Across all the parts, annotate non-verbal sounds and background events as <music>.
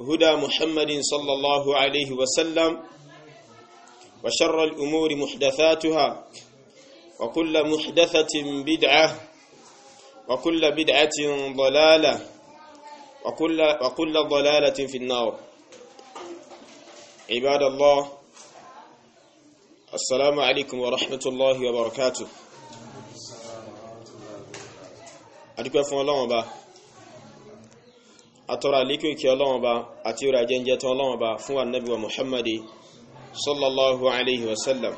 هدى محمد صلى الله عليه وسلم وشر الأمور محدثاتها وكل محدثة بدعة وكل بدعة ضلالة وكل, وكل ضلالة في النار عباد الله السلام عليكم ورحمة الله وبركاته أدكوا فون الله وبركاته atọ́rọ àlékò ìkẹ́ ọlọ́wọ́n ba àti orí ajẹ́jẹ́ tán ọlọ́wọ́n ba fún ànábì wa muhammadi sallallahu alaihi wasallam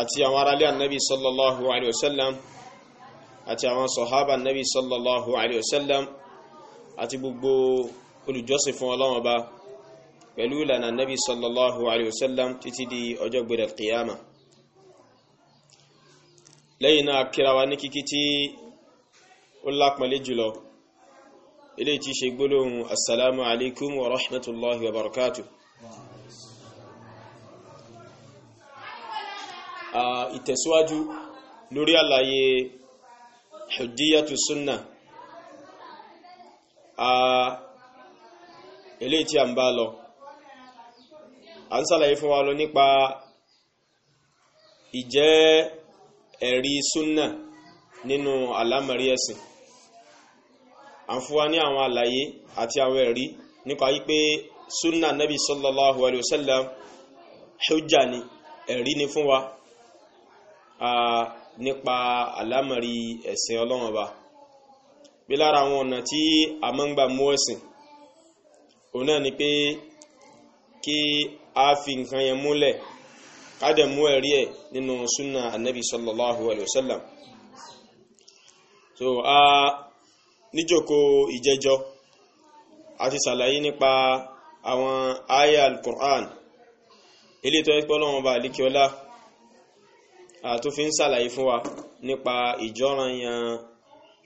àti àwọn aráalé ànábì sallallahu alaihi wasallam àti àwọn sọ̀hábà ànábì sallallahu alaihi wasallam àti gbogbo olùjọ́sìn fún ọlọ́wọ́n ba pẹ̀lú ìlànà ànábì sallallahu alaihi wasallam títí di ọjọ́ gbẹ̀rẹ̀ kìyàmà lẹ́yìn náà kíra ní kíkí tí ó lápẹ̀lẹ́ jùlọ ilé tí ṣe gbólóhùn assalamu alaikum wa rahmatullahi wa barakatuh ìtẹ̀síwájú lórí àlàyé hujjiyatu sunna ilé tí a ń bá lọ a ń sàlàyé fún wa lọ nípa ìjẹ́ ẹ̀rí sunna nínú àlámọ̀rí ẹ̀sìn àǹfùwa ní àwọn àlàyé àti àwọn ẹ̀rí nípa wípé sunna nabi sallallahu alayhi wa sallam hujja ni ẹ̀rí ni fún wa nípa àlámọ̀rí ẹ̀sìn ọlọ́run ọba bí lára àwọn ọ̀nà tí a máa ń gbà mú ẹ̀sìn òun náà ni pé kí a fi nǹkan yẹn múlẹ̀ ká dẹ̀ mú ẹ̀rí ẹ̀ nínú sunna anabi sallallahu alayhi wa sallam so a. Uh, níjòkó ìjẹjọ àti sàlàyé nípa àwọn aya al-Qur'an ilé tó ẹ́pọ́ lọ́wọ́n bá alikiola tó fi ń sàlàyé fún wa nípa ìjọ́ranyan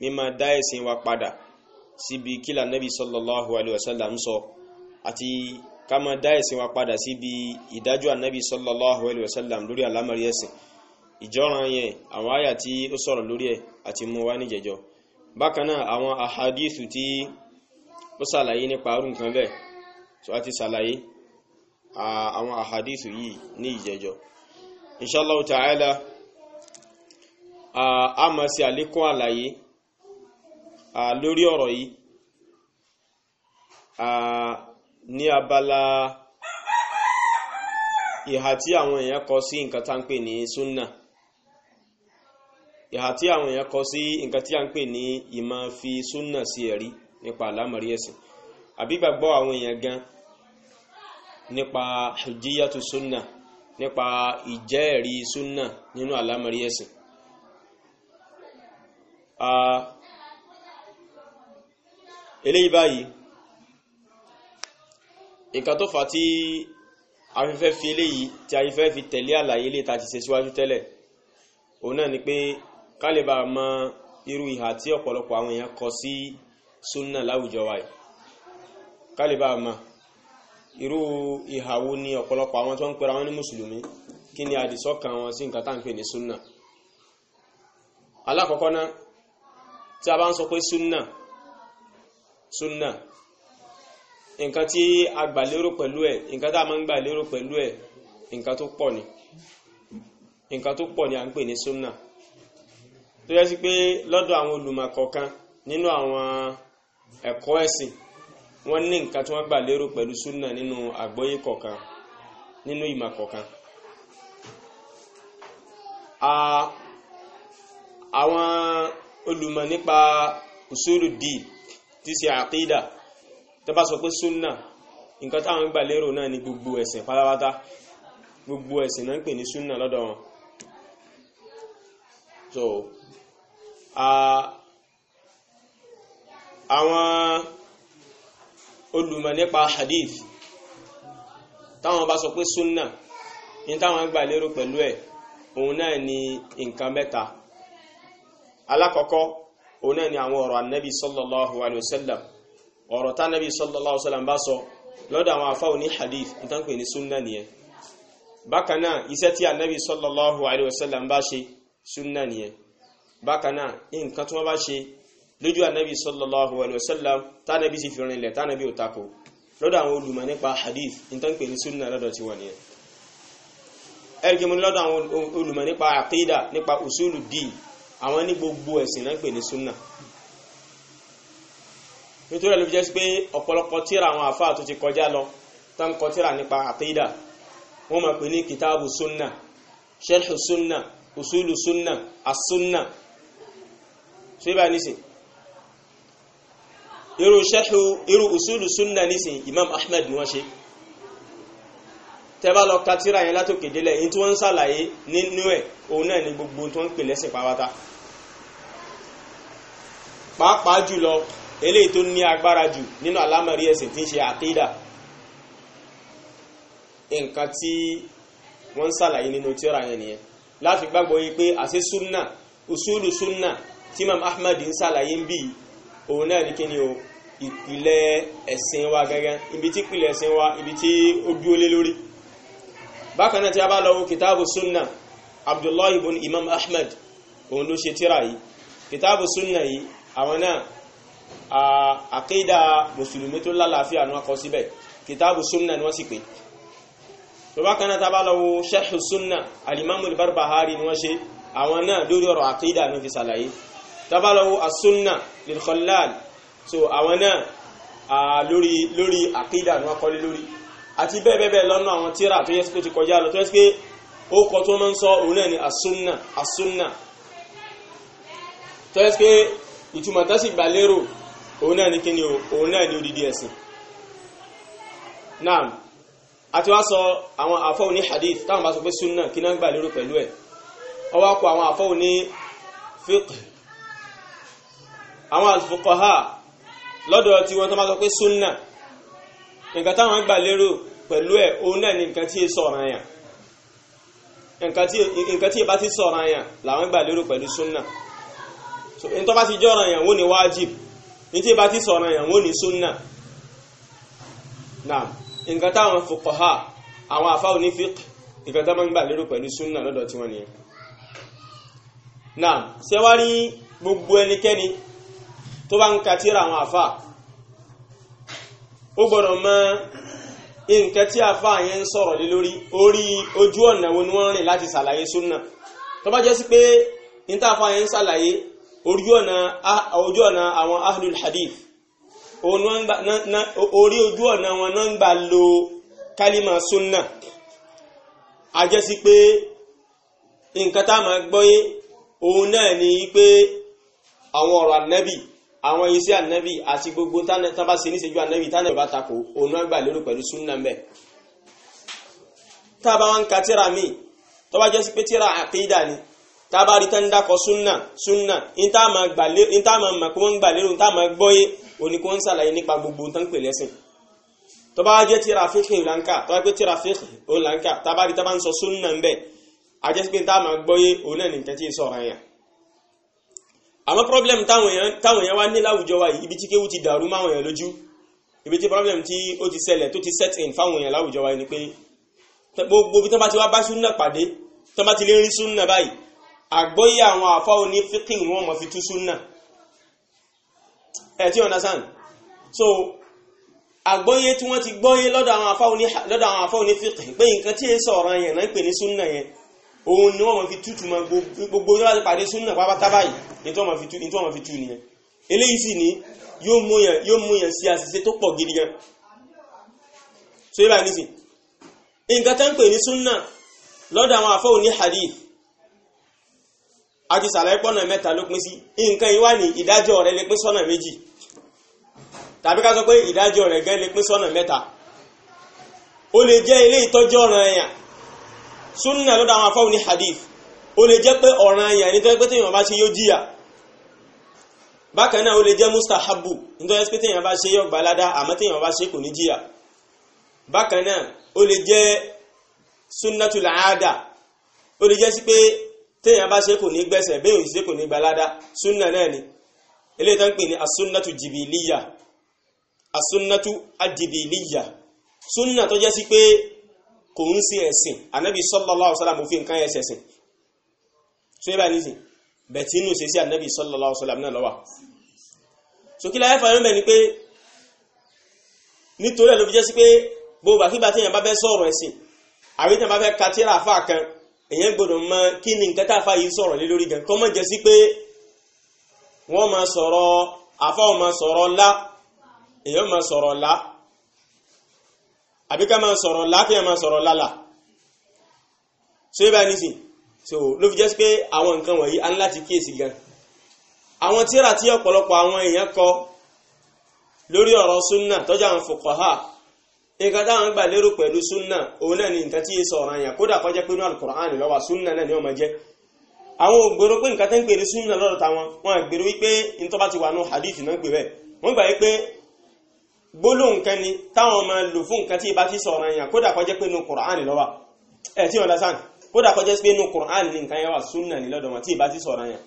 mímá dá ẹ̀sìn wa padà síbi kílà nẹ́bí sallallahu alaihi wasallam sọ àti ká máa dá ẹ̀sìn wa padà síbi ìdájọ́ ànẹ́bí sallallahu alaihi wasallam lórí àlámọ̀rí ẹ̀sìn ìjọ́ranyan àwọn aya tí ó sọ̀rọ̀ lórí ẹ̀ àti mú wa níjẹ̀jọ́ bákanáà àwọn àhadísù tí ó sàlàyé nípa arú nǹkan bẹ́ẹ̀ tó a ti sàlàyé àwọn àhadísù yìí ní ìjẹjọ inshallah tààlà a ma ṣe àlékún àlàyé lórí ọ̀rọ̀ yìí ní abala ìhà tí àwọn èèyàn kọ sí nǹkan tá ń pè ní súnnà ìhà tí àwọn èèyàn kọ sí nǹkan tí a ń pè ní ìmọ̀ fi súnà sí ẹ̀rí nípa àlámọ̀rí ẹ̀sìn àbí gbàgbọ́ àwọn èèyàn gan nípa hujjiyatu súnà nípa ìjẹ́ẹ̀rí súnà nínú àlámọ̀rí ẹ̀sìn eléyìí báyìí nǹkan tó fà tí afẹ́fẹ́ fi eléyìí tí afẹ́fẹ́ fi tẹ̀lé àlàyé lè ta ti ṣe síwájú tẹ́lẹ̀ òun náà ni pé ká lè bá mọ irú ìhà tí ọ̀pọ̀lọpọ̀ àwọn èèyàn kọ sí súnà láwùjọ wa yìí ká lè bá mọ irú ìhà wo ni ọ̀pọ̀lọpọ̀ àwọn tó ń pera wọn ní mùsùlùmí kí ni àdìsọ́kàn wọn sí nǹkan tá à ń pè ní súnà alákọ̀ọ́kọ́ náà tí a bá ń sọ pé súnà súnà nǹkan tí a gbà lérò pẹ̀lú ẹ̀ nǹkan tá a máa ń gbà lérò pẹ̀lú ẹ̀ nǹkan tó pọ̀ ni nǹkan tó pọ̀ ni à ń pè ní súnà tó yẹ sí pé lọ́dọ̀ àwọn olùmọ̀kọ̀ọ̀kan nínú àwọn ẹ̀kọ́ ẹ̀sìn wọ́n ní nǹkan tí wọ́n gbà lérò pẹ̀lú súnà nínú àgbọ́yé kọ̀ọ̀kan nínú ìmọ̀ àwọn olùmọ̀ nípa usulu di tí ṣe àkídà tó bá sọ pé súnà nǹkan táwọn gbà lérò náà ni gbogbo ẹ̀sìn pátápátá gbogbo ẹ̀sìn náà ń pè ní súnà lọ́dọ̀ wọn so àwọn olùmọ̀ nípa hadith táwọn bá sọ pé sunna ní táwọn gbà lérò pẹ̀lú ẹ̀ òun náà ni nǹkan mẹ́ta alákọ̀ọ́kọ́ òun náà ni àwọn ọ̀rọ̀ annabi sallallahu alaihi wasallam ọ̀rọ̀ tá annabi sallallahu alaihi wasallam bá sọ lọ́dọ̀ àwọn afáwọn ní hadith ní tán pè ní sunna nìyẹn bákan náà iṣẹ́ tí annabi sallallahu alaihi wasallam bá ṣe sunna nìyẹn bákan náà nǹkan tí wọ́n bá ṣe lójú ànábì sallallahu alayhi wa sallam tánàbí sì fi rinlẹ̀ tánàbí ò tako lọ́dọ̀ àwọn olùmọ̀ nípa hadith nǹkan pè ní sunna lọ́dọ̀ tí wọ́n nìyẹn ẹ̀rìkì mú lọ́dọ̀ àwọn olùmọ̀ nípa àkídà nípa usulu din àwọn ní gbogbo ẹ̀sìn náà pè ní sunna nítorí ẹ̀lú jẹ́ sí pé ọ̀pọ̀lọpọ̀ tíra àwọn àfáà tó ti kọjá lọ tán tíra nípa àkídà wọ́n máa pè ní kìtàbù sunna sharhu sunna usulu sunna as so yíba nísìn irú sẹ́hù irú usulu sunna nísìn imam ahmed ni wọ́n ṣe tẹ́bá lọ katira yẹn látòkè délẹ̀ in tí wọ́n ń sàlàyé nínú ẹ̀ òun náà ni gbogbo tó ń pè lẹ́sìn pàwátá pàápàá jùlọ eléyìí tó ní agbára jù nínú àlámọ̀rí ẹ̀sìn tí ń ṣe àkídà nǹkan tí wọ́n ń sàlàyé nínú tírà yẹn nìyẹn láti gbàgbọ́ yìí pé àṣẹ sunna usulu sunna tí imam ahmed ń ṣàlàyé ń bì òun náà ní kíni o ìpìlẹ̀ ẹ̀sìn wa gẹ́gẹ́ ibi tí ìpìlẹ̀ ẹ̀sìn wa ibi tí ó dúró lé lórí bákan náà tí a bá lọ wo kìtàbù sunna abdullahi ibn imam ahmed òun ló ṣe tíra yìí kìtàbù sunna yìí àwọn náà àkídà mùsùlùmí tó lálàáfíà ni wọ́n kọ síbẹ̀ kìtàbù sunna ni wọ́n sì pè tó bákan tí a bá lọ wo sunna alimamu barbahari ni wọ́n ṣe àwọn náà lórí ọ̀rọ̀ àkídà ni fi ṣàlàyé tabalawo asunna lil so àwọn náà lórí lórí àkídà ni wọ́n kọ́lé lórí àti bẹ́ẹ̀ bẹ́ẹ̀ lọ́nà àwọn tíra tó yẹ ti kọjá lọ tó yẹ pé ó kọ tó máa ń sọ òun náà ni asunna asunna tó yẹ pé ìtumọ̀ tásì gbà lérò òun náà ni kí ni òun náà ni odidi ẹ̀sìn naam àti wá sọ àwọn àfọ́ ní hadith táwọn bá sọ pé sunna kí náà gbà lérò pẹ̀lú ẹ̀ ọwọ́ kọ àwọn àfọ́ ní fiqh àwọn alfuqaha lọ́dọ̀ tí wọ́n tó máa sọ pé súnà nǹkan táwọn gbà lérò pẹ̀lú ẹ̀ òun náà ni nǹkan tí è sọ̀rọ̀ àyàn nǹkan tí è bá ti sọ̀rọ̀ àyàn làwọn gbà lérò pẹ̀lú súnà ní tó bá ti jọ́rọ̀ àyàn wọ́n ni wájib ní tí è bá ti sọ̀rọ̀ àyàn wọ́n ni súnà naam nǹkan táwọn fuqaha àwọn àfáà ní fiqh nǹkan táwọn gbà lérò pẹ̀lú súnà lọ́dọ̀ tí wọ́n nìyẹn naam ṣé gbogbo ẹnikẹ́ni tó bá ń ka tíra àwọn àfà ó gbọ́dọ̀ mọ nǹkan tí àfà yẹn ń sọ̀rọ̀ lé lórí orí ojú ọ̀nà wo ni wọ́n rìn láti ṣàlàyé súnà tó bá jẹ́ sí pé ní tá àfà yẹn ń ṣàlàyé orí ọ̀nà àwọn ahlul hadith orí ojú ọ̀nà wọn náà ń gbà lo kálímà súnà a jẹ́ sí pé nǹkan tá a máa gbọ́yé òun náà ni pé àwọn ọ̀rọ̀ ànábì àwọn iṣẹ́ ànábì àti gbogbo tábà ṣe níṣẹ́jú ànábì tánàbì bá takò òun àgbà lérò pẹ̀lú súnà mbẹ́ tábà wọn ka tíra mi tó bá jẹ́ sí pé tíra àkídà ni tábà rí tán dákọ̀ súnà súnà níta máa gbà kó wọ́n gbà lérò níta máa gbọ́yé òní kó ń ṣàlàyé nípa gbogbo tán pè lẹ́sìn tó jẹ́ tíra fíkì òlànkà tó bá tíra fíkì òlànkà tábà rí tábà ń sọ súnà mbẹ́ àjẹsí pé níta máa gbọ́yé òun náà àmọ́ problem táwọn èèyàn wá ní láwùjọ wa ibi tí kéwú ti dàrú máwọn èèyàn lójú ibi tí problem tí ó ti ṣẹlẹ̀ tó ti set in fáwọn èèyàn láwùjọ wa ni pé gbogbo bí tán bá ti wá bá súnà pàdé tán bá ti lè rí súnà báyìí àgbọ́yé àwọn àfá òní fíkìn wọn mọ̀ fi tú súnà ẹ̀ tí understand so àgbọ́yé tí wọ́n ti gbọ́yé lọ́dọ̀ àwọn àfá òní fíkìn pé nǹkan tí èso ọ̀ràn yẹn náà ń pè ní súnà yẹn òun ni wọ́n ma fi tútù ma gbogbo tó bá ti pàdé súnà pápátá báyìí ní tó ma fi tú nìyẹn eléyìí sì ni yóò mú yàn sí àṣìṣe tó pọ̀ gidi gan so yíba nísìn nǹkan tán pè ní súnà lọ́dọ̀ àwọn àfọ́ òní hadith àti sàlàyé pọ́nà mẹ́ta ló pín sí nǹkan yìí wà ní ìdájọ́ rẹ̀ lè pín sọ́nà méjì tàbí ká sọ pé ìdájọ́ rẹ̀ gẹ́ lè pín sọ́nà mẹ́ta ó lè jẹ́ ilé ìtọ́jú ọ̀ràn ẹ̀yàn súnà lọ́dọ̀ àwọn afọ́ ní hadith ó lè jẹ́ pé ọ̀ràn ayà ní tọ́jú pé téèyàn bá ṣe yóò jìyà bákan náà ó lè jẹ́ mustahabu nítorí pé téèyàn bá ṣe yóò gbà ládá àmọ́ téèyàn bá ṣe kò ní jìyà bákan náà ó lè jẹ́ sunnatul aada ó lè jẹ́ sí pé téèyàn ṣe kò ní gbẹ̀sẹ̀ bẹ́ẹ̀ òṣìṣe kò ní gbà ládá náà ni eléyìí tó ń pè ní asúnnatu jìbìlíyà asúnnatu àjìbìlíyà súnà tó sí pé kò ń ṣe ẹ̀sìn anabi sallallahu alaihi wasallam fi nǹkan ẹ̀sẹ̀ sìn so yẹ báyìí nìsín bẹ̀tí inú ṣe sí anabi sallallahu alaihi wasallam náà lọ́wà so kí láyé fàyọ́ mẹ́ni pé nítorí ẹ̀ ló fi jẹ́ sí pé gbogbo àkígbà tí èèyàn bá fẹ́ sọ̀rọ̀ ẹ̀sìn àbí tí èèyàn bá fẹ́ ka tíra àfa kan èèyàn gbọ́dọ̀ mọ kí ni nǹkan tá a fa yìí sọ̀rọ̀ lé lórí gan kọ́ mọ̀ jẹ́ sí pé wọ́n máa sọ̀rọ̀ àfa ò máa sọ̀rọ̀ ọ̀la èèyàn máa sọ̀rọ̀ ọ̀la àbí ká máa sọ̀rọ̀ láti máa sọ̀rọ̀ lálà so ibà nísìn so ló fi jẹ́ pé àwọn nǹkan wọ̀nyí á ń láti kíyèsí gan àwọn tíra tí ọ̀pọ̀lọpọ̀ àwọn èèyàn kọ lórí ọ̀rọ̀ súnà tọ́jà àwọn fuqaha nǹkan táwọn gbà lérò pẹ̀lú súnà òun náà ni nǹkan tí yé sọ̀rọ̀ àyàn kódà kọjá pé inú Al-Qur'an ló wà súnà náà ni ó máa jẹ́ àwọn ògbèrò pé nǹkan tó ń pèrè súnà lọ́dọ̀ táwọn wọn àgbèrò wípé ní tó bá ti wà nù hadith náà gbé bẹ́ẹ̀ wọ́n gbà wípé gbólóhùn kan ni táwọn máa lò fún nǹkan tí ìbá ti sọ̀rọ̀ yàn kódà kó jẹ́ pé nu Kùránì ló wà ẹ̀ tí ọ̀dá sáà kódà kó pé nu Kùránì ní nǹkan yẹn wà súnà ní lọ́dọ̀ wọn tí ìbá ti sọ̀rọ̀ yàn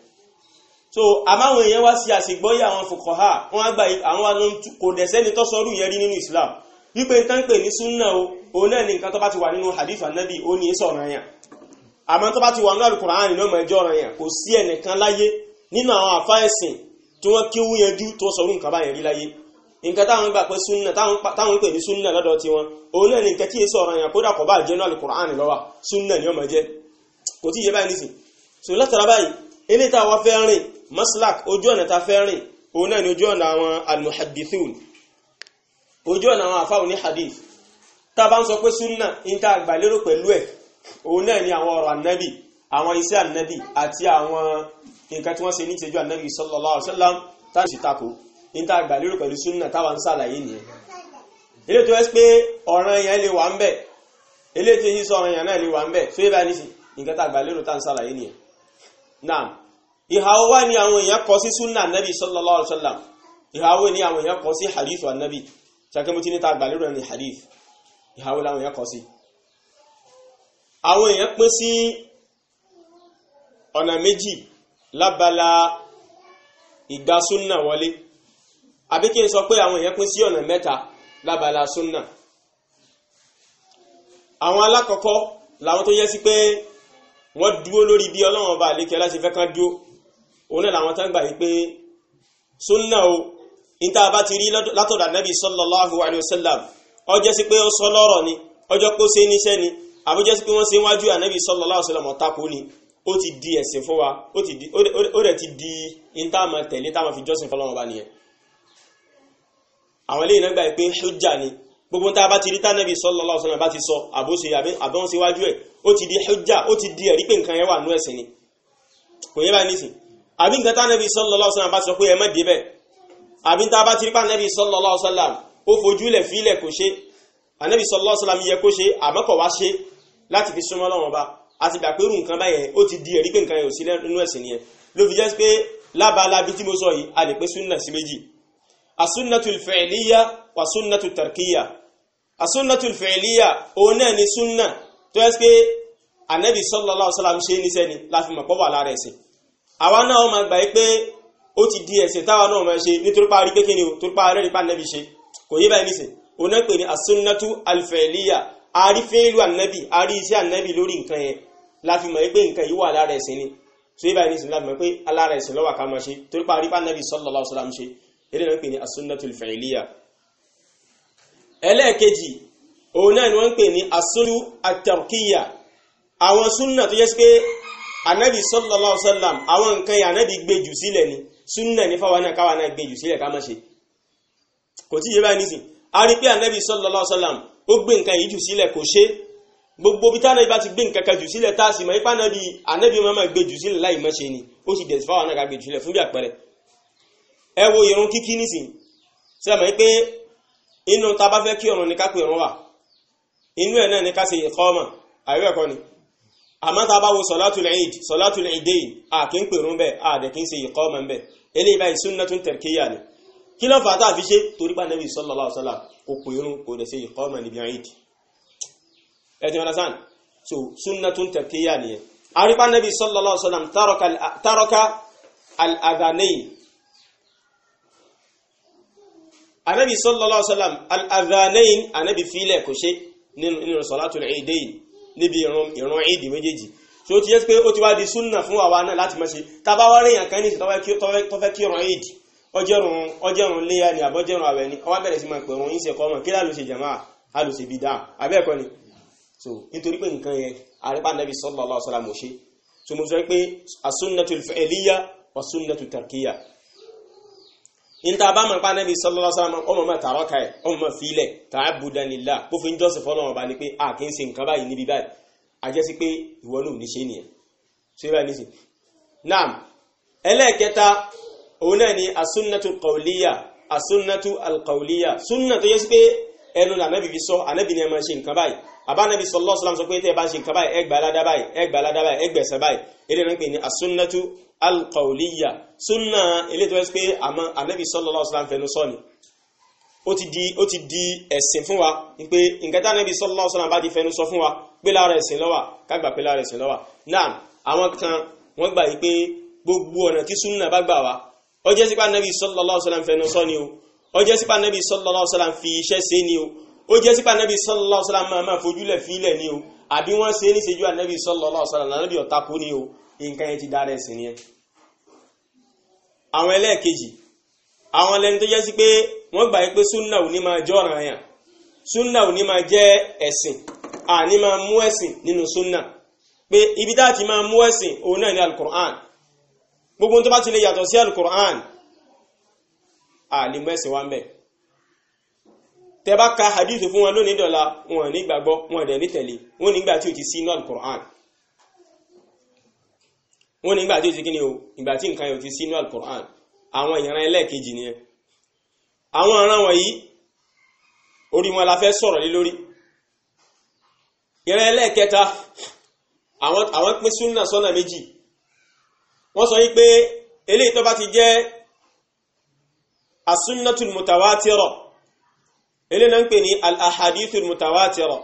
so àmáwọn èèyàn wá sí àṣegbọ́yé àwọn ha, wọn á gba àwọn alóhùn kò dẹ̀sẹ́ ni tọ́sọ́rù yẹn rí nínú Islam wípé nǹkan pè ní súnà o òun náà ni nǹkan tó bá ti wà nínú hadith anabi ó ní sọ̀rọ̀ yàn àmọ́ tó bá ti wà nínú Al-Kùránì náà mọ̀ ẹjọ́ yàn kò sí ẹnìkan láyé nínú àwọn àfáà ẹ̀sìn tí wọ́n kéwú yẹn jú tó sọ̀rọ̀ nǹkan báyẹn rí láyé nǹkan táwọn gbà pé súnà táwọn pè ní súnà lọ́dọ̀ ti wọn òun náà ni nǹkan tí èso ọ̀ranyàn kódà kò bá jẹ́ náà Al-Qur'an lọ́wà súnà ni ó máa jẹ́ kò tí ì yé báyìí nìsín so látara báyìí ilé tá a wá fẹ́ rìn maslak ojú ọ̀nà tá a fẹ́ rìn òun náà ni ojú ọ̀nà àwọn al-muhaddithun ojú ọ̀nà àwọn àfáwọn ní hadith tá a bá ń sọ pé súnà ní tá a gbà lérò pẹ̀lú ẹ̀ òun náà ni àwọn ọ̀rọ̀ ànábì àwọn iṣẹ́ ànábì àti àwọn nǹkan tí wọ́n ṣe ní ìṣẹ́jú ànábì sallallahu alaihi wasallam táà sì tako níta àgbàlérò pẹ̀lú súnà táwa ń sàlàyé nìyẹn ilé tó ẹ́sì pé ọ̀ràn yẹn lè wà ń bẹ̀ ilé tó yí sọ ọ̀ràn yẹn náà lè wà ń bẹ̀ tó yẹ bá nísì nǹkan tá àgbàlérò tá ń sàlàyé nìyẹn náà ìhàwó wà ní àwọn èèyàn kọ sí súnà nàbì sallallahu alaihi ìhàwó ní àwọn èèyàn kọ sí hadith wa nàbì ṣàkẹ́mọ́tí níta àgbàlérò ní hadith ìhàwó làwọn èèyàn kọ sí àwọn èèyàn pín sí ọ̀nà méjì lábala ìgbà súnà wọlé àbí kí n sọ pé àwọn èèyàn pín sí ọ̀nà mẹ́ta lábala súnà àwọn alákọ̀ọ́kọ́ làwọn tó yẹ sí pé wọ́n dúó lórí bí ọlọ́run ọba àlékẹ́ láti fẹ́ kán dúó òun náà làwọn tán gbà yí pé súnà o níta bá ti rí látọ̀dà nẹ́bí sallallahu alayhi wa sallam ó jẹ́ sí pé ó sọ lọ́rọ̀ ni ọjọ́ pé ó ṣe níṣẹ́ ni àbújẹ́ sí pé wọ́n ṣe wájú ànẹ́bí sallallahu alayhi sallam ọ̀tako ni ó ti di ẹ̀sìn fún wa ó dẹ̀ ti di níta máa tẹ̀lé táwọn fi jọ́sìn fọlọ́run ọba nìyẹn àwọn eléyìí náà gbà pé hujja ni gbogbo tá a bá ti rí tánàbí sallallahu alaihi wasallam bá ti sọ àbóṣe àbọ̀n síwájú ẹ̀ ó ti di hujja ó ti di ẹ̀rí pé nǹkan yẹn wà nú ẹ̀sìn ni kò yẹ báyìí nísìn àbí nǹkan tánàbí sallallahu alaihi wasallam bá sọ pé ẹ má dé bẹ́ẹ̀ àbí tá a bá ti rí pàtàkì sallallahu alaihi wasallam ó fojú lẹ̀ fílẹ̀ kò ṣe ànábì sallallahu alaihi wasallam yẹ kó ṣe àmọ́ kò wá ṣe láti fi súnmọ́ Ọlọ́run Ọba àti gbà pé irú nǹkan báyẹn ó ti di ẹ̀rí pé nǹkan yẹn ò sí nínú ẹ̀sìn nìyẹn ló fi jẹ́ pé lábala bí tí mo sọ yìí a lè pé súnà sí méjì asúnnàtù ìfẹ̀ẹ́líyà wà súnnàtù tàrkíyà asúnnàtù ìfẹ̀ẹ́líyà òun náà ni súnnà tó yẹ pé anabi sallallahu alaihi wasallam ṣe níṣẹ́ ni láfi mọ̀ pọ́wà lára ẹ̀sìn àwa náà wọ́n máa gbà yí pé ó ti di ẹ̀sìn táwa náà máa ṣe nítorí pa arígbé kíni o torí pa arẹ́rì pa anabi ṣe kò yé báyìí níṣẹ́ òun náà pè ní asúnnàtù alfẹ̀ẹ́líyà àrífẹ́lú anabi àrí iṣẹ́ anabi lórí nǹkan yẹn láfi mọ̀ pé nǹkan yìí wà lára ẹ̀sìn ni so yé báyìí níṣẹ́ láfi mọ̀ pé alára ẹ̀sìn ló wà ká máa ṣe torí pa arípa sallallahu alaihi wasallam ṣe eré náà ń pè ní asúnnàtul fẹ̀ẹ́líyà ẹlẹ́ẹ̀kejì òun náà ni wọ́n ń pè ní asúnnù àtàkìyà àwọn súnnà tó yẹ sí pé anabi sallallahu alaihi wasallam àwọn nǹkan yà anabi gbé jù sílẹ̀ ni súnnà ní fáwọn náà káwọn náà gbé jù sílẹ̀ ká má ṣe kò tí yé báyìí nísìn a rí pé anabi sallallahu alaihi wasallam ó gbé nǹkan yìí jù sílẹ̀ kò ṣe máa ṣe ẹ wo irun kíkí nísìnyí ṣe àmọ́ pé inú ta bá fẹ́ kí ọ̀run ní ká pè ọ̀run wà inú ẹ̀ náà ní ká ṣe ìkọ́mà àríwẹ̀ kọ́ ni àmọ́ ta bá wo sọ̀látùlẹ̀ ìd sọ̀látùlẹ̀ ìdè yìí a kì ń pè ọ̀run bẹ́ẹ̀ a dẹ̀ kì ń ṣe ìkọ́mà bẹ́ẹ̀ eléyìí báyìí sunnatun tarkiyya ni kí ló fà á tàbí ṣe torí bá nẹ́bí sallallahu alaihi wasallam kò pè ọ̀run kò dẹ̀ ṣe ìkọ́mà níbi ìd ẹ ti mọ̀nasán so sunnatun tarkiyya nìyẹn àrípa nẹ́bí sallallahu alaihi wasallam taraka al-adhanayn anabi sallallahu alaihi wasallam al-adhanayn anabi filẹ̀ kò ṣe nínú salatul eidain níbi ìran ìdí méjèèjì tí ó ti yẹ pé ó ti wá di súnà fún àwa náà láti máa ṣe tábà wá rèèyàn kan ní tọ́fẹ́ kí ìran ìdí ọjọ́rùn ọjọ́rùn léyà ni àbọ́jọ́rùn àwẹ̀ ni ọwá bẹ̀rẹ̀ sí máa pẹ̀rùn yín sẹ̀kọ́ ọmọ kí láà ló ṣe jàmáà a ló ṣe bí dáa abẹ́ẹ̀kọ́ ni so nítorí pé nǹkan yẹn àrípa nàbí sallallahu alaihi wasallam ṣe so mo sọ pé as-sunnatul fi'liyya was-sunnatul tarkiyya níta bá máa pa Ànábì sallallahu alaihi wasallam ọmọ máa tààrọ́ ka ẹ̀ ọmọ máa fi ilẹ̀ ta'abbudan lillah kó fi ń jọ́sìn fọ́nà ọba ni pé a kì í ṣe nǹkan báyìí níbi báyìí àjẹsí pé ìwọ ló ní ṣe nìyẹn ṣé báyìí nìyẹn. naam ẹlẹ́ẹ̀kẹta òun náà ni asúnnatu alqawliya asúnnatu alqawliya súnà tó pé ẹnu lànàbì fi sọ ànàbì ni ẹ máa ṣe nǹkan báyìí àbánàbì sallallahu alaihi wasallam sọ pé tẹ́ ẹ bá ṣe nǹkan báyìí ẹgbà aládá báyìí ẹgbà aládá báyìí ẹgbẹ̀sẹ̀ báyìí eré náà pè ní asúnnátú alqawliya súnà ilé tó yẹ pé ànàbì sallallahu alaihi wasallam fẹnu sọ ni ó ti di ó ti di ẹ̀sìn fún wa pé nǹkan tá ànàbì sallallahu alaihi wasallam bá ti fẹnu sọ fún wa pé lára ẹ̀sìn ló ó jẹ́ sípa nẹ́bí sallallahu alaihi wasallam fi iṣẹ́ ṣe ni o ó jẹ́ sípa nẹ́bí sallallahu alaihi wasallam máa máa fojúlẹ̀ fílẹ̀ ni o àbí wọ́n ṣe ní ṣejú ànẹ́bí sallallahu alaihi wasallam ànẹ́bí ọ̀tako ni o nǹkan yẹn ti dára ẹ̀sìn yẹn. àwọn ẹlẹ́ẹ̀kejì àwọn lẹni tó jẹ́ sí pé wọ́n gbà pé súnà ò ní máa jọ́ràn yàn súnà ò ní máa jẹ́ ẹ̀sìn àní máa mú ẹ̀sìn nínú súnà pé ibi dáàtì máa mú ẹ̀sìn òun náà ní alukur'an gbogbo tó bá ti lè yàtọ̀ sí alukur'an àlè mẹ́sìn wa ń bẹ̀ tẹ bá ka hadith fún wọn lónìí dọ̀la wọn ní gbàgbọ́ wọn dẹ̀ ní tẹ̀lé wọn nígbà tí o ti sí náà Qur'an wọn nígbà tí o ti kí ni o ìgbà tí nǹkan yóò ti sí náà Qur'an àwọn ìran ẹlẹ́ẹ̀kejì nìyẹn àwọn ìran wọ̀nyí orí wọn la fẹ́ sọ̀rọ̀ lé lórí ìran ẹlẹ́ẹ̀kẹta àwọn pín súnà sọ́nà méjì wọ́n sọ yí pé eléyìí tó bá ti jẹ́ asúnnàtul mutawatirọ̀ ilé náà ń pè ní alahadithul mutawatirọ̀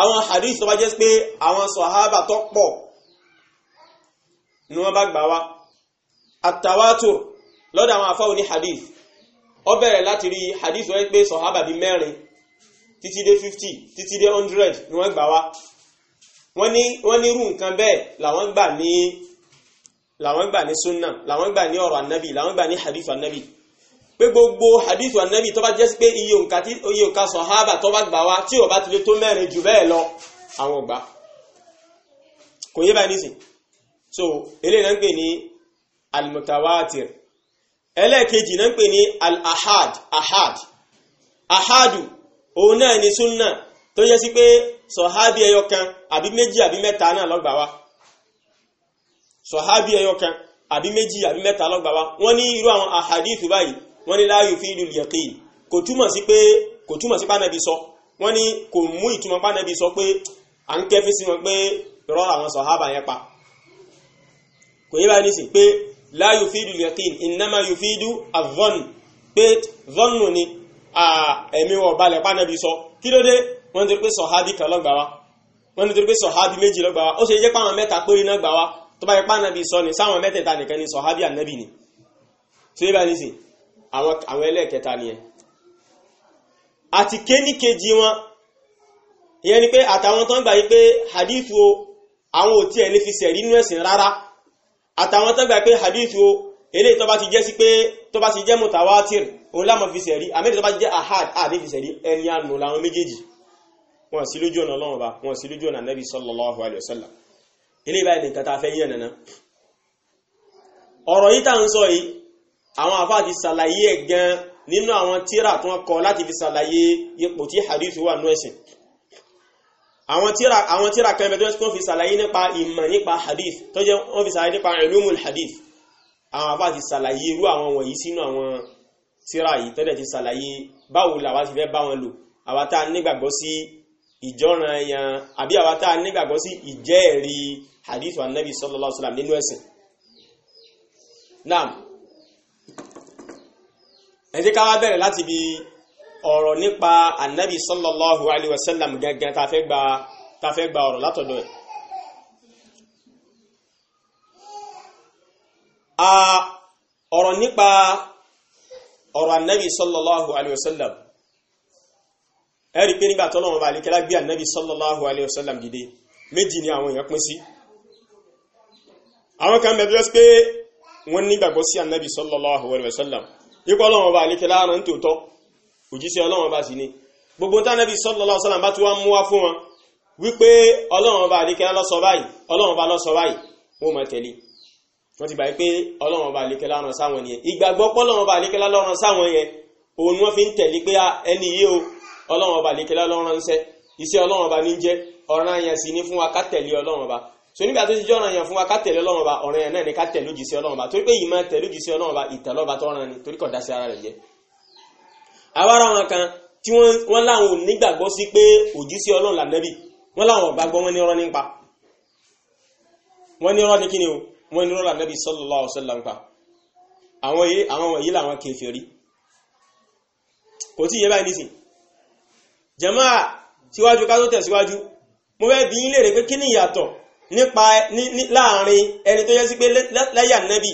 àwọn hadith tó bá jẹ́ pé àwọn sọ̀hábà tó pọ̀ ni wọ́n bá gbà wá àtàwátò lọ́dọ̀ àwọn afáwọn ní hadith ó bẹ̀rẹ̀ láti rí hadith wọ́n pé sọ̀hábà bí mẹ́rin títí dé 50 títí dé 100 ni wọ́n gbà wá wọ́n ní wọ́n ní irú nǹkan bẹ́ẹ̀ làwọn gbà ní làwọn gbà ní sunna làwọn gbà ní ọ̀rọ̀ annabi làwọn gbà ní hadith annabi pé gbogbo hadith anabi tó bá jẹ́ sí pé iye òǹkà tí iye òǹkà sọ̀hábà tó bá gbà wá tí ó bá ti lè tó mẹ́rin jù bẹ́ẹ̀ lọ àwọn ọ̀gbà kò yé báyìí nísìn so eléyìí náà ń pè ní al-mutawatir ẹlẹ́ẹ̀kejì náà ń pè ní al-ahad ahad ahadu òun náà ni sunna tó jẹ́ sí pé sọ̀hábì ẹyọ kan àbí méjì àbí mẹ́ta náà ló gbà wá sọ̀hábì ẹyọ kan àbí méjì àbí mẹ́ta ló wá wọ́n ní irú àwọn ahadith báyìí wọ́n ní láàyò fi ìlú yẹ̀kìn kò túmọ̀ sí pé kò túmọ̀ sí pánẹ́bí sọ wọ́n ní kò mú ìtumọ̀ pánẹ́bí sọ pé à ń kẹ́fí sí wọn pé rọ́ àwọn sàhábà yẹn pa kò yẹ báyìí nísìn pé láàyò fi ìlú yẹ̀kìn ìnáma yóò fi ìlú àvọ́nù pé vọ́nù ni ẹ̀mí wọn balẹ̀ pánẹ́bí sọ kí ló dé wọ́n ti rí pé sọ̀hábì kan lọ́gbà wa wọ́n ti rí pé sọ̀hábì méjì lọ́gbà wa ó ṣe jẹ́ pàwọn mẹ́ta péré ni sáwọn mẹ́tẹ̀ẹ̀ta nìkan ni sọ̀hábì ànẹ́bì ni tó yẹ àwọn ẹlẹ́ẹ̀kẹta nìyẹn àti kéníkejì wọn ìyẹn ni pé àtàwọn tó ń gbà yí pé hadith o àwọn ò tiẹ̀ lè fi sẹ̀rí nínú ẹ̀sìn rárá àtàwọn tó ń gbà pé hadith o eléyìí tó bá ti jẹ́ sí pé tó bá ti jẹ́ mutawatir òun lámọ̀ fi sẹ̀rí àmẹ́rin tó bá ti jẹ́ ahad àdé fi sẹ̀rí ẹni àánú làwọn méjèèjì wọn sí lójú ọ̀nà ọlọ́run ọba wọn sí lójú ọ̀nà nẹ́bí sallallahu alaihi eléyìí báyìí nìkan tá fẹ́ yẹn nàná ọ̀rọ̀ yìí tá à ń sọ yìí àwọn àfáà ti ṣàlàyé ẹ̀ gan nínú àwọn tíra tí wọ́n kọ láti fi ṣàlàyé ipò tí hadith wà nú ẹ̀sìn àwọn tíra àwọn tíra kan ẹgbẹ́ tó fi ṣàlàyé nípa ìmọ̀ nípa hadith tó jẹ́ wọ́n fi ṣàlàyé nípa ulumul hadith àwọn àfáà ti ṣàlàyé irú àwọn wọ̀nyí sínú àwọn tíra yìí tẹ́lẹ̀ ti ṣàlàyé báwo làwa ti fẹ́ bá wọn lò àwa tá a nígbàgbọ́ sí ìjọ́ran ẹ̀yàn àbí àwa tá a nígbàgbọ́ sí ìjẹ́ẹ̀rí hadith wa nabi sallallahu nínú ẹ̀sìn. naam ẹ jẹ́ ká wá bẹ̀rẹ̀ láti bi ọ̀rọ̀ nípa anabi sallallahu alayhi wa sallam gangan tá a fẹ́ gba ọ̀rọ̀ látọ̀dọ̀ ẹ̀. ọ̀rọ̀ nípa ọ̀rọ̀ annabi sallallahu alaihi wasallam ẹ̀rí pé nígbà tọ́lọ́wọ́ bá lè kẹ́lá gbé annabi sallallahu alaihi wasallam dìde méjì ni àwọn èèyàn pín sí àwọn kan bẹ̀rẹ̀ pé wọ́n nígbàgbọ́ sí annabi sallallahu alaihi wasallam ikọ́ ọlọ́run ọba àlékẹ́ láàrín ní tòótọ́ òjíṣẹ́ ọlọ́run ọba sì ni gbogbo tánàbí sallallahu alaihi wasallam bá ti wá mú wá fún wọn wípé ọlọ́run ọba àlékẹ́ lọ́sọ báyìí ọlọ́run ọba lọ́sọ báyìí wọ́n máa tẹ̀lé wọ́n ti gbà pé ọlọ́run ọba àlékẹ́ láàrín sáwọn yẹn ìgbàgbọ́ pọ́lọ́run ọba àlékẹ́ láàrín sáwọn yẹn òun wọ́n fi ń tẹ̀lé pé ẹni yìí o ọlọ́run ọba àlékẹ́ láàrín iṣẹ́ ọlọ́run ọba ní jẹ́ ọ̀ràn yẹn sì ní fún wa ká tẹ̀lé ọlọ́run ọba so nígbà tó ti jẹ́ ọ̀ranyàn fún wa ká tẹ̀lé Ọlọ́run Ọba ọ̀ranyàn náà ni ká tẹ̀lé òjíṣẹ́ Ọlọ́run Ọba torí pé yìí máa tẹ̀lé òjíṣẹ́ Ọlọ́run Ọba ìtẹ̀lé Ọba tó rán ni torí kò dá sí ara rẹ̀ jẹ́ àwa ara wọn kan tí wọ́n láwọn ò nígbàgbọ́ sí pé òjíṣẹ́ Ọlọ́run lànẹ́bì wọ́n láwọn ò gbàgbọ́ wọn ní ọ̀rọ̀ nípa wọ́n ní ọ̀rọ̀ ní o wọ́n ní ọ̀rọ̀ lànẹ́bì sallallahu alaihi wasallam pa àwọn yìí àwọn wọ̀nyí làwọn kèfèrí kò tí ì yé báyìí nísìn jàmáà síwájú ká tó tẹ̀síwájú mo fẹ́ bi yín léèrè pé kí ni ìyàtọ̀ nípa láàrin ẹni tó yẹ sí pé lẹ́yà nẹ́bì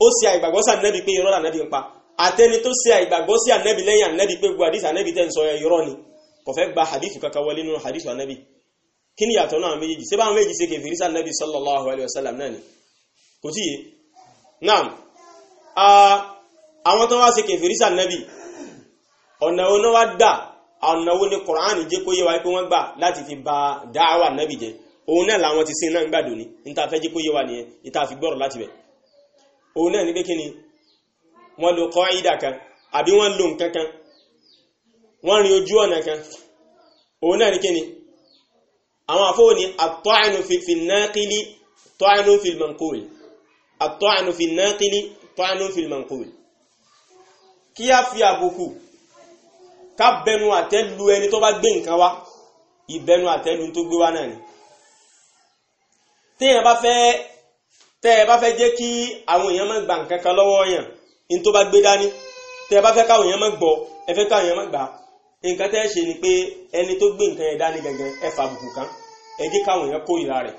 ó ṣe àìgbàgbọ́ sí ànẹ́bì pé irọ́ lànẹ́bì ń pa àtẹni tó ṣe àìgbàgbọ́ sí ànẹ́bì lẹ́yìn ànẹ́bì pé gbogbo àdìsí ànẹ́bì tẹ́ ń sọ irọ́ ni kò fẹ́ gba hadith kankan wọlé nínú hadith ànẹ́bì kí ni yàtọ̀ náà méjèèjì ṣé báwọn méjèèjì ṣe kèfèrí sí ànẹ́bì sallallahu alayhi wa sallam náà ni kò tíye náà àwọn tó wá ṣe kèfèrí sí ànẹ́bì ọ̀nà oníwá gbà ọ̀nà wo ni Kùránì jẹ́ kó yé wa pé wọ́n gbà láti fi ba dáhàwà ànẹ́bì jẹ́ òun náà làwọn ti sin náà ń gbàdò ní níta fẹ́ jí kó yé wa nìyẹn níta fi gbọ́rọ̀ láti bẹ̀ òun náà ní pé kí ni wọ́n lo kọ́ ìdà kan àbí wọ́n lo nǹkan kan wọ́n rin ojú ọ̀nà kan òun náà ní kí ni àwọn àfọwọ́ ni àtọ́ànù fi náàkìlì tọ́ànù fi mọ̀nkúrì àtọ́ànù fi náàkìlì tọ́ànù fi mọ̀nkúrì kí a fi àbùkù ká bẹnu àtẹ́ lu ẹni tó bá gbé nǹkan wá ìbẹnu àtẹ́ lu tó gbé wá náà ni téèyàn bá fẹ́ tẹ́ ẹ bá fẹ́ jẹ́ kí àwọn èèyàn máa gba nǹkan kan lọ́wọ́ yàn ní tó bá gbé dání tẹ́ ẹ bá fẹ́ káwọn èèyàn máa gbọ́ ẹ fẹ́ káwọn èèyàn máa gbà nǹkan tẹ́ ẹ ṣe ni pé ẹni tó gbé nǹkan yẹn dání gangan ẹ fa àbùkù kan ẹ jẹ́ káwọn èèyàn kórìíra rẹ̀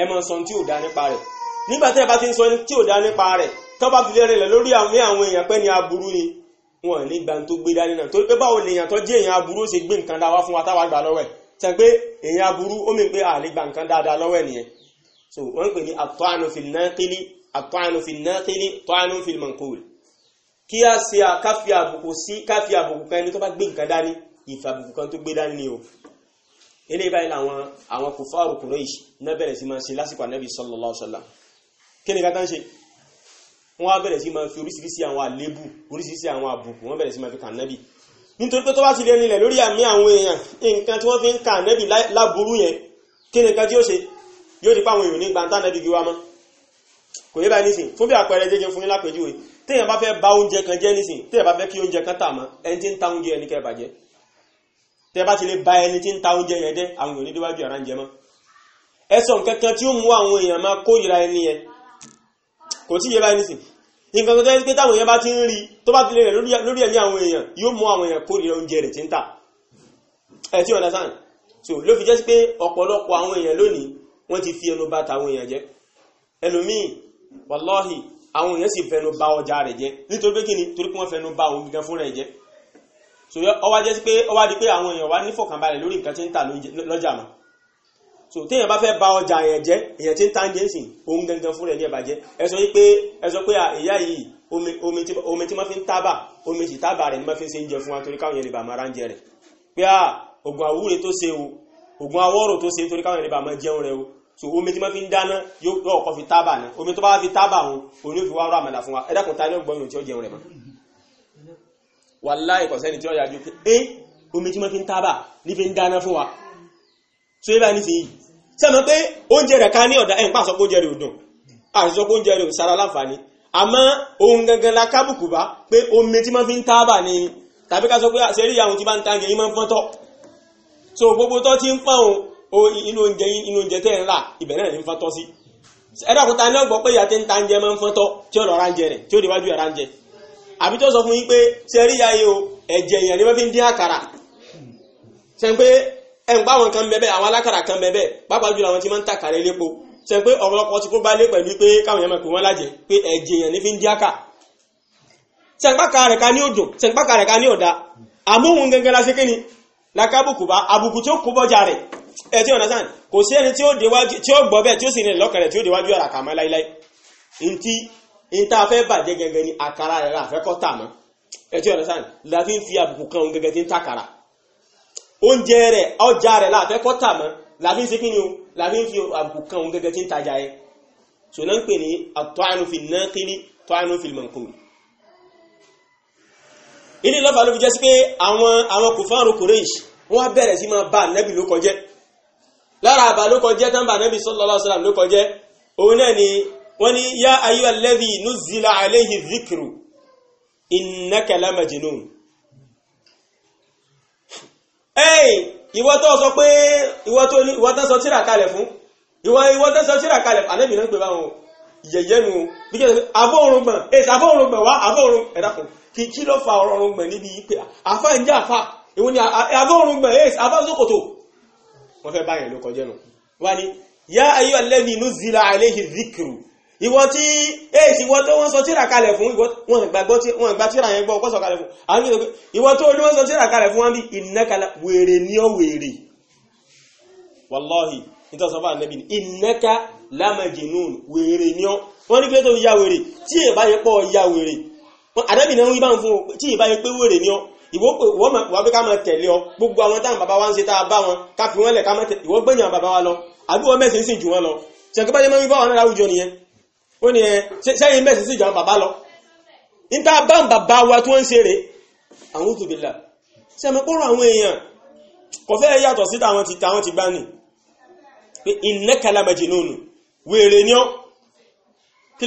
ẹ máa sọ tí ò dá nípa rẹ̀ nígbà tẹ́ ẹ bá ti ń sọ tí ò dá nípa rẹ̀ tó bá fi lè rìnlẹ̀ lórí àwọn èèyàn pẹ́ ni aburú ni wọn ní gba tó gbé dání náà torí pé báwo lèèyàn tó jẹ́ èèyàn aburú ó ṣe gbé nǹkan dáa wá fún wa táwa gbà lọ́wọ́ ẹ̀ tẹ́ pé èèyàn aburú ó mì pé àlè gba nǹkan dáadáa lọ́wọ́ ẹ̀ nìyẹn so wọ́n pè ní at-ta'nu fil naqili at-ta'nu fil naqili ta'nu fil manqul kí a ṣe káfí àbùkù sí káfí àbùkù kan ẹni tó bá gbé nǹkan dání ìfàbùkù kan tó gbé dání ni o eléyìí báyìí làwọn àwọn kùfàrù Quraysh náà bẹ̀rẹ̀ sí máa ṣe lásìkò ànábì sallallahu alaihi wasallam kí ni ká tán ṣe wọ́n á bẹ̀rẹ̀ sí máa fi oríṣiríṣi àwọn àlébù oríṣiríṣi àwọn àbùkù wọ́n bẹ̀rẹ̀ sí máa fi kàn ṣe yóò di páwọn èèyàn ní gbàǹtà nẹ́bí gbé wa mọ́ kò yé báyìí nísìn fún bí àpẹẹrẹ jẹjẹ fún yín lápèjúwe téèyàn bá fẹ́ bà oúnjẹ kan jẹ́ nísìn téèyàn bá fẹ́ kí oúnjẹ kan tà mọ́ ẹni tí ń ta oúnjẹ ẹni kẹ́ bàjẹ́ tẹ́ bá ti lè bà ẹni tí ń ta oúnjẹ yẹn jẹ́ àwọn èèyàn nídéwájú ara ń jẹ mọ́ ẹ sọ nǹkan tí ó mú àwọn èèyàn máa kórìíra ẹni yẹn kò tí yé báyìí nísìn nǹkan kan tẹ́ pé táwọn èèyàn bá ti ń rí tó bá so ló fi jẹ́ sí pé wọ́n ti fi ẹnu bà tàwọn èèyàn jẹ́ ẹlòmíì wàláhì àwọn èèyàn sì fẹnu bà ọjà rẹ̀ jẹ́ nítorí pé kíni torí pé wọ́n fẹnu bà òun gan fúnra ẹ̀ jẹ́ so ọwá jẹ́ sí pé ọwá di pé àwọn èèyàn wá ní fọkànbalẹ̀ lórí nǹkan tí ń tà lọ́jà mọ́ so téèyàn bá fẹ́ bà ọjà yẹn jẹ́ èèyàn tí ń tà ń jẹ́ sìn òun gangan fúnra ẹ̀ ní ẹ̀bàjẹ́ ẹ sọ pé ẹ sọ pé ìyá yìí omi tí wọ́n fi ń tábà omi sì tábà rẹ̀ ni wọ́n fi ń ṣe ń jẹ fún wa torí káwọn yẹn lè bà máa ránjẹ rẹ̀ pé à ògùn àwúre tó ṣe o ògùn awọ́rò tó ṣe torí káwọn yẹn lè bà máa jẹun rẹ̀ o so omi tí wọ́n fi ń dáná yóò ọkọ̀ fi tábà ní omi tó bá fi tábà òun òun yóò fi wá rọ àmàlà fún wa ẹ̀dàkùn ta ní ọgbọ́n yóò tí ó jẹun rẹ̀ mọ́ wàláhì kò sẹ́ni tí ó yàjú pé ẹ́ omi tí wọ́n fi ń tábà ní fi ń dáná fún wa so ibà ní sèyí sẹ́mi pé oúnjẹ rẹ̀ ká ní ọ̀dà ẹ̀ ń pàṣọ pé oúnjẹ rẹ̀ ò dùn àṣìṣọ pé oúnjẹ rẹ̀ ò sara láǹfààní àmọ́ ohun gangan la kábùkù bá pé omi tí wọ́n fi ń tábà ní tàbí ká sọ pé àṣẹ inú oúnjẹ inú oúnjẹ tẹ́ ń rà ibẹ̀ náà ní ń fọ́tọ́ sí ẹ̀rọ àkúta náà gbọ́ pé ìyá tí ń ta oúnjẹ máa ń fọ́tọ́ tí ó lọ ránjẹ rẹ̀ tí ó déwájú ẹ̀ ránjẹ àbí tó sọ fún yín pé ṣe rí ayé o ẹ̀jẹ̀ èèyàn ni wọ́n fi ń dín àkàrà ṣe pé ẹ̀ ń bá àwọn kan bẹ́ẹ̀ àwọn alákàrà kan bẹ́ẹ̀ pàápàá jùlọ àwọn tí máa ń tàkàrà elépo ṣe pé ọ̀pọ̀lọpọ̀ ti kó bá lé pẹ̀lú pé ni fi ń dín àkà ṣẹ̀ǹpákà rẹ̀ ká ní òdùn ṣẹ̀ǹpákà rẹ̀ ká la ṣe kí ni làkàbùkù bá ẹ eh, ti understand kò sí ẹni tí ó déwájú tí ó gbọ́ bẹ́ẹ̀ tí ó sì rìn lọ́kàn rẹ̀ tí ó déwájú ara kàmá láíláí ntí ntá fẹ́ bàjẹ́ gẹ́gẹ́ ni àkàrà rẹ̀ rà fẹ́ kọ́ tà mọ́ ẹ eh, ti understand láti fi àbùkù kan òun gẹ́gẹ́ tí ń tàkàrà oúnjẹ rẹ̀ ọjà rẹ̀ là fẹ́ kọ́ tà mọ́ láti fi kí ni o láti fi àbùkù kan òun gẹ́gẹ́ tí ń tajà yẹ so ń pè ní at-ta'nu fi an-naqili ta'nu fi an naqili tanu fi wọ́n á bẹ̀rẹ̀ sí máa bá ànábì ló kọjẹ́ lára àbá ló kọjẹ́ tánbà nẹ́bí sallallahu alaihi wasallam ló kọjẹ́ òun náà ni wọ́n ní yá ayyuha alladhi nuzzila alayhi dhikru innaka la majnun ẹ̀yìn ìwọ tó sọ pé ìwọ tó sọ tíra kalẹ̀ fún ìwọ ìwọ tó sọ tíra kalẹ̀ anẹ́bì náà pè báwọn yẹ̀yẹ́nu bí kí afọ́rùngbọ̀n èsì wá afọ́rùn ẹ̀dàkùn wọ́n fẹ́ báyẹn ló kọjẹ́ nù wá ní yá ayé alẹ́bí nuzila alayhi dhikru ìwọ tí èsì ìwọ tó wọ́n sọ tíra kalẹ̀ fún wọn gbà tíra yẹn gbọ́ ọkọ́ sọ kalẹ̀ fún àwọn ìwọ tó ní wọ́n sọ tíra kalẹ̀ fún wọn bí ìnẹ́kala wèrè ní ọ wèrè wallahi nítorí sọfà nẹ́bí ni ìnẹ́ka lámàjìnún wèrè ní ọ wọ́n ní pé tó ya wèrè tí ìbáyé pọ̀ ya wèrè àdẹ́bì náà ń rí bá ń fún tí ìbáyé pé wèrè ní ọ ìwọ pé wọ́n mọ̀ wá pé ká máa tẹ̀lé ọ gbogbo àwọn táwọn bàbá wa ń ṣe tá a bá wọn ká fi wọ́n lẹ̀ ká máa tẹ̀lé ìwọ gbẹ̀yìn àwọn bàbá wa lọ àdúgbò mẹ́sìn sì jù wọn lọ ṣèkí bá yẹ máa ń bá wọn láwùjọ nìyẹn ó ní ẹ sẹ́yìn mẹ́sìn sì jù àwọn bàbá lọ níta bá ń bàbá wa tí wọ́n ń ṣeré àwọn tó bìlà sẹ́mi kúrò àwọn èèyàn kò fẹ́ yàtọ̀ sí táwọn ti táwọn ti gbá nì pé iná kalamajì lónìí wèrè ni ọ́ kí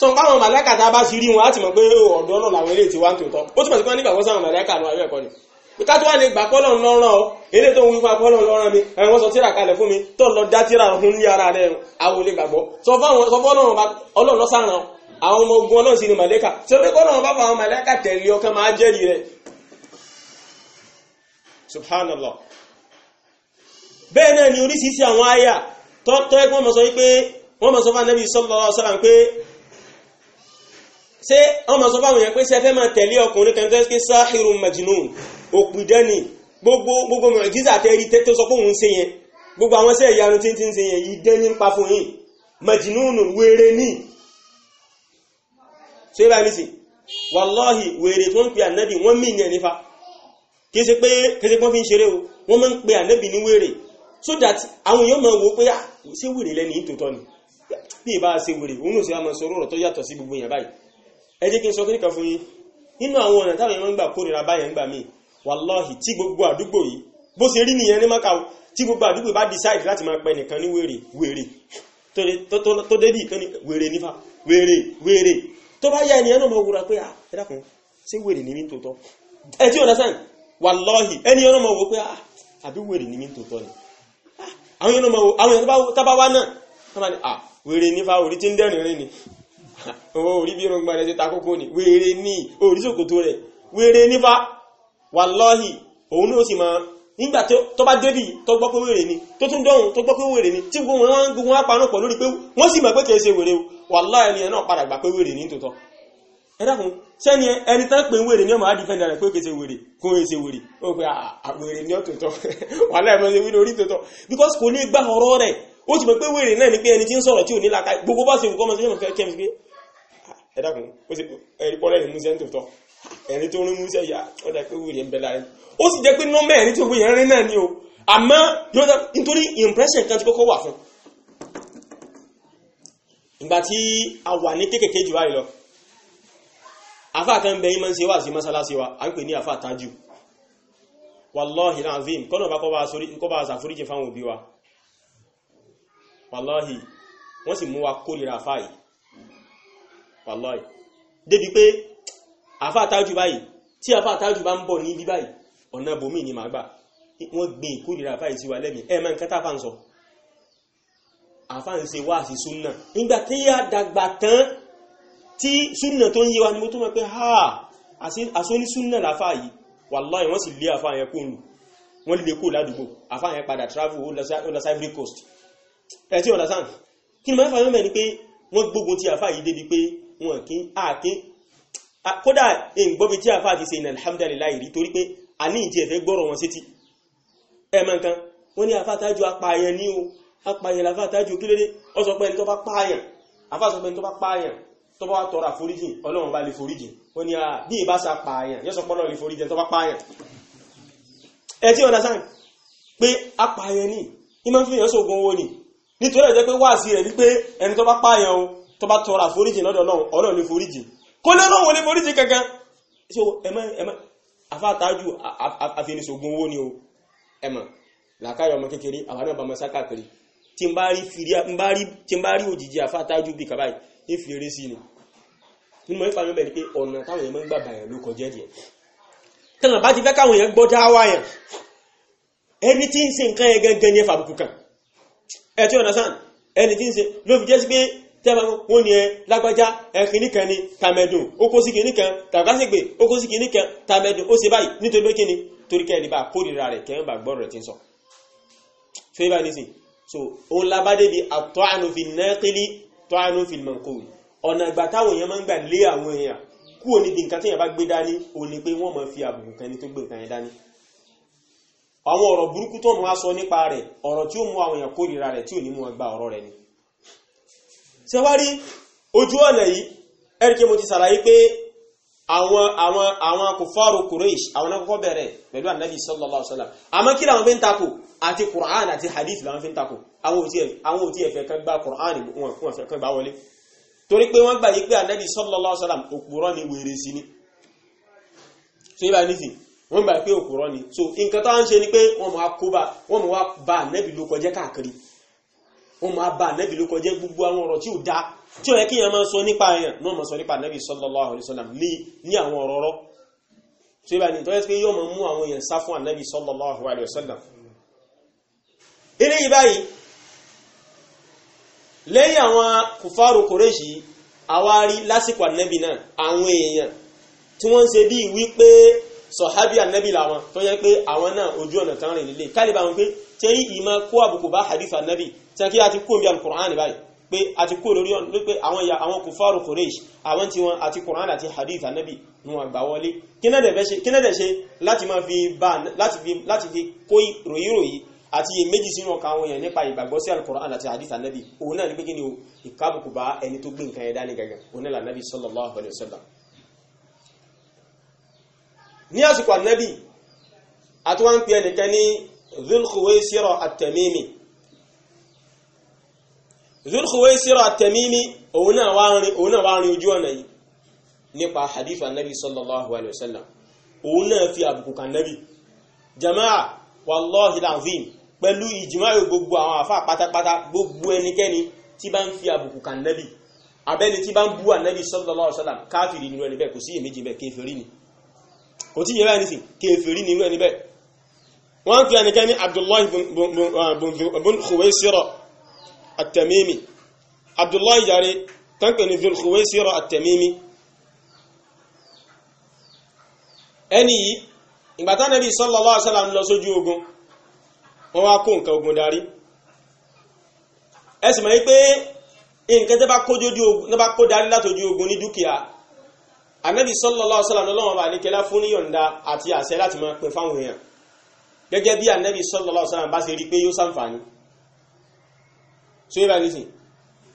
sọ pé àwọn màláìkà tá a bá sì rí wọn láti mọ̀ pé oh, ọ̀dọ́ náà làwọn eléyìí ti wá ń tòótọ́ ó túmọ̀ sí pé wọ́n nígbàgbọ́ sáwọn màláìkà lọ ayọ́ ẹ̀kọ́ ni pé ká tó wà lè gbà pọ́lọ̀ lọ́rán o ilé tó ń wípa pọ́lọ̀ lọ́rán mi ẹ̀wọ̀n sọ tíra kalẹ̀ fún mi tó lọ dá tíra ọ̀hún ní ara rẹ̀ àwọn olè gbàgbọ́ sọ fọ́lọ́run ọlọ́run lọ́sàrán àwọn ọmọ ogun ọlọ́run sí ni màlẹ́kà sọ pé kọ́lọ́run bá fa àwọn màlẹ́kà tẹ̀lé ọkàn máa jẹ́rìí rẹ̀ subhanallah bẹ́ẹ̀ náà ni oríṣiríṣi àwọn àyà tọ́tọ́ ẹgbọ́n mọ̀ sọ wípé wọ́n mọ̀ sọ fún anábì sallallahu alaihi pé ṣé wọ́n máa sọ fáwọn èèyàn pé ṣe fẹ́ máa tẹ̀lé ọkùnrin kan tó ṣe sáhìrù majnun òpìdánì gbogbo gbogbo mọ̀jísà tẹ́rí tó sọ pé òun ṣe yẹn gbogbo àwọn ṣe ìyanu tí ń ṣe yẹn yìí dẹ́ ní pa fún yìí majnun wèrè ní ṣe bá nísì wàláhì wèrè tó ń pè ànábì wọ́n mì yẹn nífa kìí ṣe pé kìí so that àwọn èèyàn máa wo pé ah, ṣé wèrè ni bí ì bá ṣe wèrè òun ò sì máa sọ ọ̀rọ̀ ẹ jẹ́ kí n sọ kíníkan fún yín nínú àwọn ọ̀nà táwọn èèyàn ń gbà kórìíra báyẹn gbà míì wàláhì tí gbogbo àdúgbò yìí bó ṣe rí nìyẹn ní Mákà tí gbogbo àdúgbò bá decide láti máa pè nìkan ní wèrè wèrè tó débì kan ní wèrè nífà wèrè wèrè tó bá yá ènìyàn náà mọ̀ wúra pé ẹ dákun ṣé wèrè ní mí ń tòótọ́ ẹ tí ò lẹ́sàn wàláhì ènìyàn náà mọ̀ wò pé àbí wèrè ní mí ń tòótọ́ ni àwọn ènìyàn náà mọ̀ wò àwọn ènìyàn tábá wá náà wèrè nífà orí tí ń dẹ́rìn rìn ni <laughs> owó orí bí irungba rẹ̀ ti ta kókó ni wèrè ní oríṣòkòtò rẹ̀ wèrè nífa wàlọ́hì òun ló sì máa nígbà tó bá débì tó gbọ́ pé wèrè ni tó tún dọ́hùn tó gbọ́ pé wèrè ni tí gbogbo wọn gbogbo wọn panu pọ̀ lórí pé wọ́n sì mọ̀ pé kìí ṣe wèrè o wàlọ́hì ẹni náà padà gbà pé wèrè ní tòótọ́ ẹ dákun sẹ́ni ẹni tán pé wèrè ni ọmọ àdìfẹ́ndà rẹ̀ pé kìí ṣe wèrè kó ń ṣe wèrè ó pé àwèrè ah, ah, ní ọ̀tòótọ́ <laughs> wàlọ́hì ẹ̀mọ́ ṣe wí lórí tòótọ́ because kò ní gbà ọ̀rọ̀ rẹ̀ ó ti mọ̀ pé wèrè náà ni pé ẹni tí ń sọ̀rọ̀ tí ò ní làkà gbogbo bá ṣe nǹkan ọmọ sí mọ̀ kẹ́mi pé ẹ̀dàkùn ó sì ẹ̀rí pọ́lẹ̀ ní músẹ́ tó tọ́ ẹ̀rí tó rí músẹ́ yá ó dà pé wúrẹ̀ ń bẹ láàrin ó sì jẹ́ pé nọ́mẹ̀ ẹ̀rí tí yẹn rí náà ni o àmọ́ yóò impression kan ti kọkọ wà fún ìgbà tí a wà ní kékèké jù báyìí lọ àfáà kan bẹ ń ṣe wa à ń pè ní àfáà tájù wàláhì láàzím kọ́nà bá kọ́ bá sàforíjì fáwọn òbí wa wàláhì wọ́n sì mú wa wàláì débi pé àfa àtàjù báyìí tí àfa àtàjù bá ń bọ̀ ní ibi báyìí ọ̀nà bòmí ni màá gbà wọ́n gbé ìkórìíra àfa yìí sí wa lẹ́mìí ẹ̀ máa ń kẹ́tà fáǹsọ àfa ń ṣe wá sí súnà nígbà tí yá dàgbà tán tí súnà tó ń yé wa ni mo tó mọ̀ pé ha àsóní súnà làfa yìí wàláì wọ́n sì lé àfa yẹn kó lù wọ́n lè kó ládùúgbò àfa yẹn padà travel ó lọ sí Ivory Coast ẹ̀ tí ọ̀dà sáà kí ni màá fà yọ́n bẹ̀ ni pé wọ́n gbógun ti àfa yìí débi pé wọn kí àkí kódà ìgbọ́bi tí àfáà ti se ní alhamdulilayi rí torí pé a ní ìjẹ́ ẹ̀fẹ́ gbọ́rọ̀ wọn sétí ẹ̀mọ̀ nǹkan wọ́n ní àfáà tájú apààyàn ní o apààyàn làfáà tájú kílódé ó sọ pé ẹni tó bá pààyàn àfáà sọ pé ẹni tó bá a ah, bí ìbá sa pààyàn yẹ́ sọ pé ọlọ́run lè foríjìn tó bá pààyàn ẹ tí ọ̀nà ni nítorí ẹ̀jẹ̀ pé wáàsí rẹ̀ o tó bá tọrọ àforíjì lọ́dọ̀ náà ọlọ́run ní foríjì kó lé lọ́wọ́ ní foríjì kankan so ẹmọ ẹmọ afáàtájú àfẹnisògùn owó ni o ẹmọ làkàyọ ọmọ kékeré àwọn náà bá mọ sáká pèrè tí n bá rí òjìji afáàtájú bí kàbáyì ní fèrè sí ni mọ̀ nípa pé ọ̀nà táwọn ti ẹni tí ń ṣe nǹkan tẹ́bà wọ́n ni ẹ lágbájá ẹ̀kìní kan ni tàmẹ̀dùn ó kó sí kìíní kan tàbásígbè ó kó sí kìíní kan tàmẹ̀dùn ó ṣe báyìí nítorí pé kí ni torí kẹ́ẹ̀ kórìíra rẹ̀ kẹ́ẹ̀ bá gbọ́rọ̀ rẹ̀ ti ń sọ. ṣé ní sìn so òun labádé bi àtọ́ ànúfi nẹ́kìlì tọ́ ànúfi mọ̀kòwì ọ̀nà ìgbà táwọn èèyàn máa ń gbà lé àwọn èèyàn kúrò níbi nǹkan tí èèyàn bá gbé dání òun ni pé wọ́n máa fi àbùkù kan ní tó gbé nǹkan yẹn dání àwọn ọ̀rọ̀ burúkú tó mú wá sọ nípa rẹ̀ ọ̀rọ̀ tí ó mú àwọn èèyàn kórìíra rẹ̀ tí ò ní mú wọn gba ọ̀rọ̀ rẹ̀ ni ṣe wá rí ojú ọ̀nà yìí ẹ̀ríkẹ́ mo ti ṣàlàyé pé àwọn àwọn àwọn kòfàrò Quraysh àwọn akọ́kọ́ bẹ̀rẹ̀ pẹ̀lú ànábì sallallahu alaihi wasallam àmọ́ kí làwọn fi Qur'an àti hadith làwọn fi ń takò àwọn òtí ẹ̀fẹ̀ kan Qur'an wọn fún ẹ̀fẹ̀ kan gbá wọlé torí sallallahu alaihi wasallam òpùrọ́ ni wèrè sí ni so ibà so nǹkan tó ń ṣe ni pé wọ́n o máa bá ànábì ló kọjá gbogbo àwọn ọ̀rọ̀ tí ò dá tí ó yẹ kí yẹn máa sọ nípa èèyàn náà máa sọ nípa ànábì sallallahu alaihi wasallam lé ní àwọn ọ̀rọ̀ rọ́ tí ó bá ní tọ́jú pé yóò máa mú àwọn èèyàn sá fún ànábì sallallahu alaihi wasallam eléyìí báyìí lẹ́yìn àwọn kùfárò kòrèṣì àwárí lásìkò ànábì náà àwọn èèyàn tí wọ́n ń ṣe bíi wípé sọ̀hábì ànábì làwọn tó yẹ pé àwọn náà ojú ọ̀nà tán rìn lílé kálíbà wọn pé ṣé ìmọ̀ kó àbùkù bá hadith anabi tí kí a ti kó bí alukur'an báyìí pé a ti kó lórí ọ̀nà pé àwọn ìyá àwọn kufaru Quraysh àwọn tí wọn àti kur'an àti hadith anabi wọn àgbà wọlé kí náà dẹ̀ ṣe láti máa fi bá láti fi kó ròyìnròyìn àti iyèméjì sínú ọkàn àwọn èèyàn nípa ìgbàgbọ́ sí alukur'an àti hadith anabi òun náà ní pé kí ni o ìkábùkù bá ẹni tó gbé nǹkan ẹ̀dá ní gàgà òun náà lànàbì sallallahu zulkuwaisiro atamimi zulkuwaisiro atamimi òun náà wá rin ojú ọ̀nà yìí nípa hadifa nabi sallallahu alaihi wasallam òun náà fi àbùkù kan nabi jama'a wallahi lazim pẹ̀lú ìjìmáyò gbogbo àwọn àfá pátápátá gbogbo ẹnikẹ́ni tí bá ń fi àbùkù kan nabi abẹ́ni tí bá ń bú ànábì sallallahu alaihi wasallam káfìrí nínú ẹni bẹ́ẹ̀ kò sí èméjì bẹ́ẹ̀ kéferí ni kò tí yẹ báyìí nìsín kéferí nínú ẹni bẹ́ẹ̀ wọ́n pè ẹnikẹ́ ní abdullahi bin khuwaisira at-tamimi abdullahi yare tán pè ní bin khuwaisira at-tamimi ẹni yìí ìgbàtà nàbí sallallahu alaihi wasallam lọ sójú ogun wọ́n wá kó nǹkan ogun darí ẹ̀sì mọ̀ wípé nǹkan tẹ́ bá kó darí látojú ogun ní dúkìá anabi sallallahu alaihi wasallam lọ́wọ́ bá ní kẹlá fún níyọ̀nda àti àṣẹ láti máa pè fáwọn èèyàn gẹ́gẹ́ bí anabi sallallahu alaihi wasallam bá ṣe rí pé yóò ṣàǹfààní so yóò bá ní sìn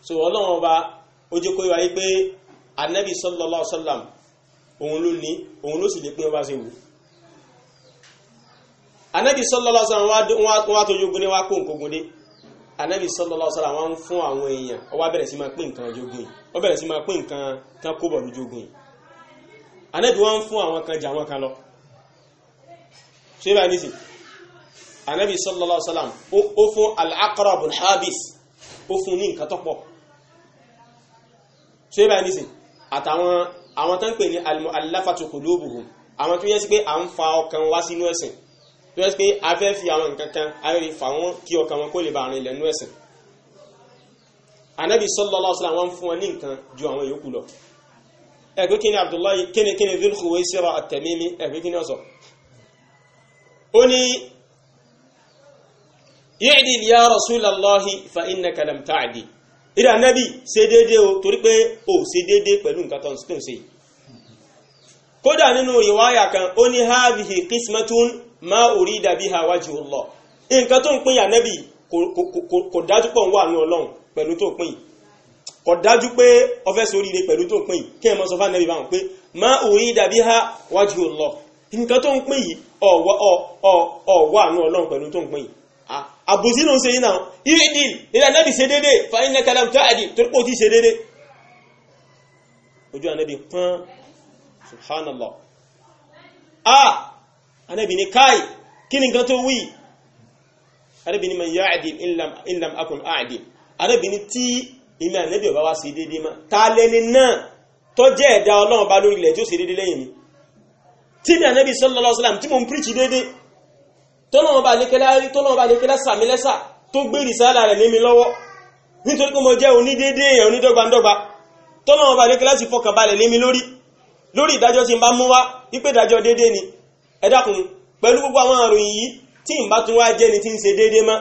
so ọlọ́run ọba ó jẹ́ kó wáyé pé anabi sallallahu alaihi wasallam òun ló ní òun ló sì lè pín ọba ṣe wù anabi sallallahu alaihi wasallam wọn wá tójú ogun ní wá kó nǹkan ogun dé anabi sallallahu alaihi wasallam wọn fún àwọn èèyàn ó wá bẹ̀rẹ̀ sí máa pín nǹkan jogun yìí ó sí máa pín nǹkan kan kó bọ̀ lójogun yìí wọn fún àwọn kan jà wọn kan lọ ṣé báyìí nísìnyí anabi sallallahu alaihi wasallam ó fún al-Aqra bun Habis ó fún ní nǹkan tó pọ̀ ṣé báyìí nísìn àtàwọn àwọn tó ń pè ní al-mu'allafatu qulubuhum àwọn tó yẹ sí pé à ń fa ọkàn wá sínú ẹ̀sìn tó yẹ sí pé a fẹ́ fi àwọn nǹkan kan a fẹ́ fa wọn kí ọkàn wọn kó lè bá àrùn ilẹ̀ ẹ̀sìn anabi sallallahu alaihi wasallam wọn fún wọn ní nǹkan ju àwọn yòókù lọ ẹgbẹ́ kí ni abdullahi kí ni kí ni Dhul Khuwaysira at-Tamimi ẹgbẹ́ kí ni ọ̀sọ̀ ó ní i'dil ya rasulallahi fa innaka lam ta'dil ìrà nẹ́bì ṣe déédé o torí pé o ṣe déédé pẹ̀lú nǹkan tó ń ṣe kódà nínú ìwáyà kan ó ní hadhihi qismatun ma urida biha wajhullah nǹkan tó ń pín ànẹ́bì kò dájú pọ̀ ń wà ní ọlọ́run pẹ̀lú tó pín kò dájú pé ọfẹ́ sóríire pẹ̀lú tó pín kí ẹ mọ́ sọ fún ànẹ́bì báwọn pé ma urida biha wajhullah nǹkan tó ń pín yìí ọ̀wà ní ọlọ́run pẹ̀lú tó pín yìí àbòsí ló ń ṣe yín náà ìdí nílẹ̀ anábì ṣe dédé fàyín lẹ́ka lam ta'dil torí pé ó ti ṣe dédé ojú anábì pọ́n subhanallah a anábì ní káì kí ni nǹkan tó wí anábì ní man ya'dil in lam akun a'dil anábì ní tí ìmì anábì ọba wá ṣe dédé ma ta lẹni náà tó jẹ́ ẹ̀dá ọlọ́run bá lórí ilẹ̀ tí ó ṣe dédé lẹ́yìn mi tí mi anábì sallallahu alaihi wasallam tí mo ń píríkì dédé tọ́lọ́wọ́n bá lékẹ́lá sàmì lẹ́sà tó gbé ìrìsáàlà rẹ̀ lémi lọ́wọ́ nítorí kó mo jẹ́ onídéédé èèyàn onídọ́gbandọ́gba tọ́lọ́wọ́n bá lékẹ́lá sì fọkànbalẹ̀ lémi lórí lórí ìdájọ́ tí n bá mú wá wípé ìdájọ́ déédé ni ẹ dákun pẹ̀lú gbogbo àwọn àròyìn yìí tí n bá tún wá jẹ́ ni tí ń ṣe déédé mọ́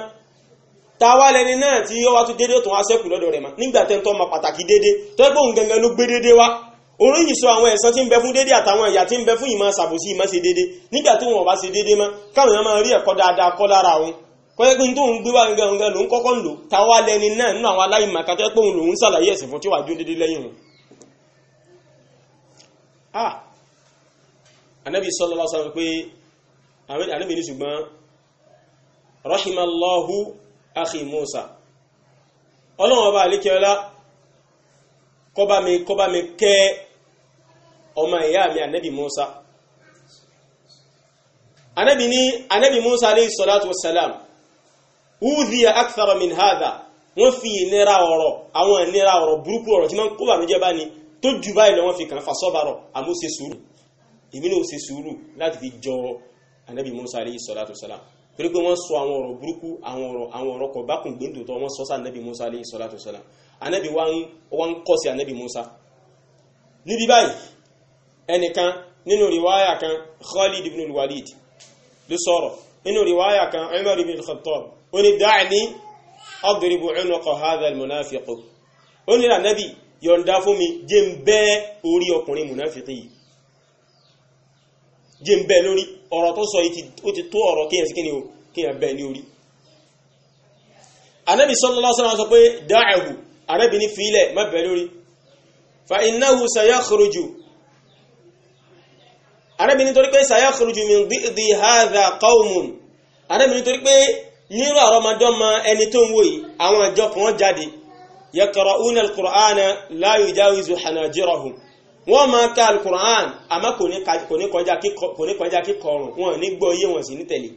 ta wá lẹni náà tí ó wá tún déédé tó wá sẹ́kù lọ́dọ̀ rẹ̀ mọ́ ma pàtàkì déédé tó ẹgbẹ́ òun gẹ́gẹ́ ló gbé déédé oríyìn sọ àwọn ẹ̀san tí ń bẹ fún dédé àtàwọn ẹ̀yà tí ń bẹ fún ìmọ̀ ṣàbòsí ìmọ̀ ṣe dédé nígbà tí wọn bá ṣe dédé mọ́ káwọn èèyàn máa rí ẹ̀kọ́ dáadáa kọ́ lára wọn kọ́yẹ́ pé tó ń gbé wá gangan gangan ló ń kọ́kọ́ ń lò táwa lẹni náà nínú àwọn aláìmọ̀ pé òun ṣàlàyé ẹ̀sìn fún tí wàá dún dédé ọmọ ìyá mi ànábì Musa ànábì ní ànábì Musa alayhi salatu wassalam udhiya akthara min hadha wọ́n fi ìnira ọ̀rọ̀ àwọn ìnira ọ̀rọ̀ burúkú ọ̀rọ̀ tí máa ń kó bànújẹ́ bá ni tó jù báyìí lọ wọ́n fi kàn fàṣọ́bàrọ̀ àmú ṣe sùúrù èmi náà ṣe sùúrù láti fi jọ ànábì Musa alayhi salatu wassalam torí pé wọ́n sọ àwọn ọ̀rọ̀ burúkú àwọn ọ̀rọ̀ àwọn ọ̀rọ̀ kọ̀ bákùn gbẹ́ndò tó wọ́n sọ níbi báyìí ẹnìkan nínú riwaya kan Khalid ibn al-Walid ló sọ̀rọ̀ nínú riwaya kan Umar ibn al-Khattab ó ní da'ni adribu unuqa hadha al-munafiq ó ní ànábì yọ̀ǹda fún mi jẹ́ ń bẹ́ orí ọkùnrin munafiki yìí jẹ́ ń bẹ́ lórí ọ̀rọ̀ tó sọ ó ti tó ọ̀rọ̀ kíyàn sí kíni o bẹ́ ní orí ànábì sallallahu alaihi wasallam sọ pé da'ahu ànábì ní fílẹ̀ má bẹ́ lórí fa innahu sayakhruju arábì nítorí pé sayakhruju min dhi'di hadha qaumun arábì nítorí pé nírú àrọmọdọ́mọ ẹni tó ń wò yìí àwọn ìjọ kan wọ́n jáde yaqra'una al-Qur'ana la yujawizu hanajirahum wọ́n máa ka al-Qur'an àmọ́ kò ní kọjá kíkọrùn wọn ní gbọ́ iye wọn sì ní tẹ̀lé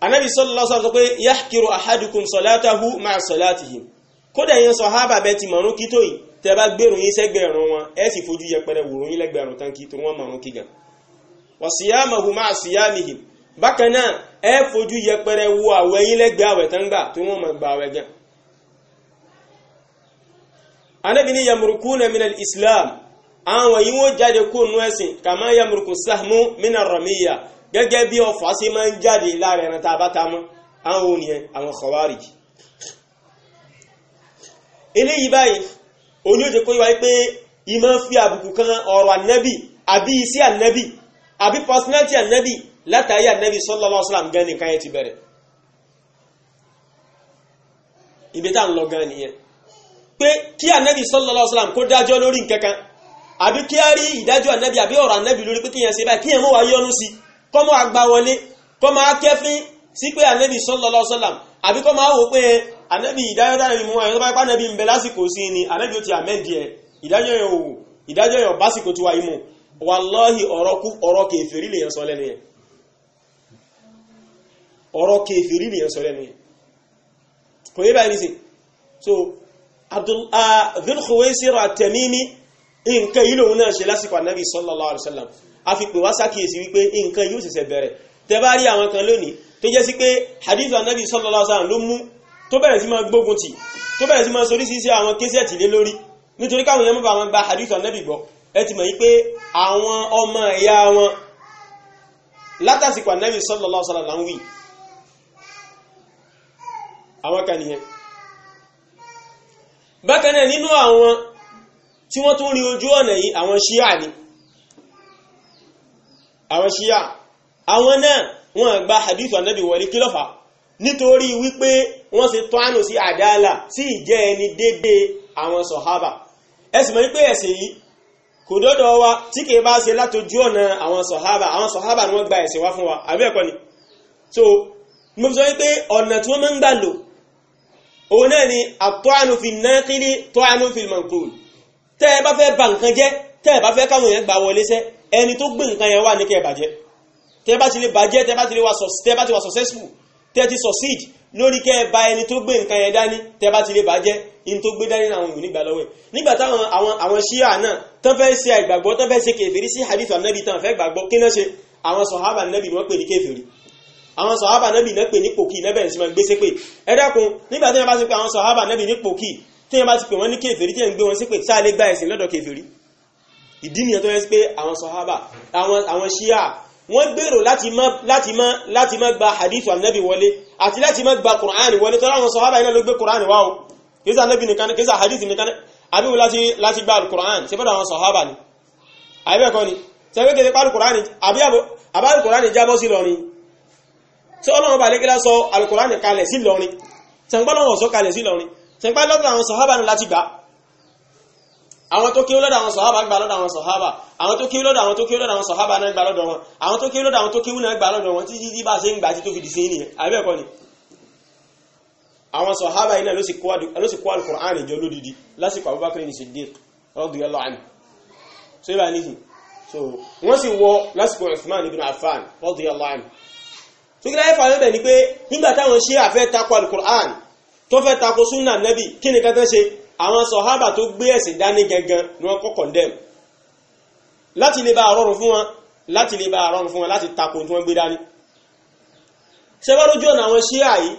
anabi sallallahu alaihi wasallam pé yahkiru ahadukum salatahu ma'a salatihim kódà yẹn sahaba bẹ́ẹ̀ ti mọ̀rún kí yìí tẹ́ bá gbèrò yín sẹ́gbẹ̀rún wọn ẹ sì fojú yẹpẹrẹ wòrò yín lẹ́gbẹ̀rún tán kí torí wọ́n mọ̀ wọn kí gan wọ́n sì yá mọ̀ hùmá sí yá mi yìí bákan náà ẹ fojú yẹpẹrẹ wo àwẹ̀ yín lẹ́gbẹ̀ẹ́ àwẹ̀ tán gbà torí wọ́n mọ̀ gbà àwẹ̀ gan. anabi ni yamurukú na minal islam àwọn yìí wọ́n jáde kó nú ẹ̀sìn kàmá yamurukú sahmu minal ramiya gẹ́gẹ́ bí ọfà sí máa ń jáde lára ẹran tá a bá ta mọ́ àwọn ònìyẹn àwọn khawarij eléyìí báyìí òun yóò jẹ́ kó yíwa pé ìmọ̀ fi àbùkù kan ọ̀rọ̀ ànábì àbí iṣẹ́ ànábì àbí personality ànábì látàrí ànábì sallallahu alaihi wasallam gan nìkan yẹn ti bẹ̀rẹ̀ ibi tá à ń lọ gan nìyẹn pé kí ànábì sallallahu alaihi wasallam kó dájọ́ lórí nǹkankan àbí kí á rí ìdájọ́ ànábì àbí ọ̀rọ̀ ànábì lórí pé kíyàn ṣe báyìí kíyàn mọ́ wá yọnu sí kọ́mọ́ àgbà wọlé kọ́mọ́ akẹ́fín sí pé ànábì sallallahu alaihi wasallam àbí kọ́mọ́ àwò pé ànábì ìdájọ́ dára ìmú ẹ̀yọ́ tó bá pàdé bí ń bẹ lásìkò sí ni ànábì ó ti àmẹ́ǹdì ẹ̀ ìdájọ́ yẹn ò ìdájọ́ yẹn básìkò tí wà yìí mú wàláhì ọ̀rọ̀ kú ọ̀rọ̀ kèfèrí lèyàn sọ lẹ́nu yẹn ọ̀rọ̀ kèfèrí lèyàn sọ lẹ́nu yẹn kò yẹ báyìí nìsín so Dhul Khuwaysir tamimi nǹkan yìí lòun náà sallallahu alaihi wasallam a fi pè wá sákìyèsí wípé nǹkan yóò ṣẹ̀ṣẹ̀ àwọn kan lónìí tó jẹ́ sí pé hadith ànábì sallallahu alaihi wasallam ló mú tó bẹ̀rẹ̀ sí máa gbógun tì tó bẹ̀rẹ̀ sí máa soríṣiríṣi àwọn késẹ̀tì lé lórí nítorí káwọn èèyàn mọ̀ bá wọn gba hadith Ànábì gbọ́ ẹ ti mọ̀ yí pé àwọn ọmọ ẹ̀yà wọn látàsìkò Ànábì sallallahu alaihi wasallam là ń wí àwọn kan nìyẹn bákan náà nínú àwọn tí wọ́n tún rí ojú ọ̀nà yìí àwọn ṣíà ni àwọn ṣíà àwọn náà wọ́n gba hadith Ànábì wọlé kí ló fà nítorí wípé wọ́n ṣe tọ́ánù sí àdáàlà sí ìjẹ́ ẹni dédé àwọn sọ̀hábà ẹ̀sìn mọ́ wípé ẹ̀sìn yìí kò dọ́dọ̀ wa tí kìí bá ṣe látojú ọ̀nà àwọn sọ̀hábà àwọn sọ̀hábà ni wọ́n gba ẹ̀sìn wá fún wa àbí ẹ̀kọ́ ni so mo sọ wípé ọ̀nà tí wọ́n máa ń gbà lò òun náà ni àtọ́ánù fi nákìlì tọ́ánù fi mọ̀nkùn tẹ́ ẹ bá fẹ́ ba nǹkan jẹ́ tẹ́ ẹ bá fẹ́ káwọn yẹn gbà wọlé sẹ́ ẹni tó gbé nǹkan yẹn wà ní kẹ́ ẹ bàjẹ́ tẹ́ ẹ bá ti lè bàjẹ́ tẹ́ ẹ bá ti lè wà successful tẹ́ ẹ ti succeed lórí kẹ́ ẹ bá ẹni tó gbé nǹkan yẹn dání tẹ́ bá ti lè bàjẹ́ in tó gbé dání àwọn òní gbà lọ́wọ́ ẹ̀ nígbà táwọn àwọn ṣíà náà tán fẹ́ ṣe àìgbàgbọ́ tán fẹ́ ṣe kèfèrí sí hadith anabi tán fẹ́ gbàgbọ́ kí náà ṣe àwọn sọ̀hábà anabi wọ́n pè ní kèfèrí àwọn sọ̀hábà anabi náà pè ní pòkì náà bẹ̀rẹ̀ sí máa gbéṣẹ́ pé ẹ dákun nígbà tí wọ́n bá ti pè àwọn sọ̀hábà anabi ní pòkì tí wọ́n wọ́n gbèrò láti má láti má láti má gba hadith anabi wọlé àti láti má gba Qur'an wọlé tọ́lá àwọn sọ̀hábà iná ló gbé Qur'an wá o kìí sá anabi nìkan kìí sá hadith nìkan àbí wọ́n láti láti gba Qur'an ṣe fọ́dọ̀ àwọn sọ̀hábà ni àbẹ́ kọ́ ni ṣe fẹ́ kéde pàrọ̀ Qur'an àbí àbá Qur'an jábọ́ sí lọ́rin tí ọlọ́run bá lékelá sọ al ni láti àwọn tó kéwú lọ́dọ̀ àwọn sọ̀hábà gbà lọ́dọ̀ àwọn sọ̀hábà àwọn tó kéwú lọ́dọ̀ àwọn tó kéwú lọ́dọ̀ àwọn sọ̀hábà náà gbà lọ́dọ̀ wọn àwọn tó kéwú lọ́dọ̀ àwọn tó kéwú náà gbà lọ́dọ̀ wọn títí tí bá ṣe ń gbà tí tó fi dì sí nìyẹn àbẹ́ ẹ̀kọ́ ni àwọn sọ̀hábà iná ló sì kó alùkùránì jọ lódìdí lásìkò Abubakar ní Siddiq radiyallahu anhu so ibà níhì so wọ́n sì wọ lásìkò Uthman ibn Affan radiyallahu anhu so kí láyé fàánù bẹ̀ ni pé nígbà táwọn ṣe àfẹ́ takọ alùkùránì tó fẹ́ takọ súnà nẹ́bì kí ni kátán ṣe àwọn sọ̀hábà tó gbé ẹ̀sìn dání gangan ni wọ́n kọ́kọ́ condemn láti lè bá rọrùn fún wọn láti lè bá rọrùn fún wọn láti tako tí wọ́n gbé dání ṣẹ́bá lójú ọ̀nà àwọn ṣíà yìí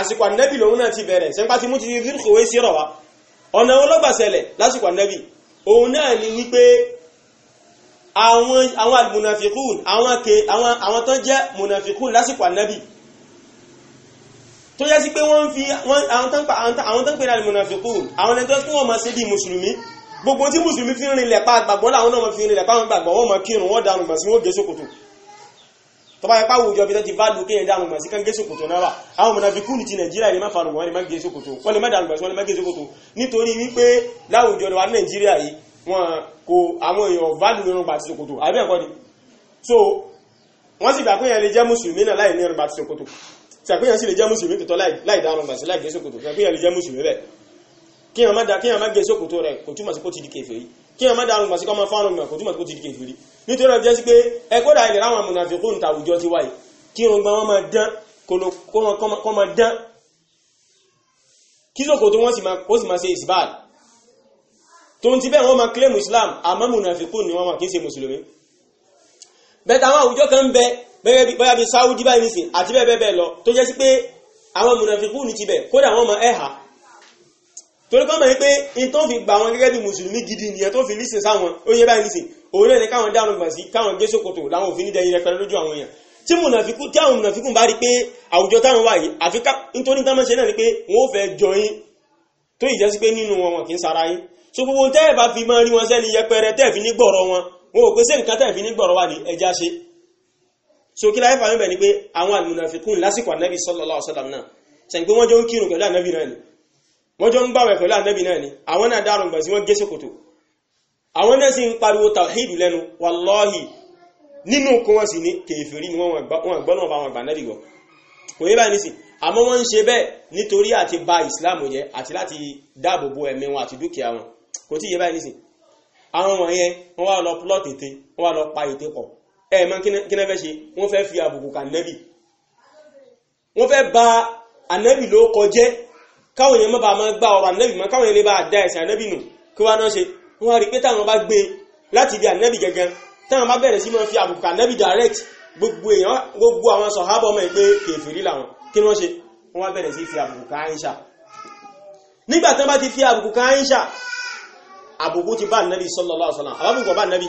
àsìkò ànẹ́bì lòun náà ti bẹ̀rẹ̀ sẹ́ńpá ti mú ti fi kòwé sí rọ̀ munafikun lásìkò ànẹ́bì tó yẹ sí pé wọ́n ń fi àwọn tán pè ní almunafiqun àwọn ẹni tó fún wọn máa ṣe bí mùsùlùmí gbogbo tí mùsùlùmí fi ń rinlẹ̀ pa àgbàgbọ́ láwọn náà fi rinlẹ̀ pa àwọn gbàgbọ́ wọ́n máa kírun wọ́n dànù gbà sí wọ́n gé ṣòkòtò tó bá ipá wùjọ bí tó ti fàdù kéyàn dànù gbà sí kán gé ṣòkòtò náà àwọn munafiqun ti nàìjíríà lè má farù wọn lè má gé ṣòkòtò wọ́n lè má dànù gbà sí wọ́n lè má gé ṣòkòtò nítorí wípé láwùjọ wa nàìjíríà yìí wọn kò àwọn èèyàn fàdù irun gbà sí ṣòkòtò àbí ẹ̀kọ́ ni so wọ́n sì gbà pé yẹn lè jẹ́ mùsùlùmí náà láì ní irun gbà sí sàpéyàn sì lè jẹ́ mùsùlùmí tòótọ́ láì dáhùn bàṣẹ láì gé sókòtò sàpéyàn lè jẹ́ mùsùlùmí bẹ́ẹ̀ kí wọn má da kí wọn má gé sókòtò rẹ̀ kò túmọ̀ sí kó ti di kèfèrí kí wọn má da arùngbàsí kọ́ máa fún arùngbà kò túmọ̀ sí kó ti di kèfèrí nítorí ọjọ́ sí pé ẹ kódà ilẹ̀ láwọn amúnàfikún ta àwùjọ ti wáyé kí wọn gba wọn máa dán kó máa dán kí sókòtò wọn sì máa ṣe ìsìbáàl tó ń ti bẹ́ẹ̀ wọ́n máa claim Islam àmọ́ amúnàfikún ni wọ́n máa kí ń ṣe mùsùlùmí bẹ́ẹ̀ táwọn àwùjọ kan bẹ́ẹ̀ bẹ́ẹ̀ bí bóyá bí Saudi báyìí nìsín àti bẹ́ẹ̀ bẹ́ẹ̀ lọ tó jẹ́ sí pé àwọn mùnàfikún ní tibẹ̀ kódà wọ́n mọ ẹ̀hà torí kọ́ mọ̀ ní pé in tó fi gbà wọn gẹ́gẹ́ bí mùsùlùmí gidi nìyẹn tó fi lísìn sáwọn ó yẹ báyìí nìsín òun náà ni káwọn dáhùn gbà sí káwọn gé sókòtò láwọn òfin nídẹ̀ẹ́yìn rẹpẹrẹ lójú àwọn èèyàn tí mùnàfikún tí àwọn mùnàfikún bá rí pé àwùjọ táwọn wà yìí àfi ká nítorí ni pé wọn ò fẹ́ jọ yín tó ìjẹ́ sí pé nínú wọn wọn kì í sara yín so gbogbo tẹ́ẹ̀ so kí láyé fàmí bẹ̀ ni pé àwọn almunafikun lásìkò ànábì sallallahu alaihi wasallam náà sẹ́yìn pé wọ́n jọ ń kírun pẹ̀lú ànábì náà ni wọ́n jọ ń gbàwẹ̀ pẹ̀lú ànábì náà ni àwọn náà dárùn gbà sí wọ́n gé sókòtò àwọn náà sì ń pariwo tàwíìdù lẹ́nu wàlọ́hì nínú kún wọn sì ní kèfèrí ni wọ́n gbọ́nà bá wọn gbà náà kò yé báyìí nísìn àmọ́ wọ́n ń ṣe bẹ́ẹ̀ nítorí àti ba islam jẹ́ àti láti dáàbò bo ẹ̀mí wọn àti dúkìá wọn kò tí yé báyìí nísìn àwọn wọ̀nyẹn wọ́n wá lọ plọ́ọ̀tì ète wọ́n wá lọ pa ète pọ̀ ẹ̀mọ́ kíná fẹ́ ṣe wọ́n fẹ́ fi àbùkù kà nẹ́bì wọ́n fẹ́ ba ànẹ́bì ló kọjẹ́ káwọn èèyàn mọ́ba máa gba ọ̀rọ̀ ànẹ́bì mọ́ káwọn èèyàn lè bá dá ẹ̀sìn ànẹ́bì nù kí wọ́n á náà ṣe wọ́n á rí pé táwọn bá gbé láti ibi ànẹ́bì gẹ́gẹ́ táwọn bá bẹ̀rẹ̀ sí máa fi àbùkù kà nẹ́bì direct gbogbo èèyàn gbogbo àwọn sọ̀hábọ̀ mọ̀ pé kèfèrí làwọn kí wọ́n ṣe wọ́n wá bẹ̀rẹ̀ sí fi àbùkù kà Àìṣà nígbà tán bá ti fi àbùkù kà Àìṣà àbùkù ti bá ànẹ́bì sallallahu alaihi àbábùkù bá ànẹ́bì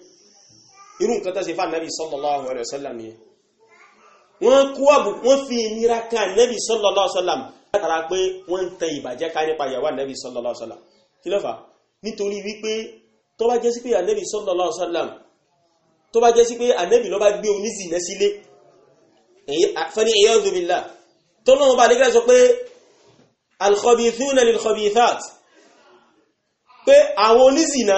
irú nǹkan tó ṣe fà nẹ́bí sallallahu alaihi wasallam yẹn wọ́n kú àbùkù wọ́n fi ìnira kan nẹ́bí sallallahu alaihi wasallam látara pé wọ́n ń tẹ ìbàjẹ́ ká nípa ìyàwó nẹ́bí sallallahu alaihi wasallam kí ló fà nítorí wípé tó bá jẹ́ sí pé ànẹ́bí sallallahu alaihi wasallam tó bá jẹ́ sí pé ànẹ́bí ló bá gbé onízìnà sílé fẹ́ni a'udhu billah tó lọ́wọ́ bá nígbà sọ pé al-khabithuna lil-khabithat pé àwọn onízìnà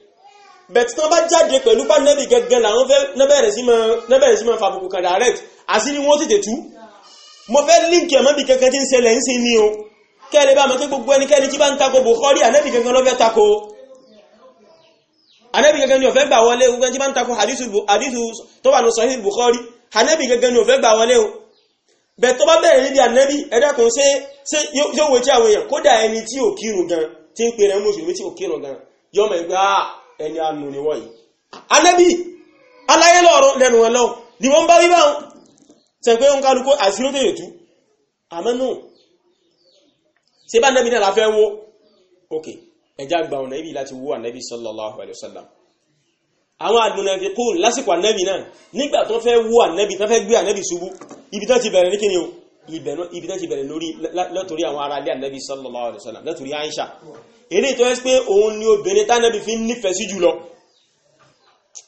bẹ̀tí tán bá jáde pẹ̀lú bá nẹ́bì gẹ́gẹ́ làwọn fẹ́ nẹ́bẹ̀rẹ̀ sí máa fàbùkù kan direct àti ni wọ́n tètè tú mo fẹ́ líǹkì ẹ̀mọ́bì kankan tí ń ṣẹlẹ̀ ń sin ni o kẹ́lẹ̀ bá mọ̀ pé gbogbo ẹnikẹ́ni tí bá ń tako Bukhari anẹ́bì kankan ló fẹ́ tako anẹ́bì kankan ni ó fẹ́ gbà wọlé gbogbo ẹni tí bá ń tako hadithu tó wà ní Sahih Bukhari anẹ́bì kankan ni ó fẹ́ gbà wọlé o bẹ̀ tó bá bẹ̀rẹ̀ níbi anẹ́bì ẹ̀dẹ́kùn ṣe yóò wo tí àwọn èèyàn kódà ẹni tí ò kírun gan tí ń pè rẹ̀ mùsùlùmí tí ò kírun gan yọmọ ìgbà ẹni àánú ni wọ́n yìí anábì aláyé lọ́rọ̀ lẹ́nu wọn lọ́wọ́ ni wọ́n bá wíwá wọn tẹ̀ pé ń kálukó àṣírí ó tèèyàn tú àmọ́ náà ṣe bá anábì náà la fẹ́ wo ok ẹjá gba ọ̀nà ibi láti wo anábì sallallahu alayhi wa sallam àwọn àdùnnàfikún lásìkò anábì náà nígbà tó fẹ́ wo anábì tó fẹ́ gbé anábì ṣubú ibi tó ti bẹ̀rẹ̀ ní kíni o ibi tó ti bẹ̀rẹ̀ lórí látòrí àwọn ará sallallahu alayhi wa sallam látòrí Aisha eré tó ẹ́ pé òun ni obìnrin tánàbí fi ń nífẹ̀ẹ́ sí jùlọ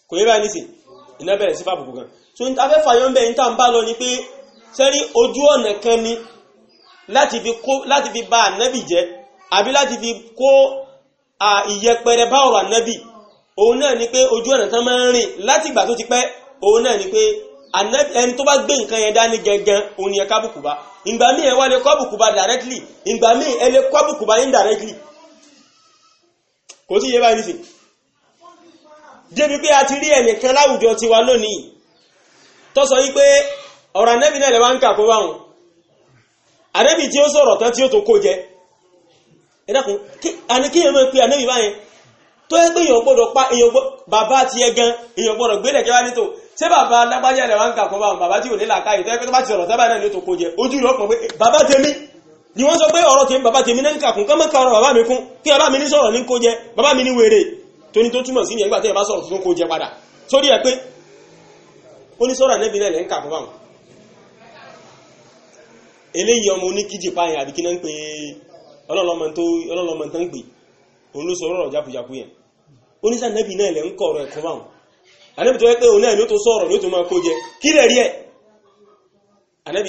kò yẹ bá ní sí iná bẹ̀rẹ̀ sí fàbùkù gan so ní afẹ́fà yóò ń bẹ̀ ní tàn bá lọ ni pé sẹ́rí ojú ọ̀nà kan ni láti fi bà ànábì jẹ́ àbí láti fi kó ìyẹpẹrẹ bá ọ̀rọ̀ ànábì òun náà ni pé ojú ọ̀nà tán máa ń rìn láti ìgbà tó ti pẹ́ òun náà ni pé ẹni tó bá gbé nǹkan yẹn dání gangan òun ni ẹ kábùkù bá ìgbà míì ẹ wá lè kọ́ àbùkù bá directly ìgbà míì ẹ lè kọ́ àbùkù bá indirectly kò sí yé báyìí nìsìn débi pé a ti rí ẹnìkan láwùjọ tiwa lónìí tó sọ wípé ọ̀rọ̀ anẹ́bì náà lẹ́wà ń kà kó báwọn anẹ́bì tí ó sọ̀rọ̀ tán tí ó tó kó jẹ ẹ dákun àníkíyàn mọ́ pé anẹ́bì báyẹn tó yẹ pé èèyàn gbọ́dọ̀ pa èèyàn gbọ́ bàbá ti yẹ gan èèyàn gbọ́dọ̀ gbé lẹ̀kẹ́ wá ní tó ṣé bàbá lágbájá lẹ́wà ń kà kó báwọn bàbá tí ò ní làákàyè tó yẹ tó bá ti sọ̀rọ̀ sábà náà ní tó kó jẹ ojú rẹ̀ ọ̀pọ̀ pé bàbá tèmi ni wọ́n sọ pé ọ̀rọ̀ tèmi bàbá tèmi náà kàkún kán mọ́kà ọ̀rọ̀ bàbá mi kún kí bàbá mi ní sọ̀rọ̀ ní kó jẹ bàbá mi ní wèrè tó ní tó túmọ̀ sí ní ẹgbà tẹ́yẹ bá sọ̀rọ̀ tó kó jẹ padà sórí ẹ pé ó ní sọ̀rọ̀ nẹ́bí náà kàkún báwọn eléyìí ọmọ oníkíjì páyìn àbí kí náà ń pè ọlọ́lọ́mọ tó ń pè òun ló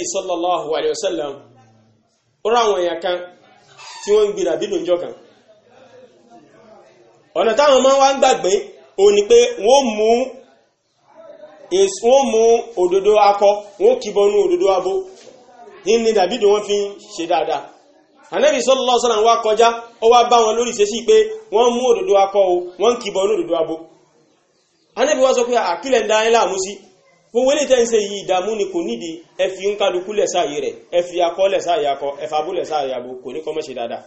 sallallahu alaihi wasallam ọ̀rọ̀ àwọn èèyàn kan tí wọ́n ń gbé dàbídùn jọ kan ọ̀nà táwọn máa wa ń gbàgbé o ni pé wọ́n mú òdòdó akọ wọ́n kìbọnú òdòdó abo ní dàbídùn wọ́n fi ṣe dáadáa ànábì sallallahu alaihi nwa kọjá ó wá bá wọn lórí ìṣesí pé wọ́n mú òdòdó akọ o wọ́n kìbọnú òdòdó abo wá sọ pé àkílẹ̀ ń dá ẹ́ gbogbo ilé tẹ́ ń ṣe yìí ìdààmú ni kò nídìí ẹ fi ń kálukú lẹ̀ sáàyè rẹ̀ ẹ fi akọ lẹ̀ sáàyè akọ ẹ fàbú lẹ̀ sáàyè abo kò ní kọ́mọ̀ṣe dáadáa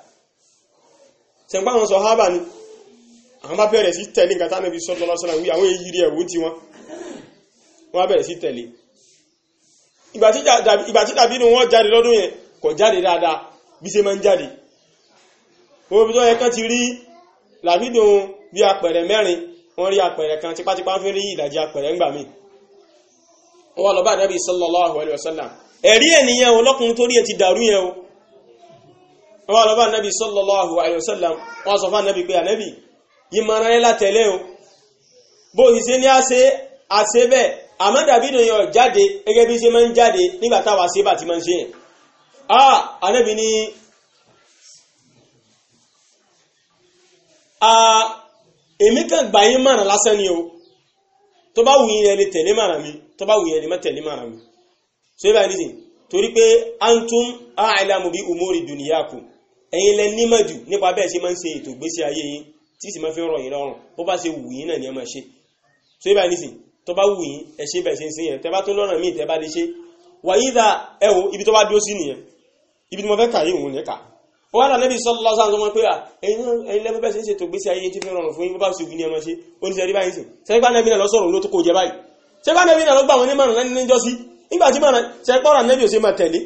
sẹ̀ǹpá àwọn sàhábà ni àwọn bá bẹ̀rẹ̀ sí tẹ̀lé nǹkan táwọn ẹbí sọ́dọ̀ lọ́sọ́nà wí àwọn èyí rí ẹ̀wọ́ tiwọn wọ́n bẹ̀rẹ̀ sí tẹ̀lé ìgbà tí dàbí ni wọ́n jáde lọ́dún yẹn kò jáde dáadáa bí ṣe máa ń jáde omi tó bí wọ́n rí apẹ̀rẹ̀ kan tipátipá fi rí ìdajì apẹ̀rẹ̀ ńgbà míì ó wá lọ bá Ànábì sallallahu alayhi wa sallam ẹ̀rí ẹ̀nìyàn o lọ́kùnrin torí ẹ̀ ti dàrú yẹn o ó wá lọ bá Ànábì sallallahu alayhi wa sallam wọ́n sọ fún Ànábì pé Ànábì yìí máa rán ẹ́lá tẹ̀lé o bó o sì ṣe ní àṣẹ àṣẹ bẹ́ẹ̀ àmọ́ dàbídùn yọ jáde gẹ́gẹ́ bí ṣe máa ń jáde nígbà táwa ṣe bá ti máa ń ṣe yẹn ah Ànábì ni èmi kàn gbà yín mọ̀ràn lásán ni o tó bá wùyìn ẹni tẹ̀lé mara mi tó bá wùyìn ẹni má tẹ̀lé mara mi so ibà ní sìn torí pé antum a'lamu bi umuri duniyakum ẹ̀yin lẹ nímọ̀ jù nípa bẹ́ẹ̀ ṣe máa ń ṣe ètò ìgbésí ayé yín tí sì máa fi rọ̀ yín lọ́rùn bó bá ṣe wùyìn náà ni ẹ máa ṣe so ibà ní sìn tó bá wùyìn ẹ ṣe bẹ́ẹ̀ ṣe ń sìn yẹn tẹ bá tó lọ́nà míì tẹ bá lè ṣe wàyí dà ẹ̀wò ibi tó bá dúró sí nìyẹn ibi tí mo fẹ́ kà yìí òun ní wọ́n ànábì sọ́lọ́ sáà sọmọ pé ẹ̀yin lẹ́fẹ́ bẹ́ẹ̀ ṣe ètò gbésí ayé tí fẹ́ rọrùn fún yín bá ṣùgbọ́n ní ẹmọ ṣe ó ní sẹ́rí báyìí sí sẹ́gbà nẹ́bí náà lọ́sọ̀rọ̀ ló tó kò jẹ báyìí sẹ́gbà nẹ́bí náà lọ́gbà wọn ní márùn lẹ́ni níjọ́ sí nígbà tí márùn sẹ́gbà ọ̀rọ̀ nẹ́bí ò ṣe máa tẹ̀lé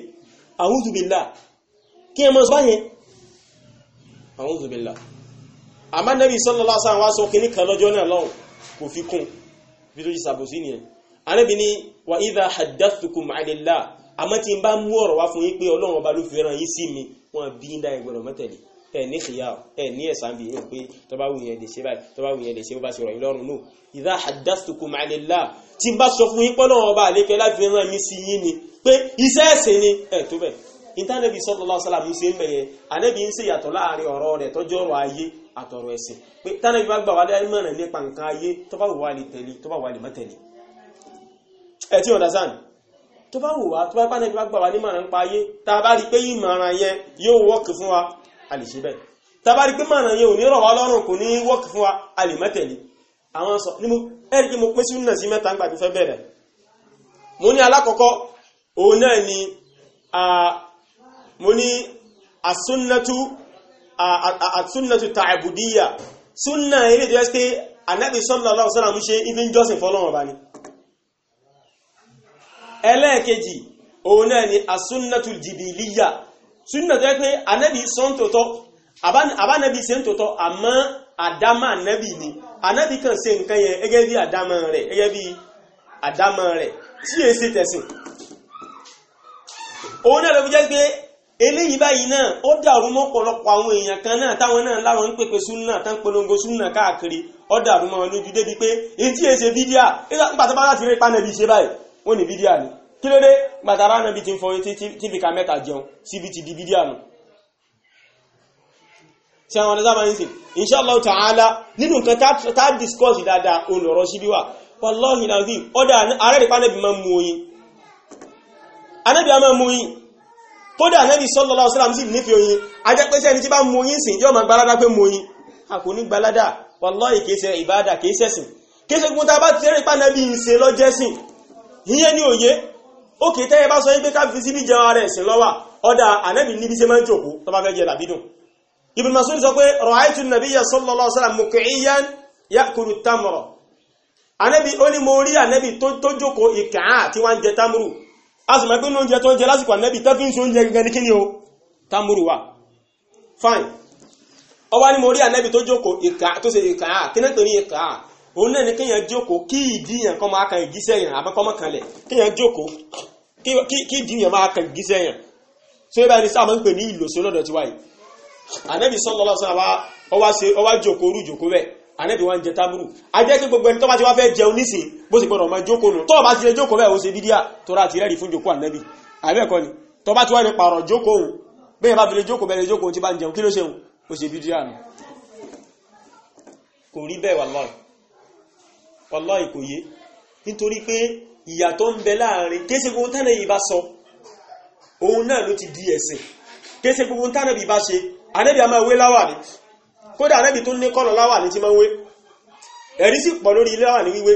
àwùzùbìlà kí ẹ mọ sọ yẹn àwùzùbìlà àmọ́ nẹ́bí sọ́lọ́ sáà wá sọ kínní kan lọ́jọ́ náà lọ́hùn kò fi kún bí tó ṣe ṣàbòsí nìyẹn ànábì ní wà ìdá haddathukum àdìlá àmọ́ tí n bá mú ọ̀rọ̀ wá fún yín pé ọlọ́run ọba ló fi ràn yín sí mi wọn bí ń dá ìgbọ̀dọ̀ mọ́tẹ̀lẹ̀ ẹ ní kìyà ẹ ní ẹ̀sán bí yẹn pé tọ́ba wù yẹn lè ṣe báyìí tọ́ba wù yẹn lè ṣe bó bá ṣe rọ̀ yín lọ́rùn nù ìdá àdásùkùm àlélá tí n bá sọ fún yín pọ́nà ọba àlékẹ́ láti rán mi sí yín ni pé iṣẹ́ ẹ̀sìn ni ẹ tó bẹ̀ ìtànẹ́bí sallallahu alaihi wasallam ṣe ń bẹ̀yẹn ànẹ́bí ń ṣe yàtọ̀ láàrin ọ̀rọ̀ rẹ̀ tọ́jú ọ̀rọ̀ ayé àtọ̀rọ̀ ẹ̀sìn pé tànẹ́bí bá gbà wá dá mọ̀ràn nípa nǹkan ayé tó bá wù wá lè tẹ̀lé tó bá wù wá lè má tó bá wù wá tó bá pàdé bá gbà wá nímọ̀ràn ń pa ayé tá a bá rí pé ìmọ̀ràn yẹn yóò wọ́ọ̀kì fún wa a lè ṣe bẹ́ẹ̀ tá a bá rí pé ìmọ̀ràn yẹn ò ní rọ̀ lọ́rùn kò ní wọ́ọ̀kì fún wa a lè mẹ́tẹ̀lé àwọn sọ ní mo ẹ̀rí pé mo pín sí nà sí mẹ́ta ń gbàgbé fẹ́ bẹ̀rẹ̀ mo ní alákọ̀ọ́kọ́ òun náà ni mo ní asúnnatu asúnnatu tààbùdíyà súnnà ilé ìdíyẹ́sí pé anábì sallallahu alaihi wasallam ṣe ibi ń jọ́sìn fọ́lọ́run ni ẹlẹ́ẹ̀kejì òun náà ni asúnnàtul jìbìlíyà súnnà tó yẹ pé anábì sọ ń tòótọ́ àbánábì ṣe ń tòótọ́ àmọ́ àdámà anábì ni anábì kan ṣe nǹkan yẹn gẹ́gẹ́ bí àdámà rẹ̀ gẹ́gẹ́ bí àdámà rẹ̀ tí èé ṣe tẹ̀sìn òun náà ló fi jẹ́ pé eléyìí báyìí náà ó dàrú mọ́ ọ̀pọ̀lọpọ̀ àwọn èèyàn kan náà táwọn náà láwọn ń pèpè súnà tán polongo súnà káàkiri ó dàrú mọ́ wọn lójú débi pé èyí tí èé ṣe fídíà nígbà tó bá láti rí pánẹ́bì ṣe báyìí wọ́n ní bídíà ni kí ló dé gbàtàrà náà bí ti ń tí jẹun síbi ti di tí àwọn sábà ń inshallah ta'ala nínú nǹkan tá discuss dáadáa olùrọ̀ síbí wà wallahi nàbí ọ̀dà arẹ́rìpá nẹ́bí máa ń mú oyin anẹ́bí a máa mú oyin kódà anẹ́bí sallallahu alaihi wasallam sí nífẹ̀ẹ́ oyin ajẹ́pẹ́sẹ́ tí oyin sìn yóò gbalada pé mú oyin a kò ní gbalada wallahi kìí ṣe ìbáadà kìí kìí gbọ́n yíyẹ́ ní oye ó kìí tẹ́yẹ bá sọ yí pé káfí sí bí jẹun ara ẹ̀sìn lọ́wà ọ̀dà ànábì níbi ṣe máa ń jòkó tó bá fẹ́ jẹ dàbídùn Ibn Mas'ud sọ pé ra'aytu an-nabiyya sallallahu ó ní mo rí tó jòkó jẹ tamuru a sì máa pé oúnjẹ tó ń jẹ lásìkò tó fi wa ni mo rí òun náà ni kéèyàn jókòó kí ìdí yẹn kọ́ máa kan ìgísẹ̀ yẹn àbẹ́kọ́ mọ́ kanlẹ̀ kéèyàn jókòó kí ìdí yẹn máa kan ìgísẹ̀ yẹn tó yẹ báyìí sáà máa ń pè ní ìlòsí ọlọ́dọ̀ tiwa yìí ànábì sallallahu alaihi wasallam ó wá jókòó orú jókòó bẹ́ẹ̀ ànábì wá ń jẹ tábúrù a jẹ́ kí gbogbo ẹni tó bá ti wá fẹ́ jẹun nísìn bó sì gbọdọ̀ máa jókòó nù tó bá ti lè jókòó bẹ́ẹ̀ kò rí bẹ́ẹ̀ wallahi wallahi kò yé nítorí pé ìyàtọ̀ ń bẹ láàrin kése gbogbo tánà yìí bá sọ òun náà ló ti di ẹ̀sìn kése gbogbo tánà bí bá ṣe anẹ́bí a máa wé láwàní kódà anẹ́bí tó ní kọ́lọ̀ láwàní tí máa wé ẹ̀rí sì pọ̀ lórí láwàní wíwé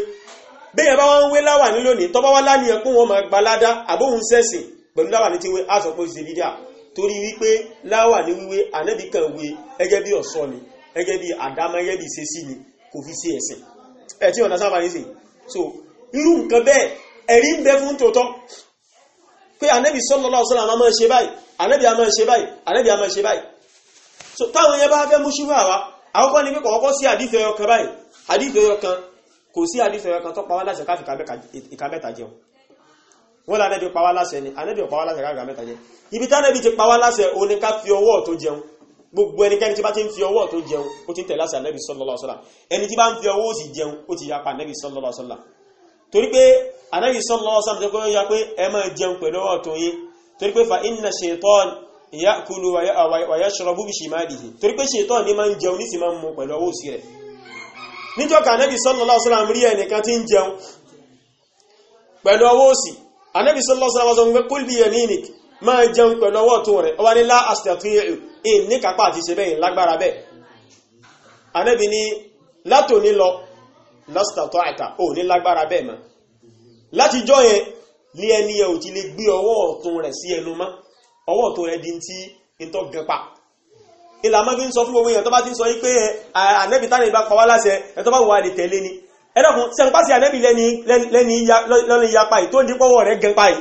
bẹ́yẹn bá wọ́n ń wé láwàní lónìí tọ́bá wá lánìyàn pé wọ́n máa gba ládá àbóhun sẹ́sìn pẹ̀lú láwàní tí wé á pé ṣe bídíà torí wípé láwàní wíwé anẹ́bí kan wé ẹgẹ́ bí ọ̀ṣọ́ ni ẹgẹ́ bí àdámọ́ ẹgẹ́ bí ìṣesí ni kò fi sí ẹ̀sìn ẹ̀ tí ọ̀nà sábà nísìn so irú nǹkan bẹ́ẹ̀ ẹ̀rí ń bẹ fún tòótọ́ pé ànábì sallallahu alaihi wasallam máa ń ṣe báyìí ànábì a máa ṣe báyìí ànábì a máa ń ṣe báyìí so táwọn yẹn bá fẹ́ mú ṣúfà wa àkọ́kọ́ ni pé kọ̀ọ̀kọ́ sí àdífẹ́ ọkàn báyìí àdífẹ́ ọkàn kò sí àdífẹ́ ọkàn tó pa wá láṣẹ káfí ìka mẹ́ta jẹun wọ́n lànàbì pa wá láṣẹ gbogbo ẹnikẹ́ni tí bá ti ń fi ọwọ́ tó jẹun ó ti ń tẹ̀lé àṣà nẹ́bí sallallahu alaihi wasallam ẹni tí bá ń fi ọwọ́ sì jẹun ó ti yapa nẹ́bí sallallahu alaihi wasallam torí pé anẹ́bí sallallahu alaihi tó kọ́ ya pé ẹ máa jẹun pẹ̀lú ọwọ́ tó yé torí pé fa inna shaytan ya'kulu wa yashrabu bi shimalihi torí pé shaytan ni máa ń jẹun ní sì máa ń mu pẹ̀lú ọwọ́ sí rẹ̀ níjọ́ kan anẹ́bí sallallahu alaihi rí ẹnìkan tí ń jẹun pẹ̀lú ọwọ́ sí anẹ́bí sallallahu alaihi wasallam sọ pé kúlbí yaminik máa jẹun pẹ̀lú ọwọ́ tó rẹ̀ ọwọ́ ni la astati'u in ní kápá àti ṣe bẹ́yìn lágbára bẹ́ẹ̀ anẹ́bi ni látò ní lọ lọ́sítàtọ̀ àìta ò ní lágbára bẹ́ẹ̀ mọ́ láti jọ́ yẹn ní ẹni ẹ̀ ò ti lè gbé ọwọ́ ọ̀tún rẹ̀ sí ẹnu mọ́ ọwọ́ ọ̀tún rẹ̀ di ti ìtọ́ gẹpa ìlà mọ́ fi ń sọ fún gbogbo èèyàn tó bá ti ń sọ yí pé anẹ́bi tánà ìbá pàwá láṣẹ ẹ̀ tó bá wà lè tẹ̀lé ni ẹ̀dọ̀kùn sẹ́ńpá sí anẹ́bi lẹ́ni yapa yìí tó ní pọ́wọ́ rẹ̀ gẹpa yìí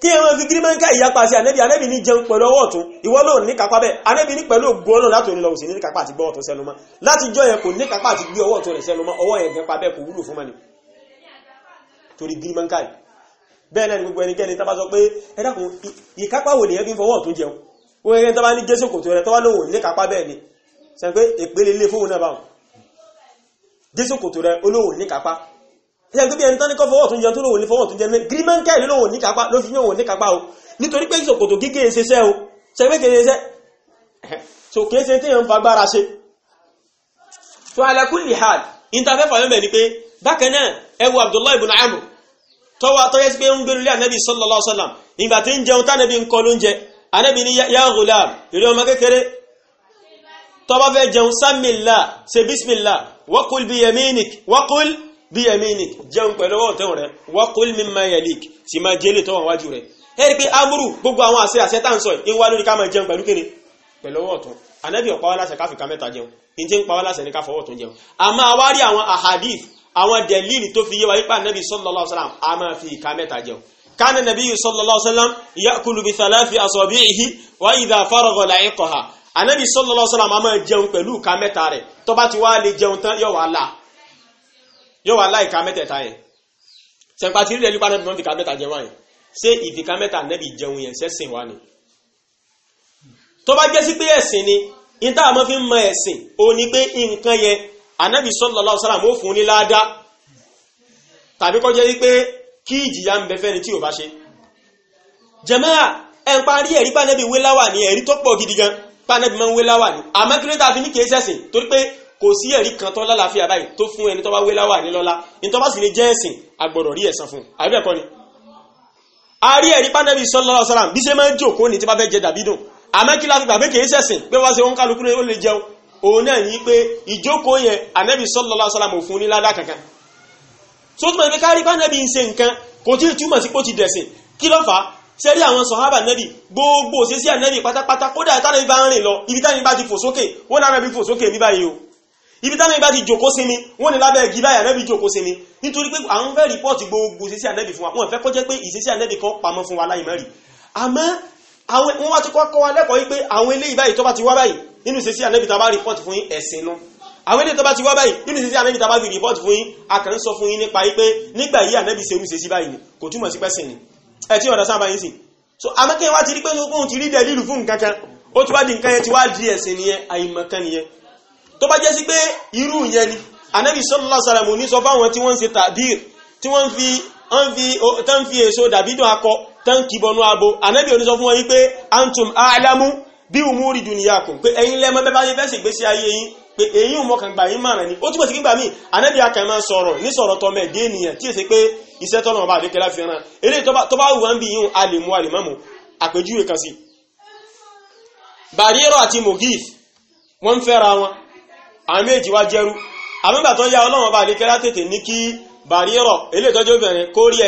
kí ẹmọ fi gírímẹ́ǹkà ìyapa sí anẹ́bí anẹ́bí ní jẹun pẹ̀lú ọwọ́ ọ̀tún ìwọ lóò ní kápá bẹ́ẹ̀ anẹ́bí ní pẹ̀lú ògùn ọlọ́run láti onílọ òsì ní kápá àti gbọ́ ọ̀tún sẹ́nu mọ́ láti jọ yẹn kò ní kápá àti gbé ọwọ́ ọ̀tún rẹ̀ sẹ́nu mọ́ ọwọ́ yẹn gẹ́pa bẹ́ẹ̀ kò wúlò ni gbogbo ẹnikẹ́ni tá bá sọ pé ẹ dákun ìkápá wo lèyẹn fi ni sẹ́n pé ìpele ilé fóun náà báwọn gẹ́sì kòtò ṣe gbé bí ẹni tán ní kọ́ fọwọ́ tún jẹun tó lòun ní fọwọ́ tún jẹun gírímẹ́ńkẹ́ lòun ní kápá ló fi yóò ní kápá o nítorí pé ìṣòkòtò gígé ṣe ṣẹ́ o ṣe pé kèrè ṣẹ́ so kìí ṣe tí yẹn ń fagbára ṣe so ala kulli hal interfẹ́fà lọ́mẹ̀ ni pé bákan náà ẹwu Abdullahi ibn Amr tọwọ́ tọ́yẹ́ sí pé ń gbénu lé anabi sallallahu alaihi wasallam ìgbà tí fẹ́ jẹun sàmìlá ṣe bísmìlá wa kul bi yaminik bí yaminik jẹun pẹ̀lú ọwọ́ ọ̀tún rẹ wakul mimma yalik sì máa jẹ́lẹ̀ tó wà wájú rẹ ẹ rí i pé amúrù gbogbo àwọn àṣẹ àṣẹ tá à ń sọ yìí ń wá lórí ká máa jẹun pẹ̀lú kíni pẹ̀lú ọwọ́ ọ̀tún anabi ọ̀pá wa láṣẹ káfí ká mẹ́ta jẹun ní ti ń pa wa ní káfọwọ́ ọ̀tún jẹun àmọ́ àwa rí àwọn ahadith àwọn dẹ̀líìlì tó fi yé wa wípé anabi sallallahu alaihi a máa fi ká mẹ́ta jẹun كان النبي صلى الله عليه وسلم يأكل بثلاث أصابعه وإذا فرغ لعقها النبي صلى الله عليه وسلم a máa jẹun pẹ̀lú ìka mẹ́ta rẹ̀ tó ti wá lè jẹun tán yóò wá là yóò wá láìka mẹ́tẹ̀ẹ̀ta yẹn sẹ̀ǹpà tí rílẹ̀ nípa náà bí wọ́n fi ka mẹ́ta jẹun wáyé ṣé ìfìka mẹ́ta nẹ́bí jẹun yẹn sẹ́sìn wá ni tó bá jẹ́ sí pé ẹ̀sìn ni níta àmọ́ fi ń mọ ẹ̀sìn ó ní pé nǹkan yẹn ànábì sallallahu alaihi wasallam ó fún ní ládàá tàbí kọjá sí pé kí ìjìyà ń bẹ fẹ́ni tí ò bá ṣe jàmáà ẹ̀ ń parí ẹ̀rí pànẹ́bí wéláwà ní ẹ̀rí tó pọ̀ gidi gan pànẹ́bí máa ń wéláwà ní àmọ́ kí kò sí ẹ̀rí kan tó lálàáfíà báyìí tó fún ẹni tó bá wé láwà ní lọ́lá ní tó bá sì ní jẹ́ ẹ̀sìn agbọ̀dọ̀ rí ẹ̀san fún àbí bẹ́ẹ̀ ni. a rí ẹ̀rí pánẹ́bí sallallahu alaihi wasallam bí ṣe máa ń jòkó ní tí bá fẹ́ jẹ dàbí dùn àmọ́ kí láti gbà pé kì í ṣẹ̀sìn pé wá ṣe òun kálukú ó lè jẹun òun náà ní pé ìjókòó yẹn ànẹ́bí sallallahu alaihi wasallam ò fún ní ládà kankan. so túmọ̀ ìpè kárí pánẹ́bí ń ṣe nǹkan kò tí ì túmọ̀ sí pé ó ti dẹ̀sìn kí ló fà á sẹ́rí àwọn sọ̀hábà nẹ́bì gbogbo òṣèṣì ànẹ́bì pátápátá kódà táwọn ibi bá ń rìn lọ ibi táwọn bá ti fò sókè wọ́n náà rẹ̀ fò sókè bíbáyìí o ibi táwọn ibà ti jòkó sí mi wọ́n ní lábẹ́ igi báyìí ànábì jòkó sí mi nítorí pé àwọn fẹ́ rìpọ́ọ̀tì gbogbo ìṣesí ànábì fún wa wọ́n fẹ́ kó jẹ́ pé ìṣesí ànábì kan pamọ́ fún wa láì mẹ́rì àmọ́ wọ́n wá ti kọ́ kọ́ wa lẹ́kọ̀ọ́ wípé àwọn eléyìí báyìí tó bá ti wá báyìí nínú ìṣesí ànábì tá a bá rìpọ́ọ̀tì fún yín ẹ̀sìn nu àwọn eléyìí tó bá ti wá báyìí nínú ìṣesí ànábì tá bá rìpọ́ọ̀tì fún yín so amẹ́kẹ́ wá ti rí pé ó ti rí dẹ̀lílù fún nǹkan kan di nǹkan yẹn ti wá tó bá jẹ́ sí pé irú yẹn ni anabi sallallahu alaihi wasallam ní sọ fáwọn tí wọ́n ń ṣe tàbír tí wọ́n fi tán fi èso dàbídùn akọ tán kìbọnú abo anabi oní sọ fún wọn pé antum a'lamu bí umuri duniyakum pé ẹ̀yin lẹ́mọ́ bẹ́bá yẹ fẹ́sẹ̀ gbé sí ayé yín pé èyí ò mọ̀kàn gbà yín ni ó túbọ̀ sí gbígbà míì ànábì akàn máa sọ̀rọ̀ ní sọ̀rọ̀ tọmọ ẹ̀dẹ́ ènìyàn tí èsè pé iṣẹ́ tọ́nà ọba àti Mugith wọ́n ń fẹ́ra wọn àwọn méjì wá jẹ́rú àmúgbà tó yá ọlọ́wọ́n bá àdékẹ́lá tètè ní kí bàríẹ̀rọ̀ eléyìí tọ́jú obìnrin kó rí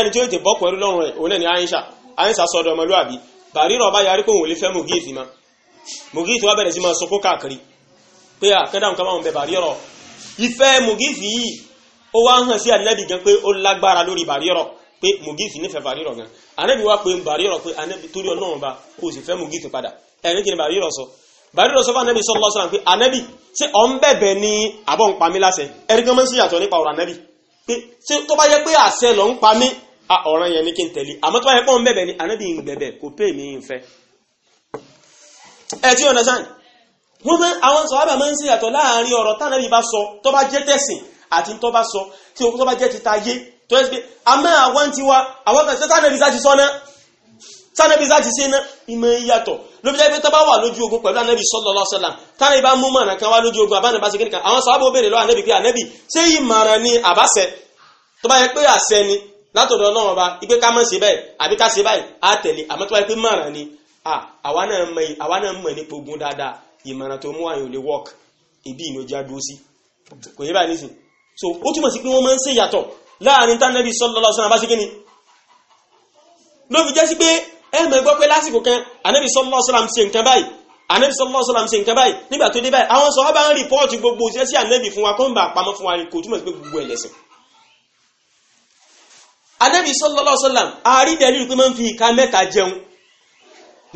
ẹni tí ó tè bọ́ pẹ̀lú lọ́rùn rẹ̀ òun náà ni Aisha Aisha sọ́dọ̀ ọmọlúwàbí bàríẹ̀rọ̀ bá yarí pé òun fẹ́ Mugithi ma Mugithi wá bẹ̀rẹ̀ sí máa sọkó káàkiri pé àkẹ́dàmù kan máa ń bẹ bàríẹ̀rọ̀ ìfẹ́ Mugithi yìí ó wá hàn sí ànábì gan pé ó lágbára lórí bàríẹ̀rọ̀ pé Mugithi nífẹ̀ẹ́ bàríẹ̀rọ̀ gan ànábì wá pé bàríẹ̀rọ̀ pé ànábì torí ọlọ́run bá kò sì fẹ́ Mugithi padà ẹ̀rín ni bàríẹ̀rọ̀ sọ bàríẹ̀rọ̀ sọ fún ànábì sallallahu pé ànábì ṣé ọ̀ ń bẹ̀bẹ̀ ní àbọ̀ ń pa mí láṣẹ ẹ̀rí gan máa ń síyàtọ̀ nípa ọ̀rọ̀ ànábì pé ṣé tó bá yẹ pé àṣẹ lọ ń pa mí ọ̀ràn yẹn ní kí n tẹ̀lé àmọ́ tó bá yẹ pé ọ̀ ń bẹ̀bẹ̀ ní ànábì ń bẹ̀bẹ̀ kò pé mi ń fẹ́. ẹ ti understand wọn máa àwọn sọ̀rọ̀ máa ń síyàtọ̀ láàrin ọ̀rọ̀ tánàbì bá sọ tó bá jẹ́ tẹ̀sìn àti tó bá sọ tí tó bá jẹ́ ti ta yé tó yẹ pé àmọ́ àwọn tiwa àwọn tánàbí láti ṣe ná ìmọ̀ ìyàtọ̀ ló fi jẹ́ pé tọ́bá wà lójú ogun pẹ̀lú ànábì sallallahu alaihi wasallam tánàbí bá mú mọ̀nà kan wá lójú ogun àbánàbá ṣe kíníkan àwọn sàábò béèrè lọ́wọ́ ànábì pé ànábì ṣé ìmọ̀ràn ni àbáṣẹ tó bá yẹ pé àṣẹ ni látọ̀dọ̀ ọlọ́run ọba ipé ká má ṣe báyìí àbí ká ṣe báyìí á tẹ̀lé àmọ́ tó bá yẹ pé mọ̀ràn ni àwa náà mọ̀ nípa ogun dáadáa ìmọ̀ràn tó mú àyàn lè work ìbí ìlú ọjà so ó túmọ̀ sí pé wọ́n máa ń ṣe ìyàtọ̀ láàrin tánàbí sallallahu alaihi wasallam bá jẹ́ sí pé ẹ mọ̀ gbọ́ pé lásìkò kan anabi sallallahu alaihi wasallam ṣe nǹkan báyìí anabi sallallahu alaihi wasallam ṣe nǹkan báyìí nígbà tó dé báyìí àwọn sọ̀rọ̀ bá ń rìpọ́ọ̀tì gbogbo iṣẹ́ sí anabi fún wa kó ń bà pamọ́ fún wa kò túmọ̀ sí pé gbogbo ẹ̀ lẹ́sìn. anabi sallallahu alaihi wasallam àrídẹ́lì pé máa ń fi ìka mẹ́ta jẹun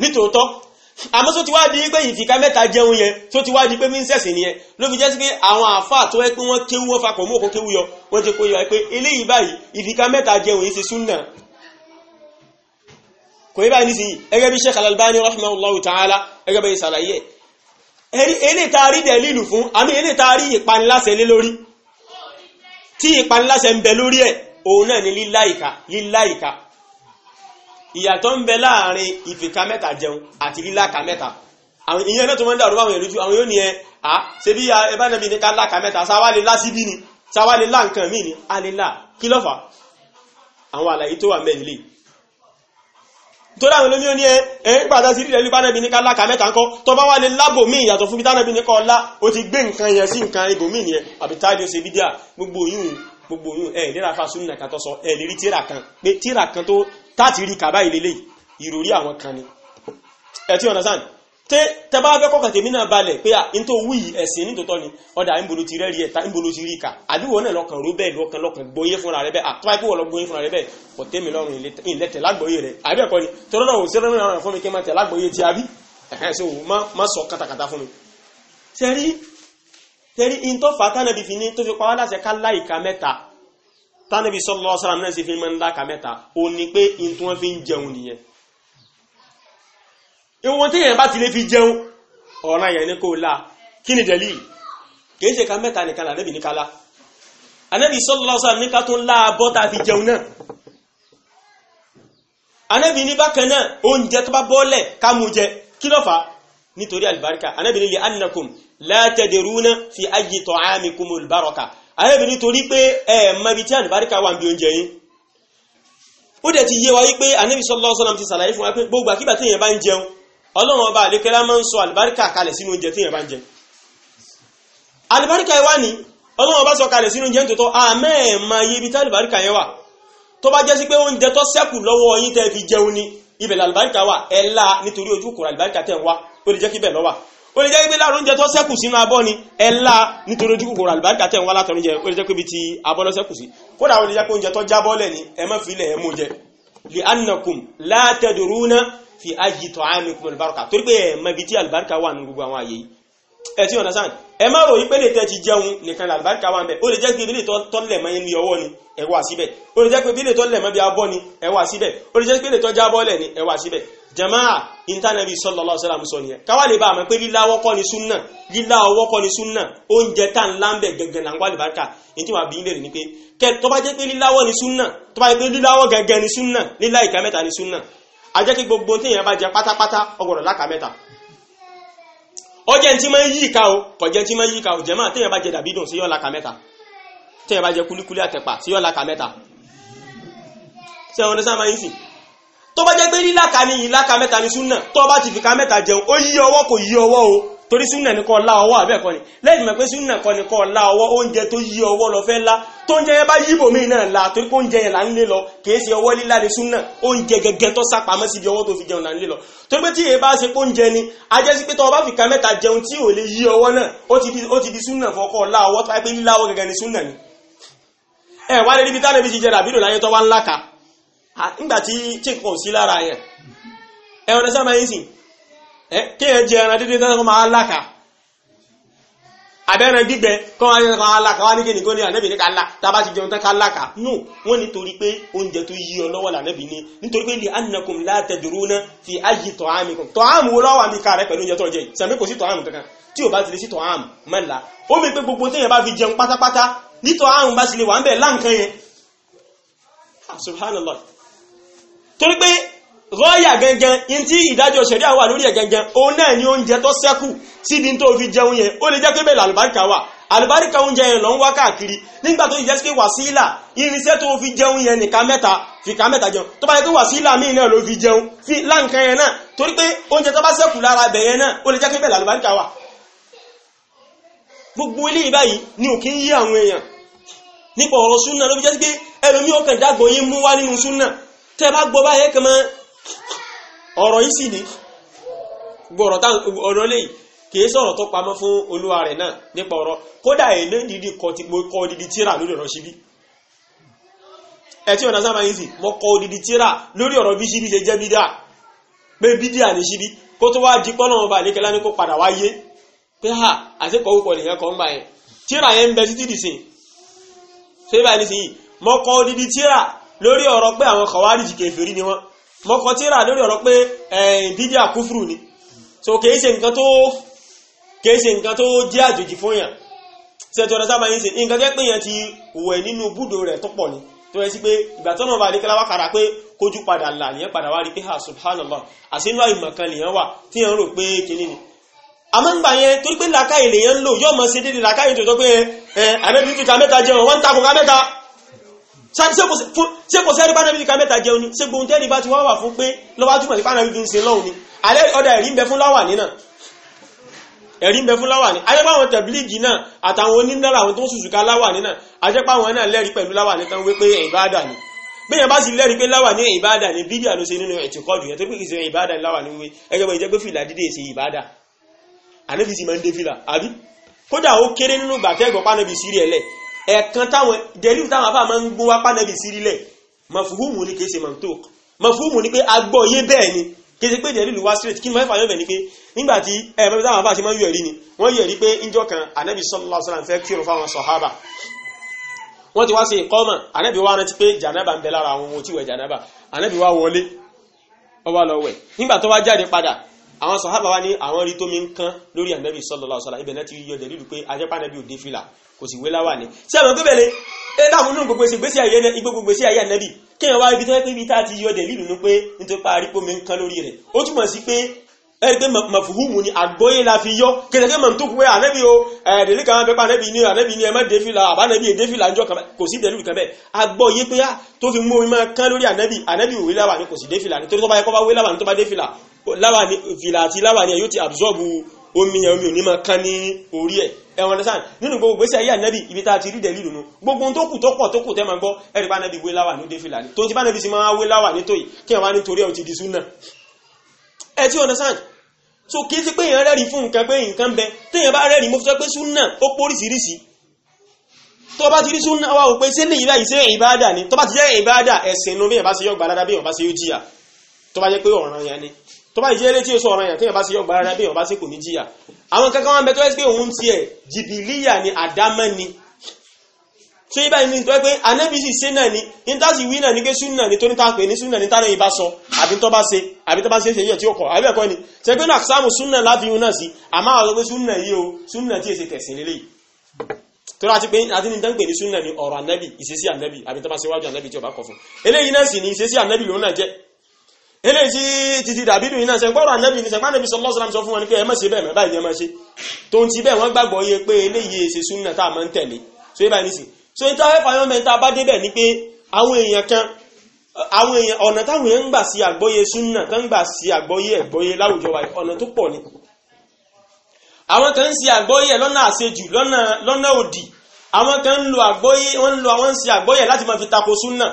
nítòótọ́ àmọ́ tó ti wá di pé ìfìkà mẹ́ta jẹun yẹn tó ti wá di pé mínísẹ̀sì nìyẹn ló fi jẹ́ sí pé àwọn àfà tó ẹ pé wọ́n kéwú wọ́n fakọ̀ mú òkú kéwú yọ wọ́n ti kó yọ ẹ pé eléyìí báyìí ìfìkà mẹ́ta jẹun yìí ti súnà kò yí báyìí nísìnyí ẹgẹ́ bí Sheikh Al-Albani rahimahullahu ta'ala ẹgẹ́ bẹ́ẹ̀ sàlàyé ẹ̀rí elé taari dẹ̀lílù fún àmì elé taari ìpaniláṣẹ lé lórí tí ìpaniláṣẹ ń bẹ lórí ẹ̀ òun náà ni líláìka líláìka ìyàtọ̀ ń bẹ láàrin ìfìka mẹ́ta jẹun àti líláka mẹ́ta àwọn ìyẹn náà tó máa ń dàrú báwọn ìlújú àwọn yóò ní ẹ à ṣe bí ẹbá nàbí ní ká láka mẹ́ta sáwá lè lá síbí ni sáwá lè lá nǹkan míì ni a lè lá kí ló fà àwọn àlàyé tó wà mẹ́rin lè torí àwọn olómi ó ní ẹ pàtà sí ìrẹ̀lú bánàbí ní kálákà mẹ́ta ńkọ́ tó bá wà lè lábò míì yàtọ̀ fún bítánàbí ní kọ́ ọlá ó ti gbé nǹkan yẹn sí nǹkan ibò míì yẹn àbítájú ṣe bídíà gbogbo yìí gbogbo yìí ẹ lè rafa sún nìkan tó sọ ẹ lè rí tíra kan pé tíra kan tó táàtì rí kàbá ìlélẹ́yìí ìròrí àwọn kan ni ẹ ti understand te bá fẹ́ kọ́kàn tèmi náà balẹ̀ pé n tó wí ẹ̀sìn nítòótọ́ ni ọ̀dà ìbolo ti rẹ́rí ẹ̀ta ìbolo ti rí ka àdúgbò náà lọ́kàn ró bẹ́ẹ̀ lọ́kàn lọ́kàn gbóyé fúnra rẹ bẹ́ẹ̀ àtúwáyé pé wọ́n lọ gbóyé fúnra rẹ bẹ́ẹ̀ kò tẹ́mi lọ́rùn ìlẹ́tẹ̀ lágbóyé rẹ àbẹ́ ẹ̀kọ́ ni tọ́lọ́ náà ò sí rẹ́rìn àwọn fún mi kí n máa tẹ̀ lágbóyé ti àbí ẹ̀hẹ́n so má sọ katakata fún mi. tẹ́rí tẹ́rí in tó fà tánàbí fi ní tó fi pa wá láṣẹ ká láìka mẹ́ta tánàbí sallallahu alaihi wasallam náà sì fi máa ń láka mẹ́ta ò ní pé in tí ìwọ̀n tí èyàn bá ti lè fi jẹun ọ̀ràn èyàn ní kó la kí ni dẹ̀lì kìí ṣe ká mẹ́ta nìkan lànàbì ní kálá anábì sọ́lọ́sọ́ ní ká tó ń lá abọ́ tá a fi jẹun náà anábì ní bákan náà oúnjẹ tó bá bọ́ọ̀lẹ̀ ká mú jẹ kí ló fà nítorí àlùbáríkà anábì ní li annakum la tadruna fi ayyi ta'amikumul baraka anábì nítorí pé ẹ̀ẹ̀mọ́bi tí àlùbáríkà wà ń bí oúnjẹ yín ó dẹ̀ ti yé wa yí pé anábì sọ́lọ́sọ́ náà ti sàlàyé fún wa pé gbogbo àkíbà tí èèyàn bá ń jẹun ọlọ́run ọba àlékẹ́lá máa ń sọ àlùbáríkà kalẹ̀ sínú oúnjẹ tí yẹn bá ń jẹ àlùbáríkà yẹn wà ní ọlọ́run ọba sọ kalẹ̀ sínú oúnjẹ tòótọ́ àmẹ́ẹ̀mà iye ibi tí àlùbáríkà yẹn wà tó bá jẹ́ sí pé oúnjẹ tó sẹ́kù lọ́wọ́ yín tẹ́ fi jẹun ni ibẹ̀ làlùbáríkà wà ẹ̀ la nítorí ojú kòrò àlùbáríkà tẹ̀ wá ó lè jẹ́ kí bẹ́ẹ̀ lọ́wà ó lè jẹ́ pé láàrún oúnjẹ tó sẹ́kù sínú abọ́ ni ẹ nítorí ojú kòkòrò àlùbáríkà tẹ̀ ń wá látọ̀ oúnjẹ ó lè jẹ́ pé ibi tí abọ́ lọ sẹ́kù sí kódà ó lè jẹ́ pé oúnjẹ tó jábọ́ lẹ̀ ni ẹ má fi ilẹ̀ ẹ mú jẹ li anakum la tadruna fi ayi tọ́ àmì kún olùbáraka torí pé ẹ̀ mọ ibi tí alùbáraka wà nínú gbogbo àwọn àyè yìí ẹ ti understand ẹ má ròyìn pé lè tẹ́ ti jẹun nìkan làlùbáríkà wà ń bẹ̀ ó lè jẹ́ pé bí lè tọ́lẹ̀ mọ́ ẹni ọwọ́ ni ẹ wà síbẹ̀ ó lè jẹ́ pé bí lè tọ́lẹ̀ mọ́ bí abọ́ ni ẹ wà síbẹ̀ ó lè jẹ́ pé lè tọ́já bọ́ọ̀lẹ̀ ni ẹ wà síbẹ̀ jamaa intanẹbi sallallahu alaihi wasallam sọ nìyẹn káwá lè bá àmọ́ pé lílá ọwọ́ ni súnà lílá ọwọ́ ni súnà oúnjẹ tá ńlá ń bẹ̀ gẹ́gẹ́ là ń wá àlùbáríkà ní ni pé kẹ tó bá jẹ́ pé líláwọ́ ni súnà tó bá jẹ́ pé líláwọ́ gẹ́gẹ́ ni súnà lílá ìka ni súnà ajẹ́ kí gbogbo tí èèyàn bá jẹ pátápátá ọgbọ̀rọ̀ láka mẹ́ta ọjẹ́ tí máa yí ìka o kọjẹ́ tí máa ń yí ìka o jẹ́mọ́ tí èèyàn bá jẹ dàbídùn sí yọ́ láka mẹ́ta tí èèyàn bá jẹ kúlíkúlí àtẹ̀pà sí yọ́ láka mẹ́ta ṣé wọn ní sáà máa ń sìn tó bá jẹ́ pé lílàka ni ìlàka mẹ́ta ni súnà tó bá ti fìka mẹ́ta jẹun ó yí ọwọ́ kò yí ọwọ́ o torí súnà ní kọ́ lá ọwọ́ àbẹ́ẹ̀kọ́ ni lẹ́yìn mẹ́pẹ́ súnà kọ́ ní kọ́ lá ọwọ́ oúnjẹ tó yí ọwọ́ lọ fẹ́ lá tó ń jẹ yẹn bá yíbò na náà la torí pé jẹ yẹn là ń lé lọ kìí ṣe ọwọ́ lílá ni súnà oúnjẹ gẹ́gẹ́ tó sápamọ́ síbi ọwọ́ tó fi jẹun là ń lé lọ torí pé tí bá ṣe ni a sí pé mẹ́ta jẹun tí ò lè yí ọwọ́ náà ó ti ni Eh, kí ẹ jẹ ẹran dídí tán kó máa láka abẹ́ran gbígbẹ kọ́ wọn kọ́ aláka wọn ní kí ni kó ní ànẹ́bì ní ká lá tàbá ti jẹun tán ká láka no wọ́n nítorí pé oúnjẹ tó yí ọ lọ́wọ́ lànẹ́bì ní nítorí pé li annakum la tadruna fi ayyi ta'amikum ta'amu wo lọ́wọ́ mi ká rẹ pẹ̀lú oúnjẹ tó jẹ sàmì kò sí ta'amu kankan tí o bá ti lè sí ta'amu mẹ́la ó mi pé gbogbo téèyàn bá fi jẹun pátápátá ní ta'amu bá ti lè wà ń bẹ̀ láǹkan ah, subhanallah torí pé rọ́yà gangan in tí ìdájọ́ ṣẹ̀ríà wà lórí ẹ̀ gangan òun náà ni oúnjẹ tó sẹ́kù síbi tó fi jẹun yẹn ó lè jẹ́ pé bẹ́ẹ̀ làlùbáríkà wà àlùbáríkà oúnjẹ yẹn lọ ń wá káàkiri nígbà tó jẹ́ pé wàsílà irinṣẹ́ tó fi jẹun yẹn nìka mẹ́ta fìka mẹ́ta jẹun tó bá yẹ pé wàsílà míì náà ló fi jẹun fi láǹkan yẹn náà torí pé oúnjẹ tó bá sẹ́kù lára bẹ̀ yẹn náà ó lè jẹ́ pé bẹ́ẹ̀ làlùbáríkà wà gbogbo ilé ìbáyìí ni ò kí ń yí àwọn èèyàn nípa ọ̀rọ̀ súnà ló fi jẹ́ pé ẹlòmíì ó kàn dágbò yín mú wá nínú súnà tẹ́ bá gbọ́ báyẹn kan mọ́ ọ̀rọ̀ yìí sì ni gbọ́rọ̀ tá ọ̀rọ̀ lẹ́yìn kìí sọ̀rọ̀ tó pamọ́ fún olúwa rẹ̀ náà nípa ọ̀rọ̀ kódà èlé dídì kọ dídì tíra lórí ọ̀rọ̀ ṣíbí ẹ̀tí ọ̀nà sáà máa ń sì mọ́ kọ dídì tíra lórí ọ̀rọ̀ bí ṣíbí ṣe jẹ́ bídà pé bídà ní ṣíbí kó tó wá di pọ́nà ọba àlékẹ́lá ní kó padà wáyé pé ha àṣekọ̀ orúkọ nìyẹn kan gbà yẹn tíra yẹn ń bẹ títí dì sìn ṣé báyìí nísìnyí mọ́ kọ dídì tíra lórí ọ̀rọ̀ pé àwọn kọ̀wárìjì kèfèrí ni wọ́n mọ́kọ tí rà lórí ọ̀rọ̀ pé eh, bídí àkúfùrù ni so kìí ṣe nǹkan tó kìí ṣe nǹkan tó jẹ́ àjòjì fún yàn ṣètò ọ̀rọ̀ sábà yìí ṣe nǹkan jẹ́ pé yàn ti wẹ̀ nínú búdò rẹ̀ tó pọ̀ ni tó yẹ sí pé ìgbà tó náà bá rí kíláwá kàrà pé kójú padà là nìyẹn padà wá rí pé ha subhanallah àṣínú àìmọ̀ kan lèyàn wà tí yàn rò pé kinní ni àmọ́ ń gbà yẹn torí pé làákàyè lèyàn ń lò yóò mọ̀ ṣe déédéé làákàyè tó tọ́ pé ẹ̀ àrẹ́bí ti mẹ́ta jẹun wọ́n ń takò ká mẹ́ta ṣe kò sẹ́rí bánàbí ká mẹ́ta jẹun ni ṣe gbóhun tẹ́rí bá ti wá wà fún pé lọ́wọ́ túnmọ̀ sí bánàbí ń ṣe lọ́hun ni alẹ́ ọ̀dà ẹ̀rí ń bẹ fún láwà ní náà ẹ̀rí ń bẹ fún láwà ní ajẹ́páwọn tẹ̀blígì náà àtàwọn onínára àwọn tó ń sùsùká láwà ní náà ajẹ́páwọn náà lẹ́rí pẹ̀lú láwà ní tán pé ìbáàdà ni bẹ́yẹn bá sì lẹ́rí pé láwà ní ìbáàdà ni bíbí àló ṣe nínú ẹ̀tìkọ́dù yẹn tó pé ìṣe ìbáàdà láwà ní wé ẹgbẹ́ bọ́ ìjẹ́ pé fìlà dídé ṣe ìbáàdà ànábì sì máa ń dé fìlà àbí kódà ó kéré nínú gbàtẹ́gbọ̀pá náà sírí ẹlẹ́ ẹ̀kan táwọn dẹ̀lú táwọn àbá máa ń gbó wá pánẹ́bì sí rílẹ̀ mọ̀fúhùmù ni kìí ṣe mọ̀tò mọ̀fúhùmù ni pé agbọ́ yé bẹ́ẹ̀ ni kìí ṣe pé dẹ̀lú wá straight kí ni wọ́n fà yọ̀ bẹ̀ ni pé nígbà tí ẹ̀mọ́ táwọn àbá ṣe máa ń yọ̀rí ni wọ́n yọ̀rí pé ńjọ́ kan ànábì sallallahu alaihi wasallam fẹ́ kírun fáwọn sàhábà wọ́n ti wá ṣe ìkọ́mà ànábì wá rántí pé jànábà ń bẹ lára àwọn ohun tí wẹ̀ jànábà ànábì wá wọlé ọwá lọ wẹ̀ nígbà tó wá jáde padà àwọn sàhábà wá ní àwọn rí tómi ń kán lórí ànábì sallallahu alaihi wasallam ibẹ̀ náà ti yọ dẹ̀lú pé ajẹ́pá ànábì fìlà kò sì wé láwà ní sí àwọn pé bẹ̀lẹ̀ ẹ dákun nínú gbogbo ìgbésí ayé ní gbogbo ìgbésí ayé ànẹ́bì kí ẹ wá ibi tó yẹ pé ibi tá a ti yọ dẹ̀lílù ní pé nítorí pa àrípò mi ń kan lórí rẹ̀ ó túmọ̀ sí pé ẹni pé mọ̀fùhùmù ni àgbóyé la fi yọ kẹsẹ̀kẹ́ mọ̀ tó kúwẹ́ ànẹ́bì o ẹ̀ẹ́dẹ̀lẹ́ kan pẹ́pẹ́ ànẹ́bì ni ànẹ́bì ni ẹ dẹ́fìlà àbánẹ́bì èdèfìlà ń kan kò sí dẹ̀lú kan bẹ́ẹ̀ àgbóyé pé á tó fi mú omi máa kán lórí ànẹ́bì ànẹ́bì òwe láwà ni kò sí dẹ́fìlà ni torí tó bá yẹ kó bá wé láwà ni tó bá dẹ́fìlà láwà ni fìlà àti láwà ni ẹ ti absorb omi yẹn omi ò ní máa kán ní orí ẹ̀ ẹ̀wọ̀n lẹ́sàn nínú gbogbo gbèsè ayé ànábì ibi tá a ti rí dẹ̀lí lónú gbogbo tó kù tó pọ̀ tó kù tẹ́ máa gbọ́ ẹ̀rí bá ànábì wé láwà ní défìlà ni tó ti bá ànábì sì máa wé láwà nítòyí kí wọ́n á nítorí ẹ̀ ti di súnà ẹ̀ tí ọ̀nẹ́sàn so kì í ti pé èèyàn rẹ́rìí fún nǹkan pé nǹkan bẹ téèyàn bá rẹ́rìí mo fi sọ pé súnà ó póríṣiríṣi tó bá ti rí súnà wà ó pé ṣé lè yíra ìṣe ìbáàdà ni tó bá ti jẹ́ ìbáàdà ẹ̀sìn inú bí èèyàn bá ṣe yọ gbàdáda bí èèyàn bá ṣe yóò jìyà tó bá jẹ́ pé ọ̀ràn yẹn ni tó bá ìṣe eré tí ó sọ ọ̀ràn yẹn téèyàn bá ṣe yọ gbàdáda bí bá ṣe kò ní jìyà àwọn kankan wọn bẹ tó pé òun ti ẹ̀ jìbìlíyà ni àdámọ́ ni tó yí báyìí ní tó ẹ́ pé anẹ́bìsì ṣe náà ni ní tásì wí náà ní pé súnà ní tó ní ní súnà ní tánà ìbá sọ àbí tó bá ṣe àbí tó bá ṣe ṣe tí ó kọ̀ àbí ẹ̀kọ́ ni tẹ́ pé náà sáàmù súnà láfi yún náà sí àmọ́ àwọn ọ̀rọ̀ pé súnà yìí o súnà tí èsì tẹ̀sìn lélẹ̀ tó láti pé àti ní tán pè ní súnà ní ọ̀rọ̀ ànẹ́bì ìṣesí ànẹ́bì àbí tó bá ṣe wájú ànẹ́bì tí ó bá kọ fún eléyìí náà sì ní ìṣesí ànẹ́bì lòun jẹ́ ilé tí títí dàbídù iná ṣe gbọ́rọ̀ ànábì ní sẹ̀pá ànábì sallallahu alaihi wasallam sọ fún wọn ní pé ẹ má ṣe bẹ́ẹ̀ báyìí ẹ má ṣe tó ń ti bẹ́ẹ̀ wọ́n gbàgbọ́ yẹ pé eléyìí ṣe súnà tá a máa ń tẹ̀lé so yíba nísì so yíta fẹ́ fàyọ́ mẹ́ta bá débẹ̀ ni pé àwọn èèyàn kan àwọn èèyàn ọ̀nà táwọn èèyàn ń ni àwọn kan ń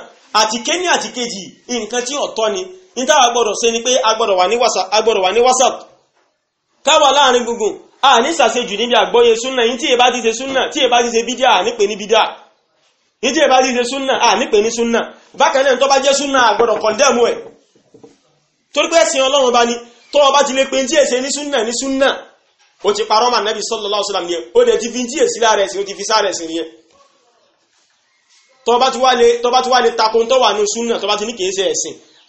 àti kéní àti kejì nǹkan tí ọ̀tọ̀ ni níta agbọ́dọ̀ ṣe ni pé agbọ́dọ̀ wà ní wàsà agbọ́dọ̀ wà ní wàsà káwà láàrin gbùngbùn a ní sàṣejù níbi àgbọ́yé súnà yìí tí èbá ti ṣe súnà tí èbá ti ṣe bídíà à ní pè ní bídíà yìí tí èbá ti ṣe súnà à ní pè ní súnà bákan náà tó bá jẹ́ súnà agbọ́dọ̀ kọ̀ndẹ́mù ẹ̀ torí pé ẹ̀sìn ọlọ́run bá ní tó ọba ti lè pe tí èsè ní súnà ní súnà ó ti parọ́ màá nẹ́bí sallallahu alaihi wasallam nìyẹn ó dẹ̀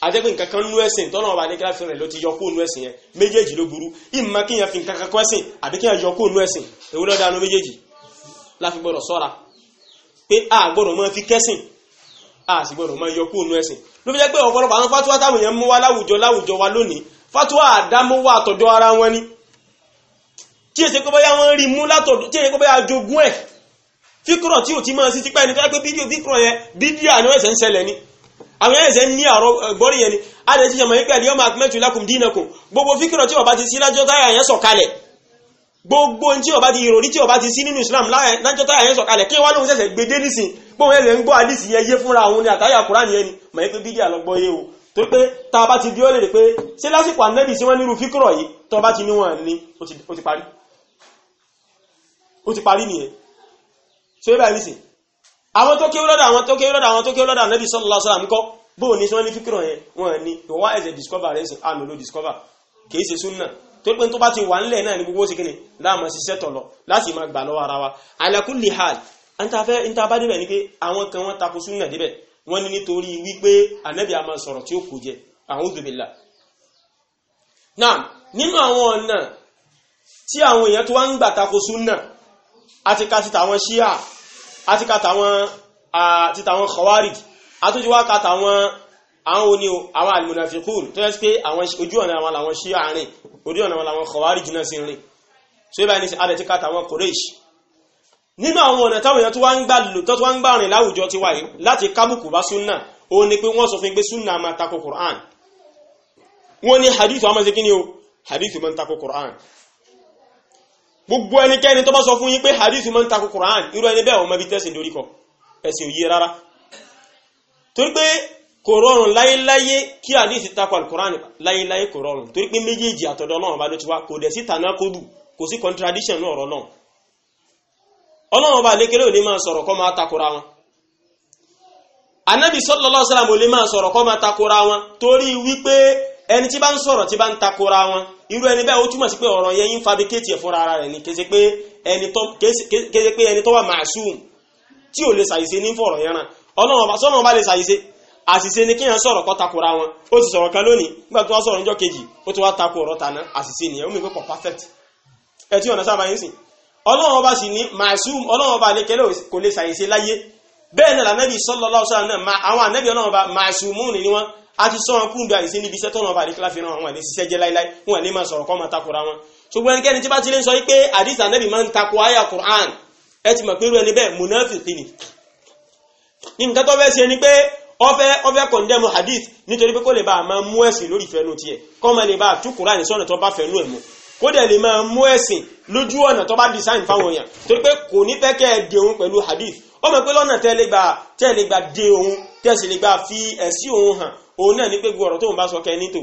àjẹ́gbé nǹkan kan nú ẹ̀sìn tọ́nà ọba ní kíláàfin rẹ̀ ló ti yọkó nú ẹ̀sìn yẹn méjèèjì ló burú ìmọ̀ kí fi nǹkan kan kọ́ àbí kí yẹn yọkó nú ẹ̀sìn èwo méjèèjì láfi gbọ́dọ̀ sọ́ra pé a gbọ́dọ̀ mọ́ fi kẹ́sìn a sì gbọ́dọ̀ mọ́ yọkó nú ẹ̀sìn ló fi jẹ́ pé ọ̀pọ̀lọpọ̀ àwọn fatuwa táwọn yẹn mú wa láwùjọ láwùjọ wa lónìí fatuwa àdámọ́wà àtọ̀dọ̀ ara wọn ni tí èsè pé bóyá wọ́n rí mú látọ̀dọ̀ tí èsè pé bóyá yẹ àwọn ẹ̀ẹ́sẹ̀ ní àrọ̀ eh, gbọ́rí yẹn ni a lè ṣiṣẹ́ mọ̀yí pẹ̀lú ọmọ akmẹ́tù lakum dinakum gbogbo fíkìrọ̀ tí ó bá ti sí lájọ́ táyà yẹn sọ̀kalẹ̀ gbogbo tí ó bá ti ìròrí tí ó bá ti sí nínú Islam lájọ́ táyà yẹn sọ̀kalẹ̀ kí wọ́n lóun ṣẹ̀ṣẹ̀ gbé dé nísìn gbóhun ẹ̀sẹ̀ ni àtàyà kúrán ni mọ̀yí pé bídí àlọ́gbọ́ yé o tó pé ni ó àwọn tó kéwú lọ́dọ̀ àwọn tó kéwú lọ́dọ̀ àwọn tó kéwú lọ́dọ̀ ànábì sallallahu alaihi wasallam ńkọ́ bóò ní sọ́nà ní fíkìrọ̀ yẹn wọ́n ní ìwá ẹ̀sẹ̀ discover rẹ̀ àmì ló discover kìí ṣe súnà tó pé tó bá ti wà nílẹ̀ náà ní gbogbo ṣe kíni láàmú ṣiṣẹ́ tọ̀ lọ láti máa gbà lọ́wọ́ ara wa ala kulli hal níta bá débẹ̀ ni pé àwọn kan wọ́n tako súnà débẹ̀ wọ́n ní nítorí wípé ànábì àmà sọ̀rọ̀ tí ó kò jẹ a'udhu billah náà nínú àwọn ọ̀nà tí àwọn èèyàn tó wá ń gbà tako súnà àti kásìtà àwọn ṣíà a ti kàtà wọn títa wọn khawarij a tún ti wá kàtà wọn àwọn oní àwọn almunafiqun tó yẹ sí pé ojú ọ̀nà àwọn làwọn ṣí àárín ojú ọ̀nà àwọn làwọn khawarij náà sí rìn so ibà ní sí adẹ̀ ti kàtà wọn Quraysh nínú àwọn ọ̀nà táwọn Qur'an wọ́n ní hadith wa máa ṣe kí Qur'an gbogbo ẹnikẹ́ni tó bá sọ fún yín pé hadith máa ń takò Quran irú ẹni bẹ́ẹ̀ ọmọ ibi tẹ́sìn dorí kọ ẹ̀sìn òye rárá torí pé kò rọrùn láyéláyé kí hadith takò Al-Quran láyéláyé kò rọrùn torí pé méjèèjì àtọ̀dọ̀ Ọlọ́run bá ló wá kò dẹ̀ sí tànà kó irú ẹni bẹ́ẹ̀ ó túmọ̀ sí pé ọ̀rọ̀ yẹn ń fabricate ẹ̀ fúnra ara rẹ̀ ni kése pé ẹni tó wà tí ò lè ṣàyíṣe ní fọ̀rọ̀ yẹn ràn ọlọ́run ọba lè ṣàyíṣe àṣìṣe ni kíyàn sọ̀rọ̀ kọ́ takora wọn ó ti sọ̀rọ̀ kan lónìí nígbà tó wá sọ̀rọ̀ níjọ́ kejì ó ti wá tako ọ̀rọ̀ tàná àṣìṣe nìyẹn ó mi pé kọ̀ perfect ẹ tí ọ̀nà sábà yín sìn ọlọ́run ọba sì ní màásùm ọlọ́run ọba lè kẹ́lẹ́ kò lè ṣàyíṣe láyé bẹ́ẹ̀ náà lànàbì sallallahu alaihi náà àwọn ànàbì ọlọ́run ọba màásùmù ni wọ́n a ti sọ wọn kú bí àìsí níbi iṣẹ́ tọ́nà ọba àdíkílá fi ràn wọn lè ṣiṣẹ́ jẹ́ láíláí wọn lè máa sọ̀rọ̀ kọ́ máa takora wọn ṣùgbọ́n ẹnikẹ́ni tí bá ti lè sọ pé àdìsá nẹ́bì máa ń takò àyà Qur'an ẹ ti mọ̀ pé irú ẹni bẹ́ẹ̀ munafiki ni ní nǹkan tó fẹ́ ṣe ni pé ọfẹ́ ọfẹ́ kọ̀ndẹ́mù hadith nítorí pé kó lè bá a máa mú ẹ̀sìn lórí fẹ́nu tiẹ̀ kọ́ máa lè bá a tú Qur'an sọ́nà tó bá fẹ́nu ẹ̀ mọ́ kó dẹ̀ lè máa mú ẹ̀sìn lójú ọ̀nà tó bá design fáwọn èèyàn torí pé kò ní fẹ́ kẹ́ ẹ̀ dẹ̀hún pẹ̀lú hadith ó mọ̀ pé lọ́nà tẹ́lẹ̀ gbà tẹ́lẹ̀ gbà dé òun tẹ́sí lè gbà fi ẹ̀sí òun hàn òun náà ní pé gbogbo ọ̀rọ̀ tóun bá sọ kẹ́ ní tò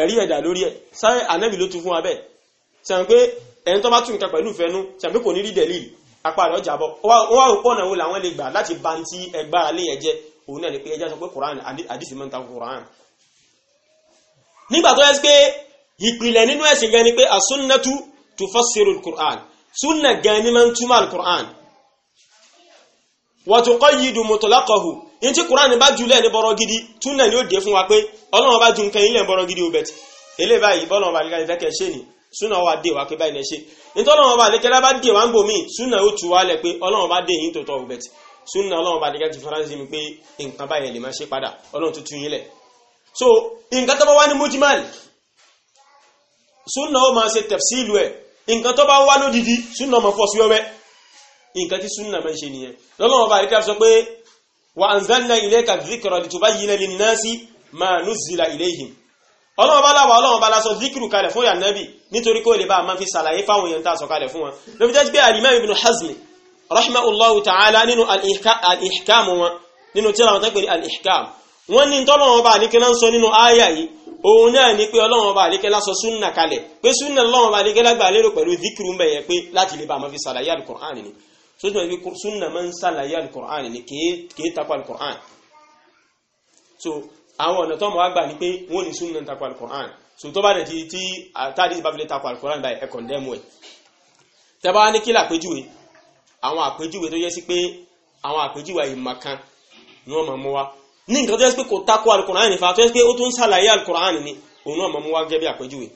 ẹ̀rí ẹ̀dà lórí ẹ̀ sáré ànábì ló tún fún wa bẹ́ẹ̀ sàn pé ẹni tó bá tún nǹkan pẹ̀lú ìfẹ́nu sàn pé kò ní rí dẹ̀lì apá rẹ̀ ọjà bọ̀ wọ́n wá òpó ọ̀nà wo làwọn lè gbà láti ba ti ẹgbà alẹ́ yẹn jẹ́ òun náà ní pé ẹjá sọ pé Quran àdìsí máa ń ta Quran nígbà tó yẹ pé ìpìlẹ̀ nínú ẹ̀sìn gan ni pé asúnnatu tufassiru al-Quran súnà gan ni máa ń túmọ̀ al-Quran wa tuqayyidu mutlaqahu in tí Kùránì bá jùlẹ̀ ní bọ́rọ̀ gidi túnà ni ó dé fún wa pé Ọlọ́run bá ju nǹkan ilẹ̀ bọ́rọ̀ gidi ó bẹ̀tì eléyìí báyìí bọ́lọ́run bá nígbà ni súnà wa dé wa pé báyìí lẹ́ṣe nítọ́lọ́run bá nígbà bá dé wa ń bò míì súnà ó tu wa lẹ̀ pé Ọlọ́run bá dé yín tó tọ́ ó bẹ̀tì súnà Ọlọ́run bá nígbà ti faransé mi so nǹkan tó bá wá ní mujmal súnà ó máa ṣe tafsilu ẹ̀ nǹkan tó bá wá lódìdí súnà ó máa fọ́ sí wẹ́wẹ́ nǹkan tí súnà máa ń ṣe nìyẹn lọ́lọ́wọ́ bá àríkà sọ pé wa anzalna ilayka dhikra litubayyina linnasi ma nuzzila ilayhim ọlọ́wọ́ bá láwọ̀ ọlọ́wọ́ bá lásọ zikiru kalẹ̀ fún yànnábì nítorí kó lè bá máa fi ṣàlàyé fáwọn èèyàn tàṣọ kalẹ̀ fún wọn ló fi jẹ́ pé alimam ibn hazmi rahimahullahu ta'ala nínú al-ihkam wọn nínú tíra wọn tẹ́pẹ̀ al-ihkam wọ́n ní tọ́lọ́wọ́ bá àníkẹ́lá ń sọ nínú ááyà yìí òun náà ni pé ọlọ́wọ́ bá àníkẹ́lá sọ súnnà kalẹ̀ pé súnnà lọ́wọ́ bá àníkẹ́lá gbà pẹ̀lú zikiru mẹ́yẹ pé láti lè bá máa fi ṣàlàyé al ni so tí wọ́n fi súnà máa ń sàlàyé alukur'an ni kìí takò alukur'an so àwọn ọ̀nà tó mọ̀ wá gbà ní pé wọ́n ní súnà takò so tó bá dẹ̀ ti tí àtàdé ìbáfilé ba alukur'an báyìí ẹ̀kọ́ ndẹ́mu ẹ̀ tẹ́bá ní kí làpéjúwe àwọn àpéjúwe tó yẹ sí pé àwọn àpéjúwe ìmọ̀kan ni wọ́n máa mú wa ní nǹkan tó yẹ sí pé kò takò alukur'an nífa tó yẹ sí pé ó tún sàlàyé alukur'an ni òun náà máa mú wa gẹ́gẹ́ bí àpéjúwe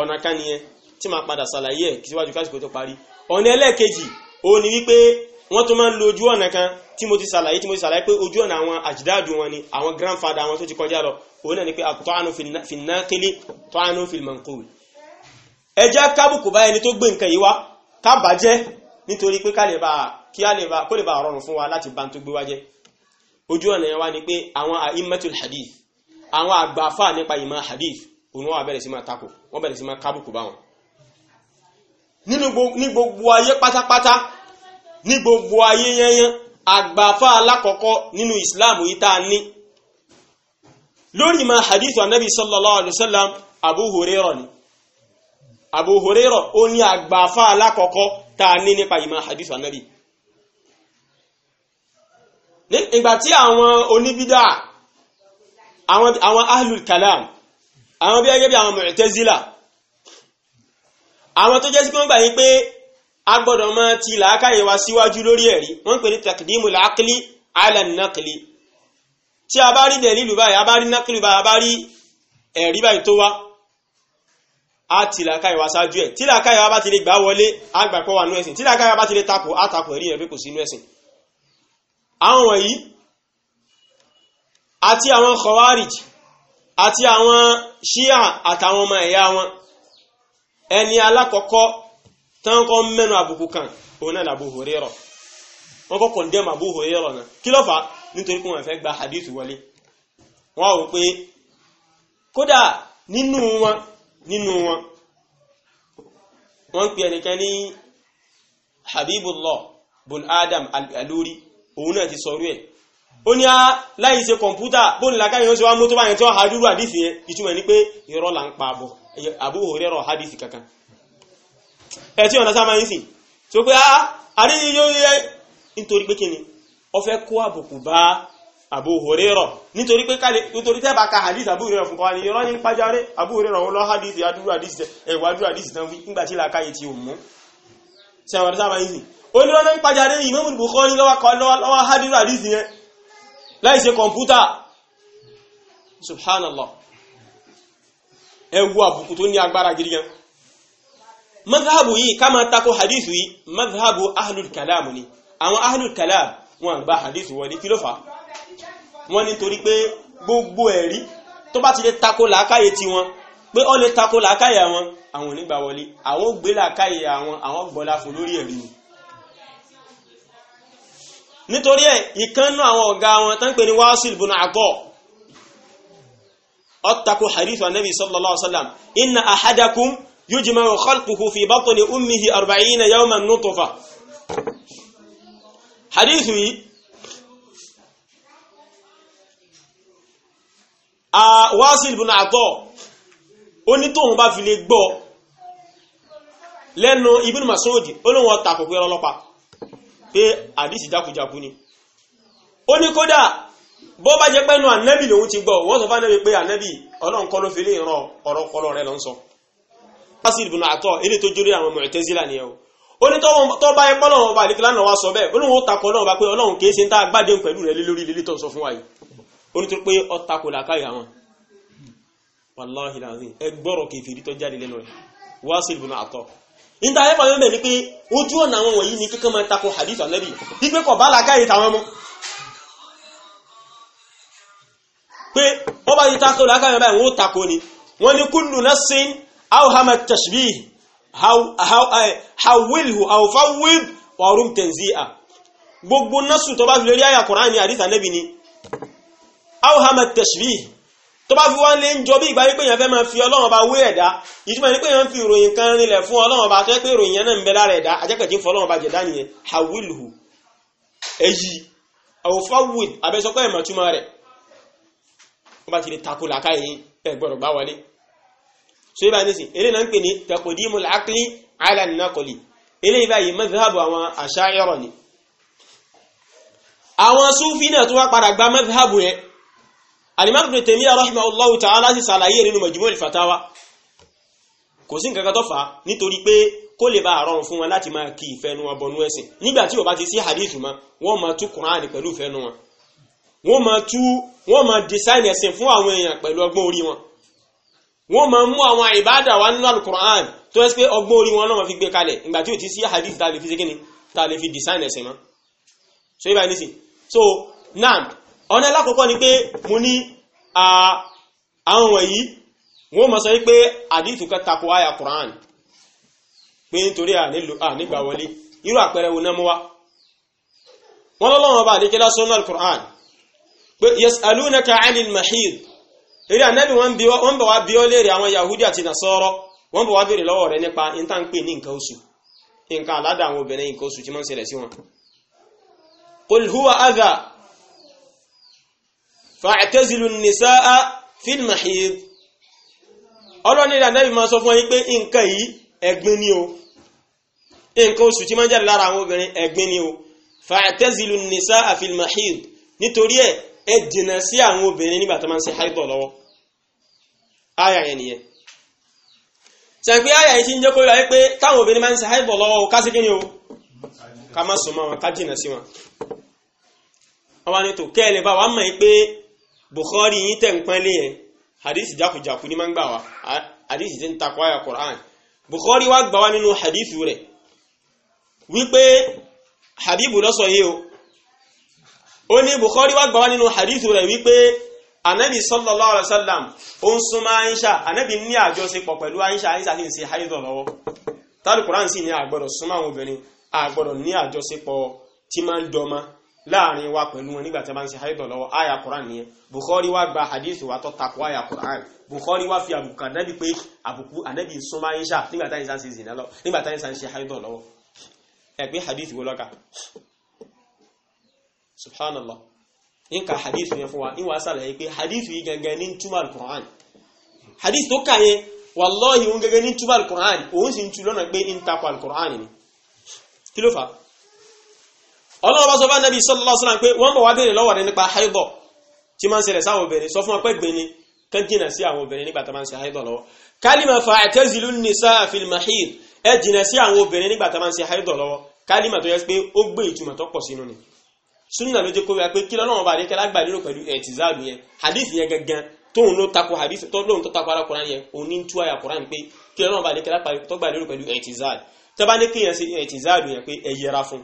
ọ̀nà kan nìyẹn tí máa padà sàlàyé ẹ̀ síwájú kásìkò tó parí ọ̀nà ẹlẹ́ẹ̀kejì ó ní wípé wọ́n tún máa ń lo ojú ọ̀nà kan tí mo ti ṣàlàyé pé ojú ọ̀nà àwọn àjìdáàdù wọn ni àwọn grandfather wọn tó ti kọjá lọ òun náà ni pé àtọ́ánú fìnnákélé tọ́ánú fìlmọ̀nkúl ẹ jẹ́ kábùkù bá ẹni tó gbé nǹkan yìí wá kábàjẹ́ nítorí pé ká lè bá kó lè bá rọrùn fún wa láti bá gbé wá ojú ọ̀nà yẹn wá ni pé àwọn àìmẹ́tul hadith àwọn àgbàfà nípa ìmọ̀ hadith òun wọ́n bẹ̀rẹ̀ sí máa takò wọ́n bẹ̀rẹ̀ sí máa kábùkù bá wọn nínú gbogbo ayé pátápátá ní gbogbo ayé yẹnyẹn àgbàfà alákọ̀ọ́kọ́ nínú islam yìí tá a ní lórí ma hadith anabi sallallahu alayhi wa sallam abu hurairah ni abu hurairah ó ní àgbàfà alákọ̀ọ́kọ́ tá a ní nípa ìmọ̀ hadith anabi nígbà tí àwọn oníbídà àwọn ahlul kalam àwọn bí ẹgẹ́ bí àwọn mu'tazila àwọn tó jẹ́ sí pé wọ́n gbà yín pé a gbọ́dọ̀ máa ti làákàyè wa síwájú lórí ẹ̀rí wọ́n ń pè ní takdimu làákìlì alànàkìlì tí a bá rí dẹ̀lílù báyìí a bá rí nákìlì báyìí a bá rí ẹ̀rí báyìí tó wá a ti làákàyè wa ṣáájú ẹ̀ tí làákàyè wa bá ti lè gbà wọlé a gbà pọ̀ wà nú ẹ̀sìn tí làákàyè wa bá ti lè takò a takò ẹ̀rí rẹ̀ pé kò sínú ẹ̀sìn àwọn wọ̀nyí àti àwọn khawarij àti àwọn shia àtàwọn ọmọ ẹ̀yà wọn ẹni alákọ̀ọ́kọ́ tán kọ́ mẹ́nu kan òun náà làbù Hurairah wọ́n kọ́ kọ̀ndẹ́mù Abu Hurairah náà kí ló fà nítorí pé wọ́n fẹ́ gba hadith wọlé wọ́n wò pé kódà nínú wọn nínú wọn wọ́n ń pè ẹnìkan ní Habibullah bun Adam al-Aluri ona náà ti sọrú ẹ̀ ó ní á ah, láì ṣe kọ̀ǹpútà bóun làkàyè ó ṣe wá mú tó báyìí tí wọ́n ha dúró hadith yẹn ìtumọ̀ ní pé irọ́ là ń pa Abu Hurairah hadith kankan ẹ̀ tí ọ̀nà sáà máa ń sìn tó pé àríyìn ah, yóò yẹ nítorí pé kíni ó fẹ́ kó àbùkù bá Abu Hurairah nítorí pé kálẹ̀ nítorí tẹ́ ka hadith Abu Hurairah fún kọ́ni irọ́ ní pàjáre Abu Hurairah wọn lọ hadith adúrú hadith ẹ̀wọ̀ adúrú hadith tán fi nígbà madhabu yìí ká máa tako hadith yìí madhabu ahlul kalam ni àwọn ahlul kalam wọn gba hadith wọlé kí ló fà wọn nítorí pé gbogbo ẹ̀rí tó bá ti lè tako làákàyè ti wọn pé ó lè tako làákàyè àwọn àwọn onígbà wọlé àwọn gbé làákàyè àwọn àwọn gbọ́lá fún lórí ẹ̀rí ni nítorí ẹ̀ ìkánnú àwọn ọ̀gá wọn tán pè ní Wasil bùnà àgọ́ ó tako hadith nabi sallallahu alaihi wasallam inna ahadakum يجمع خلقه في بطن أمه أربعين يوما نطفة حديثي آه واصل بن عطاء ó ní tóun bá fi lè gbọ́ lẹ́nu Ibn Mas'ud olóhun ọ̀tà kòkó ẹ̀rọ ọlọ́pàá pé àdísì jákujàku ni ó ní kódà bó bá jẹ́ pẹ́nu ànẹ́bì lòun ti gbọ́ wọ́n sọ fánẹ́bì pé ànẹ́bì ọlọ́run kọ́ ló fi lè ràn ọ̀rọ̀ ọpọlọ rẹ̀ lọ́n sọ asil ibn atọ ilé tó jórí àwọn mu'tazila nìyẹn o ó ní tọ́ bá yẹ pọ́lọ́wọ́n ọba àdìkìlá na na sọ bẹ́ẹ̀ ó ní wọn ó takò ọlọ́run bá pé ọlọ́run kìí ṣe ń tá agbádẹ́hùn pẹ̀lú rẹ lórí ilé tó ń sọ fún wa yìí ó ní tó pé ọ takò làkàyà wọn wàláhì láàrin ẹ gbọ́rọ̀ kèfèrí tó jáde lẹ́nu rẹ̀ atọ ni pé ojú ni kíkọ́ máa hadith anabi kọ̀ bá tàwọn أوهم التشبيه هاو هاو حوله أو فوض وأرم تنزيئا gbogbo nasu tó bá fi lórí àyà kùrán ní àdíta nẹ́bì ni awhama tashbih tó bá fi wá lé ń jọ bí ìgbà wípé èèyàn fẹ́ máa fi ọlọ́run ọba wé ẹ̀dá ìtumọ̀ ní pé èèyàn fi ìròyìn kan rinlẹ̀ fún ọlọ́run ọba tó yẹ pé ìròyìn yẹn náà ń bẹ lára ẹ̀dá ajẹ́kẹ̀jì fún ọlọ́run ọba jẹ̀dá nìyẹn hawilhu èyí awfawid abẹ́sọ́kọ́ ẹ̀mọ̀túmọ̀ rẹ̀ wọ́n bá ti lè takò làkàyè ẹ̀ gbọ́dọ̀ gbá wọlé so ibà nísìn eré náà ń pè ní taqdimul aqli ala an-naqli eré ìbáyìí madhhabu àwọn Asha'ira ni àwọn súfí náà tó wá padà gba madhhabu yẹn al-Imam Ibn Taymiyyah rahimahullahu ta'ala sì sàlàyé nínú Majmu' al-Fatawa kò sí nǹkan kan tó fà á nítorí pé kó lè bá àrọ̀rùn fún wọn láti máa kí ìfẹ́nu wọn bọnú ẹ̀sìn ti sí hadith mọ́ wọ́n máa tú Kùránì pẹ̀lú ìfẹ́nu wọn wọ́n máa tú wọ́n máa design ẹ̀sìn fún àwọn èèyàn pẹ̀lú ọgbọ́n orí wọn wọ́n máa mú àwọn ìbádà wa nínú alukur'an tó yẹ pé ọgbọ́n orí wọn náà wọ́n fi gbé kalẹ̀ ìgbà tí ò ti sí hadith tá a lè fi ṣe kíni tá lè fi design ẹ̀sìn mọ́ so ibà ní sí so now ọ̀nà alákọ̀ọ́kọ́ ni pé mo ní àwọn wọ̀nyí wọ́n máa sọ wípé hadith kan tako àyà kur'an pé nítorí ànígbà wọlé irú àpẹẹrẹ wo náà mú wa wọ́n lọ́wọ́ bá àdékẹ́lá sọ́nà alukur'an pé yas'alunaka eré ànábì wọ́n bọ̀ wa biyo ó léèrè àwọn yahudi àti nasọ́rọ́ wọn bọ̀ wá béèrè lọ́wọ́ rẹ̀ nípa níta ń ní in oṣù nǹkan aládà àwọn obìnrin nǹkan oṣù tí máa qul huwa adha fa'tazilu an-nisaa fil ọlọ́ni máa sọ fún yín pé yìí ni o oṣù tí jáde lára àwọn obìnrin ni o ẹ jìnà sí àwọn obìnrin nígbà tó máa ń ṣe haidọ̀ lọ́wọ́ aya yẹn nìyẹn sẹ́gbẹ́ aya yẹn ti ń jẹ́ kó yọ pé táwọn obìnrin máa ń ṣe haidọ̀ lọ́wọ́ o kásí ni o ká má sọ mọ́ wọn ká jìnà sí wọn àwọn anìtò kẹ́ẹ̀lẹ̀ bá wà mọ̀ pé Bukhari yín tẹ̀ ń pẹ́ yẹn hadith jákujàku ní máa ń gbà wá hadith ti ń takọ aya Qur'an Bukhari wá gbà wá nínú hadithi rẹ̀ wípé Habibu lọ́sọ̀ yìí o ó ní Bukhari wá gbà wá nínú hadithu rẹ̀ wípé anabi sallallahu alaihi wasallam ó ń súnmọ́ aisha anabi ní àjọṣepọ̀ pẹ̀lú aisha aisha ní ṣe haidọ̀ lọ́wọ́ tàbí quran sì ní àgbọ̀dọ̀ súnmọ́ àwọn obìnrin àgbọ̀dọ̀ ní àjọṣepọ̀ tí máa ń dọmọ láàrin wa pẹ̀lú wọn nígbà tí a bá ń ṣe haidọ̀ lọ́wọ́ aya quran nìyẹn Bukhari wá gba hadithu wa tó takò aya quran Bukhari wá fi àbùkù anabi pé àbùkù anabi súnmọ́ aisha nígbà táyìnsá ń ṣe zìnà lọ nígbà táyìnsá ń ṣe haidọ̀ lọ́wọ́ ẹ̀gbẹ́ hadith wo lọ́ka subhanallah in ka hadith yẹn fún wa in wa ṣàlàyé pé hadith yìí gangan ní túmọ̀ alukur'an hadith tó kà yẹn wàlọ́ọ̀hì òun gangan ní túmọ̀ alukur'an òun sì ń tu lọ́nà pé ń tapọ̀ alukur'an ni kí ló fà ọlọ́wọ́ bá sọ fún anabi sallallahu alaihi wasallam pé wọ́n mọ̀ wá béèrè lọ́wọ́ rẹ̀ nípa haidọ̀ tí máa ń ṣẹlẹ̀ sáwọn obìnrin sọ fún ọ pé kan jìnà sí àwọn obìnrin nígbà tó máa ń ṣe haidọ̀ lọ́wọ́ fa'tazilu an-nisaa fil mahid ẹ jìnà sí àwọn obìnrin nígbà tó máa ń ṣe haidọ̀ lọ́wọ́ kálímà tó yẹ pé ó gbé ìtumọ̀ tó pọ̀ ni súnà ló jẹ́ kó wíwá pé kí lọ́lọ́wọ́n bá rí kẹ́lá gbà lérò pẹ̀lú ẹ̀tìzáàlù yẹn hadith yẹn gangan tóun ló tako hadith tó lóun tó tako arákùnrin yẹn òun ní tú àyà kùnrin pé kí lọ́lọ́wọ́n bá rí kẹ́lá tó gbà lérò pẹ̀lú ẹ̀tìzáàlù tó bá ní kí yẹn ṣe ẹ̀tìzáàlù yẹn pé ẹ yẹra fún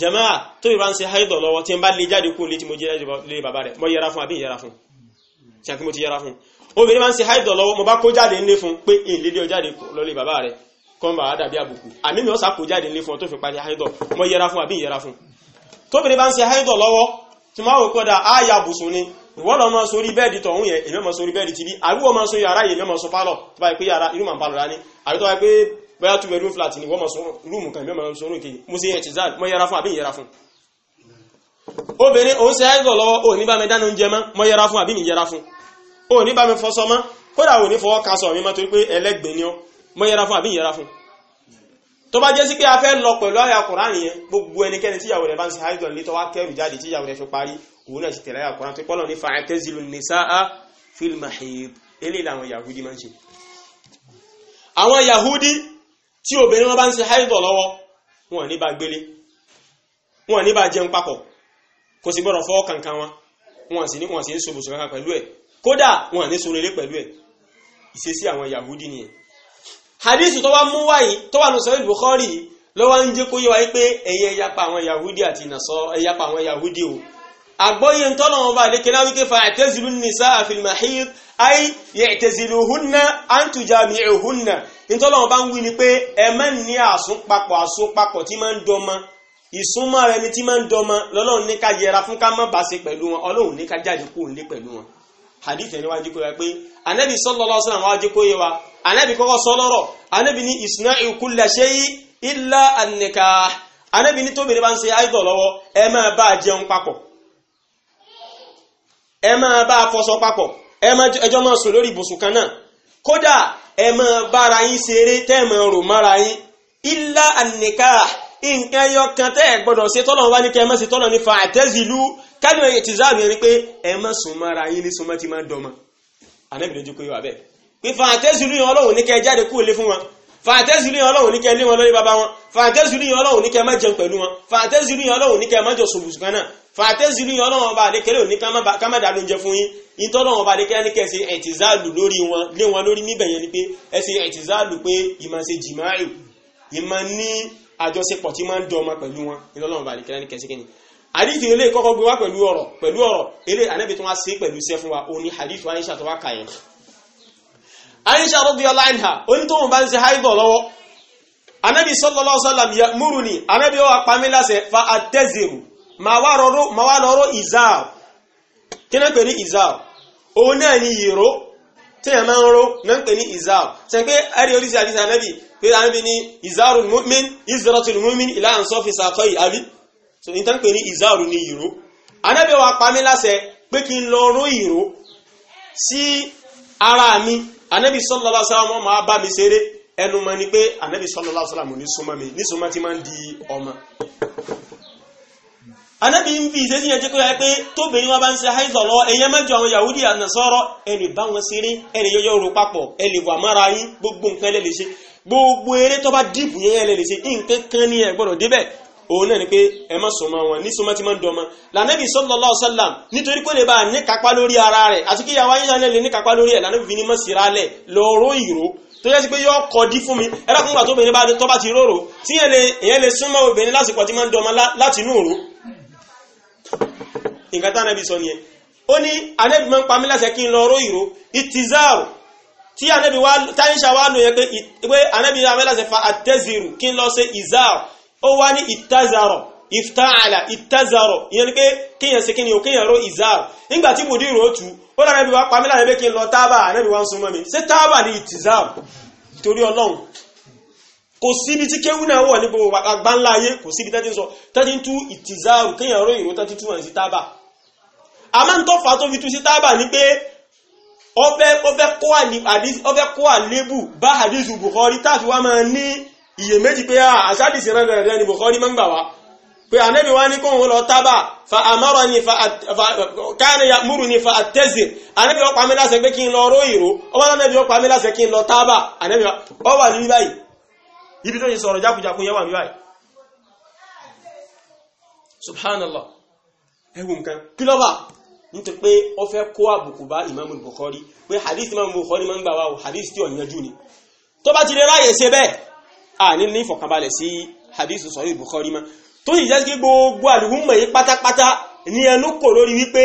jamaa tó yẹ bá ń ṣe haidọ̀ lọ́wọ́ tí n bá lè jáde kúrò létí mo jẹ́ lé bàbá rẹ̀ mo yẹra fún àbí yẹra fún ṣàkí mo ti yẹra fún obìnrin bá ń ṣe haidọ̀ lọ́wọ́ mo bá kó jáde ńlé fún pé èlé lé ọ jáde lọ́lé bàbá rẹ̀ kọ́ńbà àdàbí àbùkù àmì mi ọ̀sà kó jáde ńlé fún ọ tó fi parí haidọ̀ mo yẹra fún àbí yẹra fún tóbìnrin bá ń ṣe haidọ̀ lọ́wọ́ tí máa wò kọ́dá àyà bùsùn ni ìwọ́n lọ máa sórí bẹ́ẹ̀dì tọ̀hún yẹn èmi máa sórí bẹ́ẹ̀dì tìbí àríwọ̀ máa sọ yàrá yìí máa sọ pálọ̀ tó bá yẹ pé yàrá irú màá pálọ̀ dání àbí tó bá yẹ pé bóyá two bedroom flat ni wọ́n máa sọ rúùmù kan ìmọ̀ sọ rúùmù kejì mo ṣe yẹn tìzá mọ yẹra fún àbí yẹra fún. obìnrin òun ṣe haidọ̀ lọ́wọ́ ò ní bá mi dáná oúnjẹ mọ́ mọ yẹra fún àbí mi yẹra fún ò ní bá mi fọṣọ mọ́ kódà ò ní fọwọ́ kaṣọ mi mọ́ torí pé ẹlẹ́gbẹ̀ẹ́ ni ọ mọ yẹra fún àbí tó bá jẹ́ sí pé a fẹ́ lọ pẹ̀lú àyà kùránì yẹn gbogbo ẹnikẹ́ni tíyàwó rẹ̀ bá ń ṣe àìdọ̀ lé tó wá kẹrù jáde tíyàwó rẹ̀ fi parí òun náà sì tẹ̀lé àyà kùránì tó pọ́lọ̀ ní fa'tazilu nisaa fil mahid eléyìí làwọn yahudi máa ń ṣe àwọn yahudi tí obìnrin wọn bá ń ṣe àìdọ̀ lọ́wọ́ wọn ní bá gbélé wọn ní bá jẹun papọ̀ kò sì gbọ́dọ̀ fọ́ kankan wọn wọn sì ní wọn sì ń sobòsò kankan pẹ̀lú ẹ̀ kódà wọn ní sunrere pẹ̀lú ẹ̀ ìṣesí àwọn yahudi hadith tó wá mú wáyé tó wà ní sọ́yìn Bukhari ló wá ń jẹ́ kó yé wa pé ẹ̀yẹ ẹ̀yapa àwọn Yahudi àti Nasara ẹ̀yapa àwọn Yahudi o àgbọ́yé ntọ́nà wọn bá lékelá wípé fa'tazilu nisaa fil mahid ay ya'taziluhunna an tujami'uhunna ntọ́nà wọn bá ń wí ni pé ẹ má ní àsúnpapọ̀ àsúnpapọ̀ tí máa ń dọ́mọ ìsúnmọ́ rẹ ni tí máa ń dọ́mọ lọ́lọ́run ní ká yẹra fún ká má bá pẹ̀lú wọn ọlọ́run ní ká jáde kúrò nílé pẹ̀lú wọn hadith ẹni wájú kó yẹ pé anabi sallallahu alaihi wasallam wájú kó yẹ wa anabi kọ́kọ́ sọ lọ́rọ̀ anabi ní isna'u kulla shay illa an-nikah anabi ní tóbi ní bá ń ṣe àìdọ̀ lọ́wọ́ ẹ máa bá a jẹun papọ̀ ẹ máa bá a papọ̀ ẹjọ́ máa sùn lórí ibùsùn kan náà kódà ẹ máa bára yín ṣeré tẹ́ rò mára yín illa an nǹkan ẹyọ kan tẹ́ ẹ̀ gbọ́dọ̀ ṣe tọ́lọ̀ wá ní kẹ́ ẹ má ṣe tọ́lọ̀ ní fa àtẹ́zìlú kálíọ̀ yẹn ti záàbì yẹn ni pé ẹ má sùn mọ́ ara yín ní sùn mọ́ ti máa ń dọ́mọ ànábì lójú pé wà bẹ́ẹ̀ pé fa àtẹ́zìlú yẹn ọlọ́run ní kẹ́ ẹ jáde kúrò lé fún wọn fa àtẹ́zìlú yẹn ọlọ́run ní kẹ́ ẹ lé wọn lórí bàbá wọn fa àtẹ́zìlú yẹn ọlọ́run ní kẹ́ ẹ má jẹun pẹ̀lú wọn fa àtẹ́zìlú yẹn ọlọ́run ní kẹ́ ẹ má jọ sòbùsù kan náà fa àtẹ́zìlú yẹn ọlọ́run ọba àdékẹ́lẹ́ òní ká má dá lóúnjẹ fún yín ìtọ́lọ́run ọba àdékẹ́lẹ́ ní kẹ́ ẹ ṣe ẹ̀tìzáàlù lórí wọn lé wọn lórí níbẹ̀ yẹn ni pé ẹ ṣe ẹ̀tìzáàlù pé ìmọ̀ ṣe jìmáàlù ìmọ̀ ní àjọṣepọ̀ tí máa ń dọ́mọ pẹ̀lú wọn ìlọ́lọ́run bàlẹ̀ kẹlẹ́ ní kẹsíkẹ́ni àdìtì ilé kọ́kọ́ gbé wá pẹ̀lú ọ̀rọ̀ pẹ̀lú ọ̀rọ̀ eré ànábì tó wá sí pẹ̀lú iṣẹ́ fún wa ó ní àdìtì Aisha tó wá kà yẹn Aisha radiyallahu anha ó ní tóun bá ń ṣe háìbọ̀ lọ́wọ́ ànábì sallallahu sallam ya'muruni ànábì ó wá pa mí láṣẹ fa àtẹ́zìrù màá wá lọ́rọ́ ìzáàrù kí náà pè ní ìzáàrù òun náà ni ìró tí ẹ̀ máa ń ró náà pè ní ìzáàrù sẹ́ pé ẹ̀rí oríṣi àdìsí ànábì pé ànábì ní izarul mu'min izratul mu'min ila ansafi saqai àbí so in tán pè ní izaru ní ìró ànábì wa pa mí láṣẹ pé kí n lọ ró ìró sí ara mi ànábì sallallahu alaihi wasallam máa bá mi ṣeré ẹnu mọ́ ni pé di ọmọ anabi ń fi ìṣesí yẹn jẹ́ kó yẹ pé tóbìnrin wọn bá ń ṣe haizọ̀ lọ ẹ̀yẹ mẹ́jọ àwọn yahudi ànàsọ́rọ̀ ẹni bá wọn sí rí ẹni gbogbo eré tó bá dìbò yẹn lè lè ṣe nǹkan ní ẹ débẹ̀ òun náà ni pé ẹ má sọmọ wọn ní sọmọ tí máa ń dọmọ lànàbì sallallahu alaihi wasallam nítorí pé lè bá ní kápá lórí ara rẹ̀ àti kí ìyàwó ayé lè ní kápá lórí ẹ̀ lànàbì fi ní mọ̀ síra lẹ̀ lọ́ọ́rọ́ ìró tó yẹ sí pé yọ kọ dí fún mi ẹlẹ́kùnrin àti obìnrin tó bá ti róró tí èèyàn lè súnmọ́ obìnrin lásìkò tí máa ń dọmọ láti inú òru nǹkan tá ànàbì sọ nìyẹn ó ní ànàbì máa ń pa mí láṣẹ kí n lọ ró ìró ìtìzáàrù tí anabi wa táyínṣà wa nù yẹ pé pé anabi wa fa àtẹ́zìrù kí n lọ ó wá ní ìyẹn ni pé o kíyàn ro ìzáàrọ̀ nígbà tí mùdírù ó tu ó rà anabi wa pa pé kí n lọ tábà anabi wa ń súnmọ́ mi ṣé tábà ni ìtìzáàrọ̀ torí ọlọ́run kò síbi tí kéwú náà wọ̀ ayé kò síbi tẹ́tí sọ tẹ́tí tú ọbẹ̀ kó àlébù bá hadithu Bukhari tàbí wá máa ní iyèméjì pé a ah, àṣádìsì rẹ̀rẹ̀ ni Bukhari máa ń gbà wá pé anẹ́bí wá ní kóhun lọ tábà fa àmọ́rọ̀ ni káàrin múrù ni fa àtẹ́zì anẹ́bí ó pa mí pé kí n lọ ró ìró ọmọ anẹ́bí ó pa kí n lọ tábà anẹ́bí ó wà ní báyìí ibi tó yìí sọ̀rọ̀ jákujàkun yẹn wà ní báyìí subhanallah ẹwùn kan kí ló nítorí pé ó fẹ́ kó àbùkù bá ìmáàmù Bukhari pé hadith ìmáàmù Bukhari máa ń gbà wá o hadith tí ò yanjú ni tó bá ti lè ráyè ṣe bẹ́ẹ̀ à ní ní ìfọ̀kànbalẹ̀ sí hadith sọ̀rọ̀ Bukhari ma tó sì jẹ́ kí gbogbo àlùmọ̀ yìí pátápátá ní ẹnu kò lórí wípé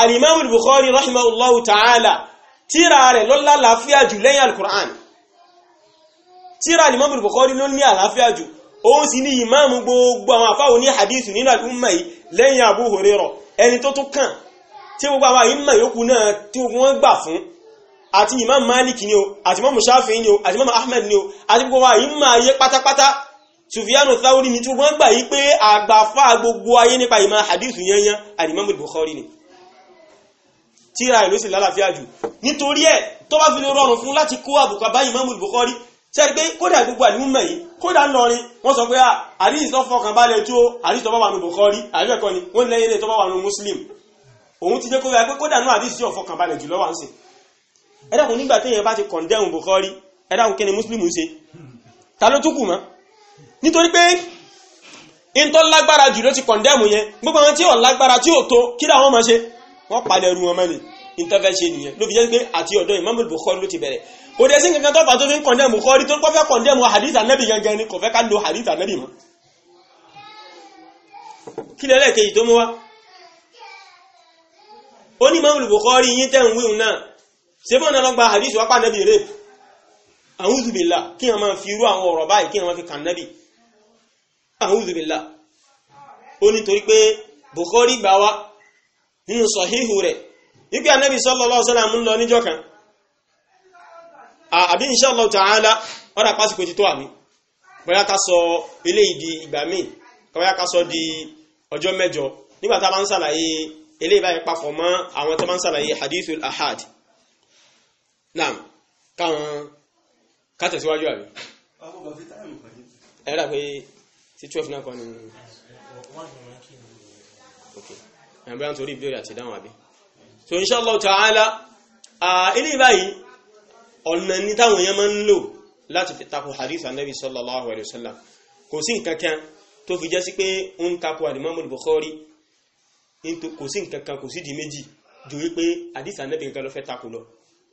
alimamu Bukhari rahimahullahu ta'ala tíra rẹ̀ ló lálàáfíà jù lẹ́yìn alukur'an tíra alimamu Bukhari ló ní àlàáfíà jù òun sì ní ìmáàmù gbogbo àwọn àfáwọn ní hadith nínú àlùmọ̀ yìí lẹ́yìn Abu Hurairah ẹni tó tún kàn tí gbogbo àwọn àyíma yòókù náà tí wọ́n gbà fún àti imam malik ni o àti imam shafi ni o àti imam ahmed ni o àti gbogbo àwọn àyíma ayé pátápátá sufiyanu thawri ni tí wọ́n gbà yí pé àgbàfà gbogbo ayé nípa ìmọ̀ hadithu yẹnyẹn àti imam bukhari ni tíra ìlú sì lálàáfíà jù nítorí ẹ̀ tó bá fi lè rọrùn fún láti kó àbùkà bá imam bukhari sẹ́ni pé kódà gbogbo àlùmọ̀ yìí kódà ń lọrin wọ́n sọ pé àríyìn ah, tó fọkàn balẹ̀ tó àríyìn nù bukhari àríyìn ẹ̀kọ́ ni wọ́n lẹ́yìn lè tó nù muslim òun ti jẹ́ kó rẹ pé kódà náà àdìsí ọ̀fọkànbalẹ̀ jùlọ wà ń sìn ẹ̀dàkùn nígbà téèyàn bá ti kọ̀ndẹ́hùn Bukhari ẹ̀dàkùn kí ni Muslim ń ṣe ta ló tún kù mọ́ nítorí pé in tó lágbára jù ló ti kọ̀ndẹ́mù yẹn gbogbo wọn tí ò lágbára tí ò tó kí láwọn máa ṣe wọ́n palẹ̀ ẹrù wọn mọ́ ni ìtọ́fẹ́ ṣe nìyẹn ló fi jẹ́ pé àti ọ̀dọ̀ Imam Bukhari ló ti bẹ̀rẹ̀ kò dé sí nǹkan tó fà tó fi ń kọ̀ndẹ́mù Bukhari tó kọ́ fẹ́ kọ̀ndẹ́mù hadith anabi gangan ni kò fẹ́ ká lo hadith anabi mọ́ kí lẹ́lẹ́kejì tó mú wá ó ní Imam Bukhari yín tẹ̀ ń wíhun náà ṣé bọ́n náà lọ gba hadith wá pa nẹ́bì rẹ̀ a'udhu billah kí wọ́n máa fi irú àwọn ọ̀rọ̀ báyìí kí wọ́n fi kàn nẹ́bì a'udhu billah ó ní torí pé Bukhari gbà wá nínú sọ̀híhù rẹ̀ wípé anábì sallallahu alaihi wasallam ń lọ níjọ́ kan àbí insha Allah ta'ala ọ̀rà pásìkò ti tó ọjọ́ mẹ́jọ nígbà bá ń ṣàlàyé eléyìí báyìí papọ̀ mọ́ àwọn tó máa ń sàlàyé hadithul ahad naam káwọn kátẹ̀síwájú àbí. ẹ̀rọ pé tí twelve náà kọ́ ni. ẹ̀rọ bá ń torí ìbéèrè àti ìdáhùn àbí. so inshallah ta'ala eléyìí báyìí ọ̀nà ní táwọn èèyàn máa ń lò láti fi tako hadith anabi sallallahu alayhi kò sí nǹkan kan kò sídìí méjì ju wípé hadith anabi kankan ló fẹ́ takò lọ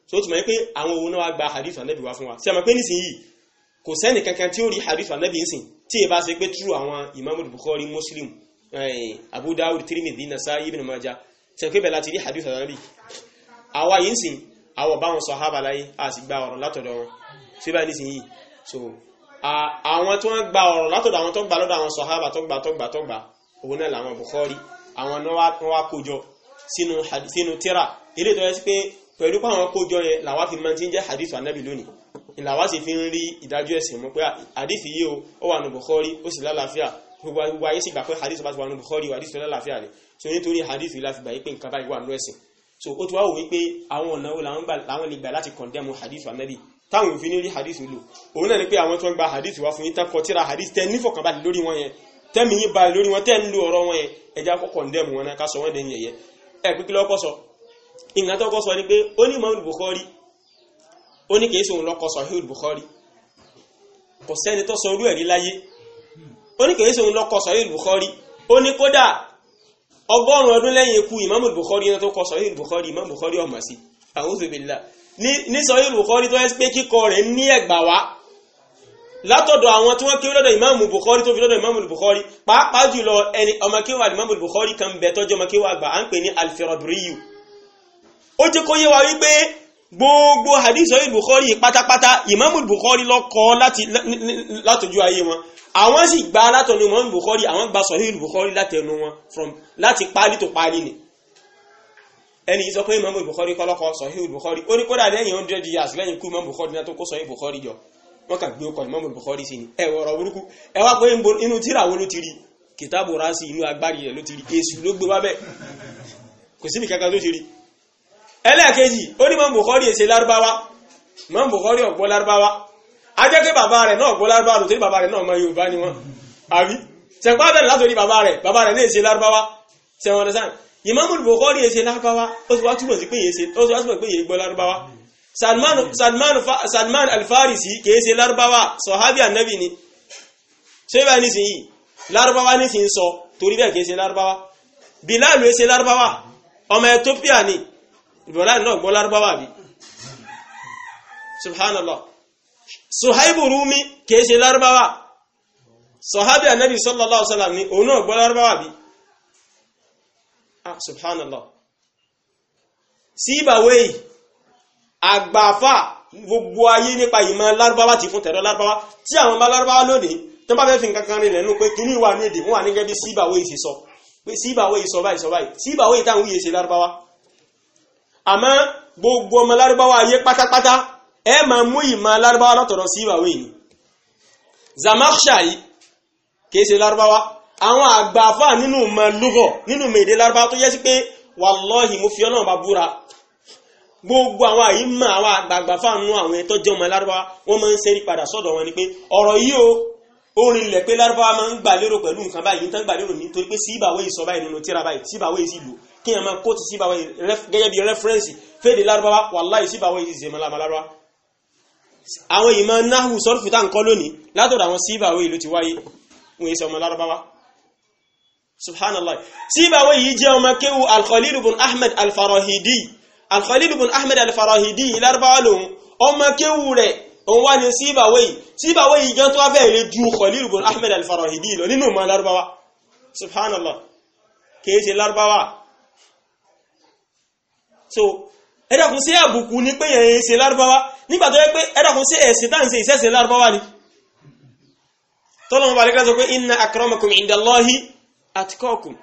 so ó ti mọ̀ pé àwọn òun náà wá gba hadith anabi wá fún wa ṣé ẹ mọ̀ pé nísìnyí kò sẹ́ni kankan tí ó rí hadith anabi ń sìn tí ì bá ṣe pé true àwọn imam bukhari muslim eh, abu dawud tirmidhi nasai ibn majah ṣe pé bẹ́ẹ̀ láti rí hadith anabi àwa yìí ń sìn àwọ̀ báwọn sọ̀hábà láyé a sì gba ọ̀rọ̀ látọ̀dọ̀ wọn síbẹ̀ nísìnyí so àwọn tí wọ́n gba ọ̀rọ̀ látọ̀dọ̀ àwọn tó gba lọ́dọ̀ àwọn sọ̀hábà tó gba tó gba tó gba òun náà làwọn bukhari àwọn náà wá kójọ sínú tíra ilé tó yẹ sí pé pẹ̀lú pàwọn kójọ yẹn làwa fi máa ti ń jẹ́ hadith anabi lónìí ìlàwá sì fi ń rí ìdájọ́ ẹ̀sìn mú pé ah, hadith yìí ó wà nù Bukhari ó sì lálàáfíà gbogbo ayé sì gbà ni so nítorí hadith yìí láti gbà so ó ti wá wò wípé àwọn ọ̀nà wo làwọn lè gbà láti hadith anabi táwọn òfin ní rí hadith lò òun náà ni pé àwọn tó ń gba hadith wá fún yín tán kọtíra hadith tẹ nífọ̀kànbalẹ̀ lórí wọn yẹn tẹ́mi yín balẹ̀ lórí wọn tẹ́ ń lo ọ̀rọ̀ wọn yẹn ẹja kọ́kọ́ ń dẹ̀mù wọn náà ká sọ wọ́n dẹ̀yìn yẹ̀yẹ́ ẹ pé kí ìgbà tó kọ́ ni pé ó ní Imam Bukhari ó ní kì í sòun lọ́kọ́ Sahih Bukhari kò sẹ́ni tó sọ orú ẹ̀rí láyé ó ní kì í sòun lọ́kọ́ Sahih Bukhari ó ní kódà ọgọ́rùn-ún ọdún lẹ́yìn ikú Imam Bukhari náà tó kọ́ Sahih Bukhari Imam Bukhari ọ̀mà sí a'udhu billah ní Sahih Bukhari látọ̀dọ̀ àwọn tí wọ́n kéwú lọ́dọ̀ ìmáàmù bukhari tó fi lọ́dọ̀ ìmáàmù bukhari pàápàá jùlọ ẹni ọmọ kéwú ìmáàmù bukhari kan bẹ̀ tọ́jú ọmọ kéwú àgbà à ń pè ní alfirabriyu ó jẹ́ kó yé wa wípé gbogbo hadithọ yìí bukhari pátápátá ìmáàmù bukhari ló kọ́ látọjú ayé wọn àwọn sì gba látọ̀nu ìmáàmù bukhari àwọn gba sahih bukhari látẹnu wọn from láti pálí tó pálí ni ẹni yìí sọ pé ìmáàmù bukhari kọ́ ló kọ́ sahih bukhari ó ní kódà lẹ́yìn hundred years lẹ́yìn kú ìmáàmù bukhari náà tó kó sahih bukhari jọ wọ́n kà gbé ọkọ̀ Imam Bukhari sí ni ẹ̀wọ̀ ọ̀rọ̀ burúkú ẹ wá pé inú tíra wo ló ti rí kìtàbù rásì inú agbárí rẹ̀ ló ti rí èṣù ló gbé wá bẹ́ẹ̀ kò síbi kankan tó ti rí ẹlẹ́ẹ̀kejì ó ní Imam Bukhari èsè lárúbáwá Imam Bukhari ọ̀gbọ́ lárúbáwá a jẹ́ pé bàbá rẹ̀ náà ọ̀gbọ́ lárúbáwá lò tó ní bàbá rẹ̀ náà ọmọ Yorùbá ni wọ́n àbí sẹ̀pá bẹ̀rẹ̀ látòrí bàbá rẹ̀ bàbá ó ti wá túbọ̀ sí pé èsè ó ti wá túbọ̀ pé èyí gbọ́ lárúbáwá salman salman salman alfarisi kìí ṣe lárúbáwá sọ̀hábí ànábì ni ṣé bá ní sìn yìí lárúbáwá ní sìn sọ torí bẹ́ẹ̀ kìí ṣe lárúbáwá bilal ló ṣe lárúbáwá ọmọ ethiopia ni bilal náà gbọ́ lárúbáwá bí subhanallah suhaibu rumi kìí ṣe lárúbáwá sọ̀hábí ànábì sallallahu alaihi wasallam ni òun náà gbọ́ lárúbáwá ah subhanallah síbàwéyìí àgbàfà gbogbo ayé nípa ìmọ̀ lárúbáwá ti fún tẹ̀rọ lárúbáwá tí àwọn bá lárúbáwá lónìí tó bá fẹ́ fi nǹkan kan rìn lẹ́nu pé kí ní ìwà ní èdè wọn wà ní gẹ́gẹ́ bí síbàwé ìṣe sọ pé síbàwé ìsọ báyìí sọ báyìí síbàwé ìtàn wíyè ṣe lárúbáwá àmọ́ gbogbo ọmọ lárúbáwá ayé pátápátá ẹ máa mú ìmọ̀ lárúbáwá látọ̀rọ̀ síbàwé yìí Zamakhshari kìí ṣe lárúbáwá àwọn àgbàfà nínú ìmọ̀ nínú ìmọ̀ gbogbo àwọn àyímọ̀ àwọn àgbààgbà fáànù àwọn ẹ̀tọ́ jẹ́ ọmọ lárúbáwá wọ́n máa ń ṣẹ́rí padà sọ́dọ̀ wọn ni pé ọ̀rọ̀ yìí o orin ilẹ̀ pé lárúbáwá máa ń gbà lérò pẹ̀lú nǹkan báyìí tán gbà lérò nítorí pé síbàwé ìsọ báyìí nínú tíra báyìí síbàwé ìsì lò kí ẹ̀ máa kóòtù síbàwé gẹ́gẹ́ bí rẹ́fúrẹ́nsì fèdè lárúbáwá wàláì síbàwé ìsì mọ̀lámà lárúbáwá àwọn ìmọ̀ náhù sọ́rùfù tá ń kọ́ lónìí látọ̀dọ̀ àwọn síbàwé ìlú ti wáyé wọ́n yẹ sọ ọmọ lárúbáwá subhanallah síbàwé yìí jẹ́ ọmọ kéwu alkhalilu bin ahmed alfarahidi Al-Khalil ibn Ahmad Al-Farahidi lárúbáwá lòun ọmọ kéwù rẹ̀ òun wá ní Sibawayh Sibawayh gan tó wá fẹ́ lè ju Khalil ibn Ahmad Al-Farahidi lọ nínú ọmọ lárúbáwá subhanallah kìí ṣe lárúbáwá so ẹ̀dàkùn sí àbùkù ní pé yẹn ṣe lárúbáwá nígbà tó yẹ pé ẹ̀dàkùn sí ẹ̀sìn tá ṣe ìṣẹ̀ṣẹ̀ lárúbáwá ni tọ́lọ́mọba lẹ́gbẹ́ pé inna akramakum indallahi atqakum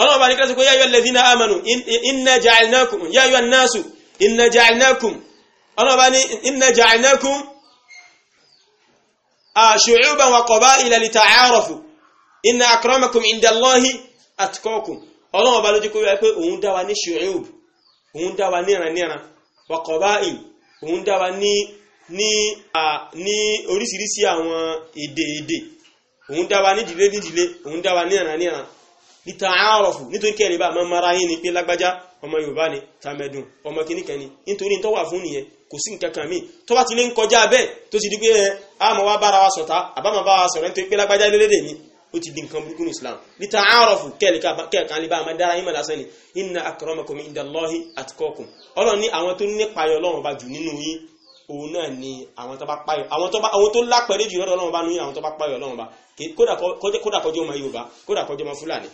ọlọ́run bá ní kílásí pé yá yọ lẹ́dínà amanu inna ja'alnakum yá yọ náàsù inna ja'alnakum ọlọ́run bá ní inna ja'alnakum shu'uban wa qaba'ila lita'arafu inna akramakum inda Allahi atqakum ọlọ́run bá lójú pé òun dá wa ní shu'ub òun dá wa níranníran níta àárọ̀fù nítorí kẹrì bá máa mara yín ni pé lágbájá ọmọ yorùbá ni tàmẹ̀dùn ọmọ kìnnìkan ni nítorí tó wà fún nìyẹn kò sí nǹkan kan míì tó bá ti lé ń kọjá bẹ́ẹ̀ tó ti di pé ẹ àmọ́ wá bára wa sọ̀tá àbámọ́ bá wa sọ̀rọ̀ nítorí pé lágbájá lélédè mi ó ti di nǹkan burúkú ní islam níta àárọ̀fù bá máa dára ni inna akramakum àwọn tó bá jù ni àwọn tó bá páyọ̀ àwọn tó lápẹ̀rẹ̀ jù lọ́dọ̀ ọlọ́run bá nínú àwọn tó bá páyọ̀ ọlọ́run bá kódà kọjọ́ ọmọ yorùbá kódà kọjọ́ ọmọ fúlàní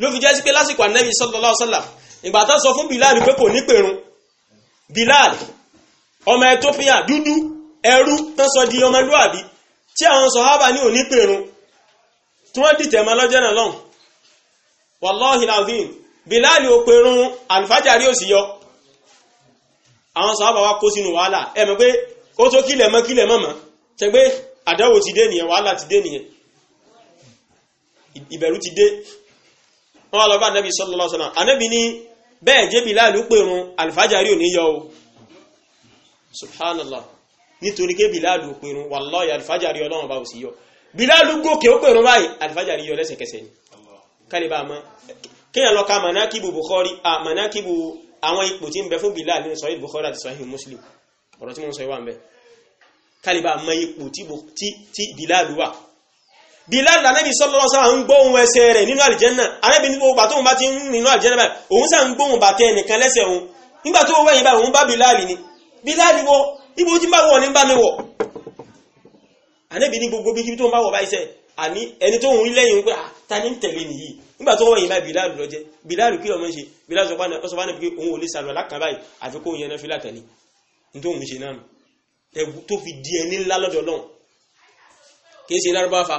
ló fi jẹ́ sí pé lásìkò ànẹ́bí sallallahu alaihi wasallam ìgbà tó sọ fún Bilal pé kò ní pèrun Bilal ọmọ Ethiopia dúdú ẹrú tán sọ di ọmọlúàbí tí àwọn sọ̀hábà ní òní pèrun tí wọ́n dìtẹ̀ mọ́ lọ́jọ́ náà lọ́hùn wallahi alazim Bilal ò pèrun àlùfájàrí òsì yọ àwọn sọ̀hábà wa kó sínú wàhálà ẹ mọ̀ pé ó tó kílẹ̀ mọ́ kílẹ̀ mọ́ mọ́ tẹ́gbẹ́ àdáwò ti dé nìyẹn wàhálà ti dé nìyẹn ìbẹ̀rù ti dé wọ́n lọ bá anábì sallallahu alaihi wasallam anábì ní bẹ́ẹ̀ jẹ́ Bilal pèrún alfajari ò ní yọ o subhanallah nítorí ké Bilal pèrún wallahi alfajari ọlọ́run bá ò sí yọ Bilal gòkè ó pèrún báyìí alfajari yọ lẹ́sẹ̀kẹsẹ̀ ni bilal anabi sallallahu alaihi wasallam ń gbóhùn ẹsẹ̀ rẹ̀ nínú àlìjẹ́nà anabi ní gbogbo àtòhun bá ti ń nínú àlìjẹ́nà báyìí òun sà ń gbóhùn bàtẹ́ ẹnìkan lẹ́sẹ̀ òun nígbà tó wẹ̀yìn báyìí òun bá bilal ni bilal wọ ibo tí ń bá wọ̀ ní bá mi wọ̀ anabi ní gbogbo bí kí tó ń bá wọ̀ báyìí sẹ́ àní ẹni tó ń rí lẹ́yìn pé ah, ta ni ń tẹ̀lé nìyí nígbà tó wẹ̀yìn báyìí bilal lọ jẹ́ bilal kí ọmọ ṣe bilal sọ fún anabi pé òun ò lè sàlọ̀ lákàn báyìí àfi kó yẹn náà fi látẹ̀lé nítorí òun ṣe náà tó fi di ẹni ńlá lọ́dọ̀ náà kì í ṣe lárúbáfà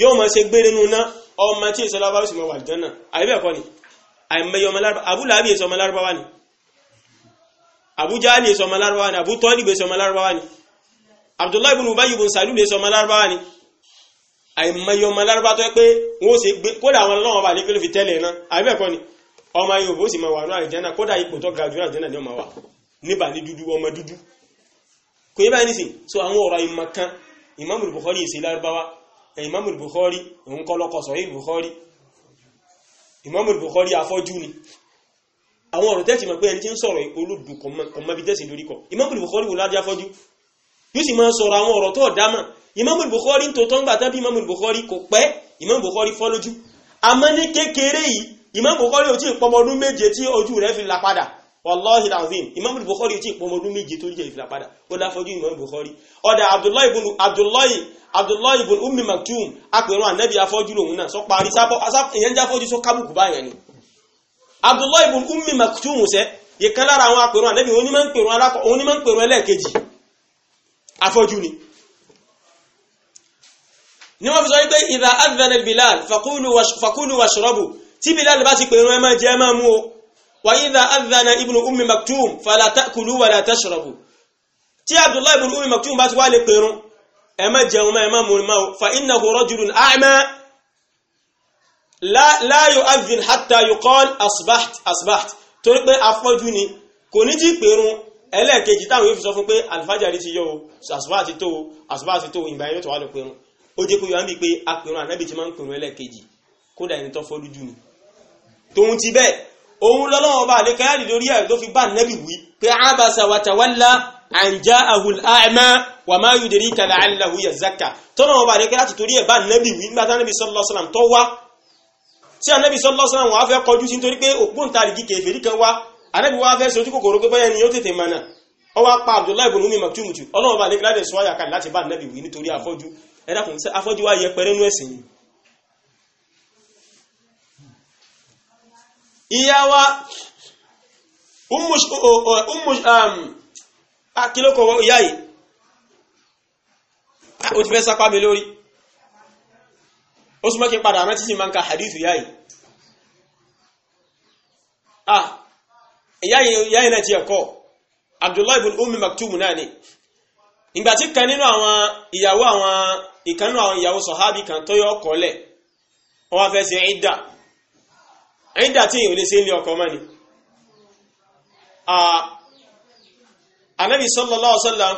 yóò máa ṣe gbére nínú náà ọmọ tí èso lábáwá sì mọ wà jẹ́ náà àìbẹ̀ ẹ̀kọ́ ni àìmọye ọmọ lárúbáwá abúláàbí èso ọmọ lárúbáwá ni àbújá ni èso ọmọ lárúbáwá ni àbútọ́lì èso ọmọ lárúbáwá ni abdullahi ibn ubayi ibn salul èso ọmọ lárúbáwá ni àìmọye ọmọ lárúbáwá tó yẹ pé wọn ní àlùjánnà so àwọn ọ̀rọ̀ ìmọ̀ kan Imamul Imamul Bukhari òun kọ́ lọ́kọ̀ sọ̀yìn Bukhari Imamul Bukhari afọ́jú ni àwọn ọ̀rọ̀ tẹ́tì mọ̀ pé ẹni tí ń sọ̀rọ̀ olódù kọ̀mọ́bí tẹ́sì lórí kọ̀ Imamul Bukhari wò lájá fọ́jú yóò sì máa sọ̀rọ̀ àwọn ọ̀rọ̀ tó dámà Imamul Bukhari ń tòótọ́ ńgbà tán bí Imamul Bukhari kò pẹ́ Imamul Bukhari fọ́ lójú àmọ́ wàláhì azim imam bukhari tí ìpọmọ ọdún méje tó jẹ́ ìfìlà padà ó láfọjú imam bukhari ọ̀dà abdullahi ibn abdullahi abdullahi ibn ummi maktum apẹ̀rún anabi afọ́jú lòun náà sọ parí sábọ́ ìyẹn jẹ́ afọ́jú sọ kábùkù báyẹn ni abdullahi ibn ummi maktum sẹ́ ìkan lára àwọn apẹ̀rún anabi òun ni máa ń pẹ̀rún ẹlẹ́ẹ̀kejì afọ́jú ni ni wọ́n fi sọ wípé ìdá advan bilal fakulu washrabu tí bilal bá ti pẹ̀rún ẹ máa jẹ ẹ máa wa idha adhana ibnu ummi maktum fala ta'kulu wa la tashrabu tí abdullahi ibnu ummi maktum bá ti wá lè pèrún ẹ má jẹun má ẹ má múrin má o fa innahu rajulun a'ma la yu'adhin hatta yuqal asbaht asbaht torí pé afọ́jú ni kò ní tí pèrún ẹlẹ́ẹ̀kejì táwọn fi sọ fún pé alifájàrí ti yọ o àsùbá àti tó àsùbá àti tó ìgbà yóò tó wà lọ pèrún ó jẹ́ kó yọ ámì pé apèrún ànábì ti máa ń pèrún ẹlẹ́ẹ̀kejì kódà ẹni tó fọ́lú jù ni tòun ti bẹ́ẹ̀ òun lọ́lọ́wọ́ bá lè káyàrí lórí ẹ̀ tó fi bá nẹ́bì wí pé àbàsà wàtàwálà àǹjá àhùl àmà wà máa yù dèrí kàlà àlàhù yà zaka tọ́lọ́wọ́ bá lè káyàrí torí ẹ̀ bá nẹ́bì wí nígbà tánẹ́bì sallallahu alaihi wasallam tó wá tí ànẹ́bì sallallahu alaihi wasallam wọ́n á fẹ́ kọjú sí nítorí pé ògbóǹtarìgì kèfèrí kan wá ànẹ́bì wọ́n á fẹ́ sojú kòkòrò pé báyẹn ni ó tètè mọ̀nà ó wá pa Abdullahi ibn Ummi nẹ́bì wí ìyá wa akílókò ìyá yìí ah, ó ti fẹ́ sápá mi lórí ó súnmọ́ kí n padà rántí sí máa ń ka hadithu ìyá yìí ah ìyá yìí náà ti ẹ̀kọ́ Abdullahi ibn Ummi Maktum náà ni ìgbàtí kan nínú àwọn ìyàwó àwọn ìkan nínú àwọn ìyàwó sọ̀hábì kan tó yọ ọkọ̀ lẹ̀ wọ́n fẹ́ ṣe ìdá ẹ̀yìndà tí èyàn lè ṣe ilé ọkọ̀ mọ́ni Ànábì sallallahu alaihi wasallam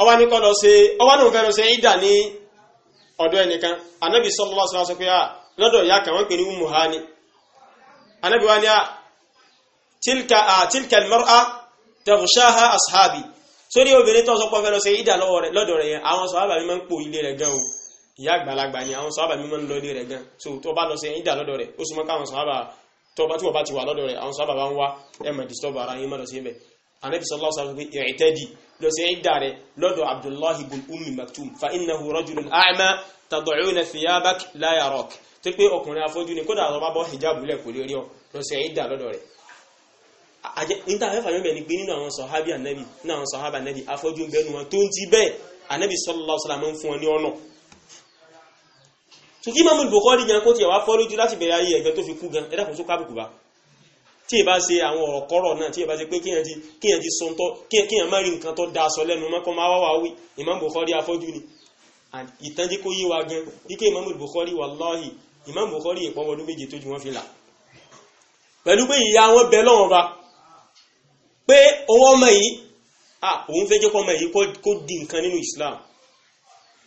ọwá ní kọ́lọ ṣe ọwá ní òfẹ́rọ ṣe ìdà ní ọ̀dọ̀ ẹnìkan Ànábì sallallahu alaihi wasallam sọ pé à lọ́dọ̀ ìyá kan wọ́n pè ní Ummu Hani Ànábì wá ní à tilka tilka al-mar'a taghshaha ashabi sórí obìnrin tó sọ pé ó fẹ́ lọ ṣe ìdà lọ́dọ̀ rẹ̀ yẹn àwọn sọ̀rọ̀ àbàmí máa ń pò ilé rẹ̀ gan-an ìyá àgbàlagbà ni àwọn sàhábà mímọ́ ń lọ́dẹ rẹ̀ gan so tó bá lọ sí ìdá lọ́dọ̀ rẹ̀ ó súnmọ́ káwọn sàhábà tó bá tí wọ́n bá ti wà lọ́dọ̀ rẹ̀ àwọn sàhábà bá ń wá ẹ̀mọ̀ disturb ara yín mọ́dọ̀ sí ibẹ̀ anabi sallallahu alaihi wasallam pé i'tadi lọ sí ìdá rẹ̀ lọ́dọ̀ abdullah ibn ummi maktum fa innahu rajulun a'ma tad'una thiyabak la yarak tó pé ọkùnrin afọ́jú ni kódà àtọ́bá bọ́ hijab lẹ̀ kò lè rí ọ lọ so kí mọ́mù Bukhari gan kó wa wá fọ́ lójú láti bẹ̀rẹ̀ ayé ẹ̀gbẹ́ tó fi kú gan ẹ̀dá kò tó kábùkù bá tí ẹ bá ṣe àwọn ọ̀rọ̀ kọ́rọ̀ náà tí ẹ bá ṣe pé kíyàn ti kíyàn ti sọ tọ́ kíyàn má rí nǹkan tó da sọ lẹ́nu mọ́kọ́ máa wá wá wí Imam Bukhari afọ́jú ni ìtànjẹ́ kó yé wa gan ike Imam Bukhari wallahi Imam Bukhari ìpọ́n ọdún méje tó ju wọ́n fi là pẹ̀lú pé ìyá wọn bẹ lọ́wọ́n ba pé owó ọmọ yìí òun fẹ́ jẹ́ kọ́ ọmọ yìí kó di nǹkan nínú Islam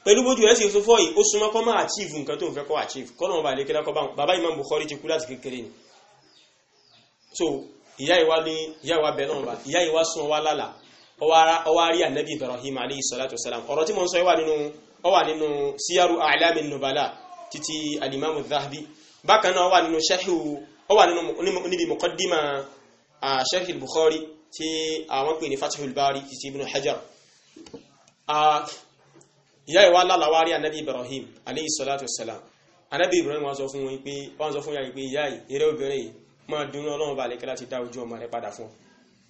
pẹ̀lú bójú ẹ̀ sì ń sọfọ́ yìí ó súnmọ́ kọ́ máa achieve nǹkan tó ń fẹ́ kọ́ achieve kọ́ lọ́wọ́ bá lè kílákọ́ bá bàbá Imam Bukhari ti kú láti kékeré ni so ìyá ìwá ní ìyá ìwá bẹ̀rẹ̀ náà ìyá ìwá sún ọwá lálà ọwá rí ànábì Ibrahim alayhi salatu wasalam ọ̀rọ̀ tí mo ń sọ wà nínú síyáru àìlámi nùbàlà títí alimamu Dhahabi bákan náà wà nínú sẹ́hìwò ó wà nínú níbi muqaddima sẹ́hì Bukhari tí àwọn pè ní Fathul Bari títí Ibn Hajar ìyá ìwà lálàwárí anabi ibrahim aleyhi salatu salam anabi ibrahim wọn sọ fún wọn pé wọn sọ fún ìyá pé ìyá yìí eré obìnrin yìí máa dunú ọlọ́run balẹ̀ kí láti dá ojú ọmọ rẹ padà fún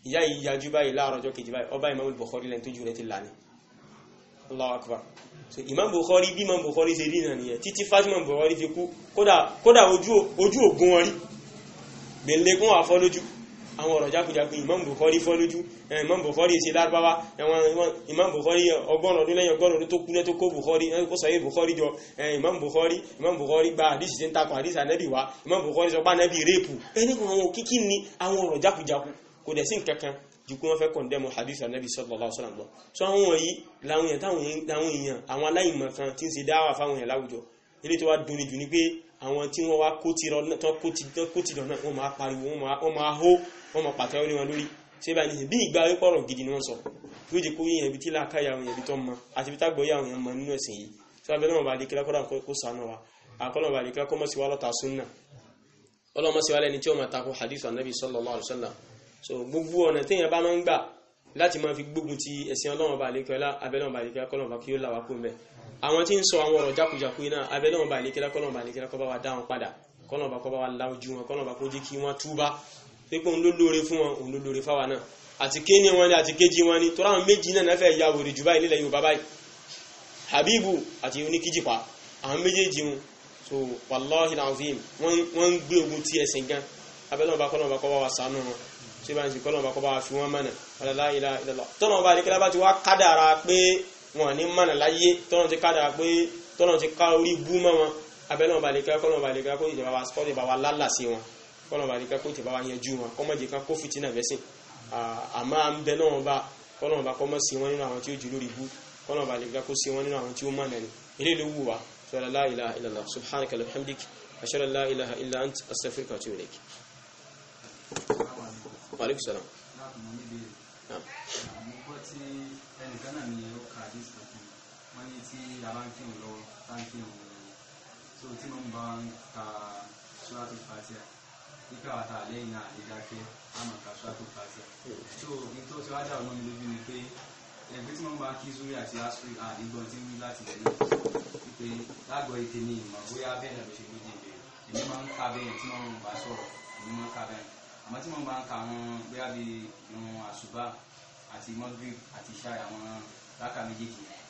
ìyá yìí yajú báyìí láàárọ̀ ọjọ́ kejì báyìí ọba imam bukhari lẹ́ni tójú rẹ ti là ní Allahu akbar so imam bukhari bí imam bukhari ṣe rí náà nìyẹn títí fatima bukhari fi kú kódà ojú ògùn wọn rí gbèlékún àfọlójú àwọn ọ̀rọ̀ jákujàku Imam Bukhari fọ́lójú eh, Imam Bukhari ṣe lárúbáwá ẹ̀wọ̀n Imam Bukhari ọgọ́rùn ọdún lẹ́yìn ọgọ́rùn ọdún tó kú lẹ́tọ́ kó Bukhari eh, kó sọ yé Bukhari jọ eh, Imam Bukhari Imam Bukhari gba àdísì tí ń takọ̀ àdísì anẹ́bì wá Imam Bukhari sọ pé anẹ́bì rèpù ẹni kan àwọn òkìkí ni àwọn ọ̀rọ̀ jákujàku kò dẹ̀ sí nǹkan anabi sallallahu alaihi so àwọn wọ̀nyí làwọn èèyàn àwọn aláìmọ̀ kan tí ń ṣe dáwà fáwọn èèyàn láwùjọ ilé tó wá dunni jù ní àwọn tí wọ́n wá kó tìrọ náà wọ́n máa pariwo wọ́n máa hó wọ́n máa pàtẹ́wọ́ lé wọn lórí ṣé bá ní bí ìgbà wípọ̀ ọ̀rọ̀ gidi ni wọ́n sọ yóò jẹ́ kó yíyan ibi tí láàkáyà àwọn èèyàn ibi tó mọ àti sallallahu alaihi wasallam so gbogbo ọ̀nà téèyàn bá máa láti máa fi gbógun ti ẹ̀sìn ọlọ́run bá àlékẹ́lá abẹ́lọ́run bá àlékẹ́lá kọ́lọ́run bá kí ó là wá kún bẹ̀ àwọn tí ń sọ àwọn ọ̀rọ̀ jákujàku iná abẹ́lọ́run bá àlékẹ́lá kọ́lọ́run bá àlékẹ́lá kọ́ bá wa dá wọn padà kọ́lọ́run bá kọ́ bá wa la ojú wọn kọ́lọ́run bá kó jẹ́ kí wọ́n túbá pípé òun ló lóore fún wọn òun ló fáwa náà àti kéènì wọn ni àti kéjì wọn ni tọ́ra àwọn méjì náà náà fẹ́ ya wèrè jù báyìí nílẹ̀ Yorùbá báyìí Habibu àti oníkíjìpá àwọn méjèèjì wọn so wàláhì làwọn wọn ń gbé ogun tí ẹ̀sìn gan abẹ́lọ́run bá kọ́lọ́run bá kọ́ bá wa sànú wọn tí bá ń bá kọ́ bá wa fi wọn mọ́nà la ilaha illallah tọ́nà ọba àdékẹ́lá bá ti wá kádàrà pé wọn ní mọ̀nà láyé tọ́nà ti kádàrà pé tọ́nà ti ká orí bú mọ́ wọn abẹ́lẹ́ ọba àdékẹ́lá kọ́nà ọba àdékẹ́lá kó ìjọba kọ́ ìjọba wa lálà sí wọn kọ́nà ọba àdékẹ́lá kó ìjọba wa yanjú wọn kọ́ mọ̀jẹ̀ kan kó fìtínà mẹ́sìn àmọ́ à ń bẹ náà ọba kọ́nà ọba kọ́ mọ̀ sí wọn nínú àwọn tí ó jù lórí bú kọ́nà ọba àdékẹ́lá kó sí wọn nínú àwọn tí ó mọ̀nà ni ilé ló wù wá sọ́dọ̀ la ilaha wa atubu ilaik nìkan náà ni ó ka àdìsí kan fún ní tí a bá ń kírun lọ́wọ́ tá ń kírun lọ́wọ́ so tí mo bá ń ka ṣúwàtò fàtíà kíkà àtà lẹ́yìn náà ìdákẹ́ àmọ̀ ka ṣúwàtò fàtíà so ní tó ti dà wọ́n lójú ni pé ẹgbẹ́ tí wọ́n bá kí zuri àti asuri àdìgbọ́n tí ń wí láti lẹ́yìn wípé lágọ̀ọ́ ètè ni ìmọ̀ bóyá bẹ́ẹ̀ lọ ṣe lóde ìbéèrè èmi máa ń ka bẹ́ẹ̀ tí wọ́n bá sọ̀rọ̀ èmi máa ń ka bẹ́ẹ̀ àmọ́ tí wọ́n bá ń ka àwọn bóyá bíi àti Maghrib àti ṣáì àwọn rákà méjèèjì yẹn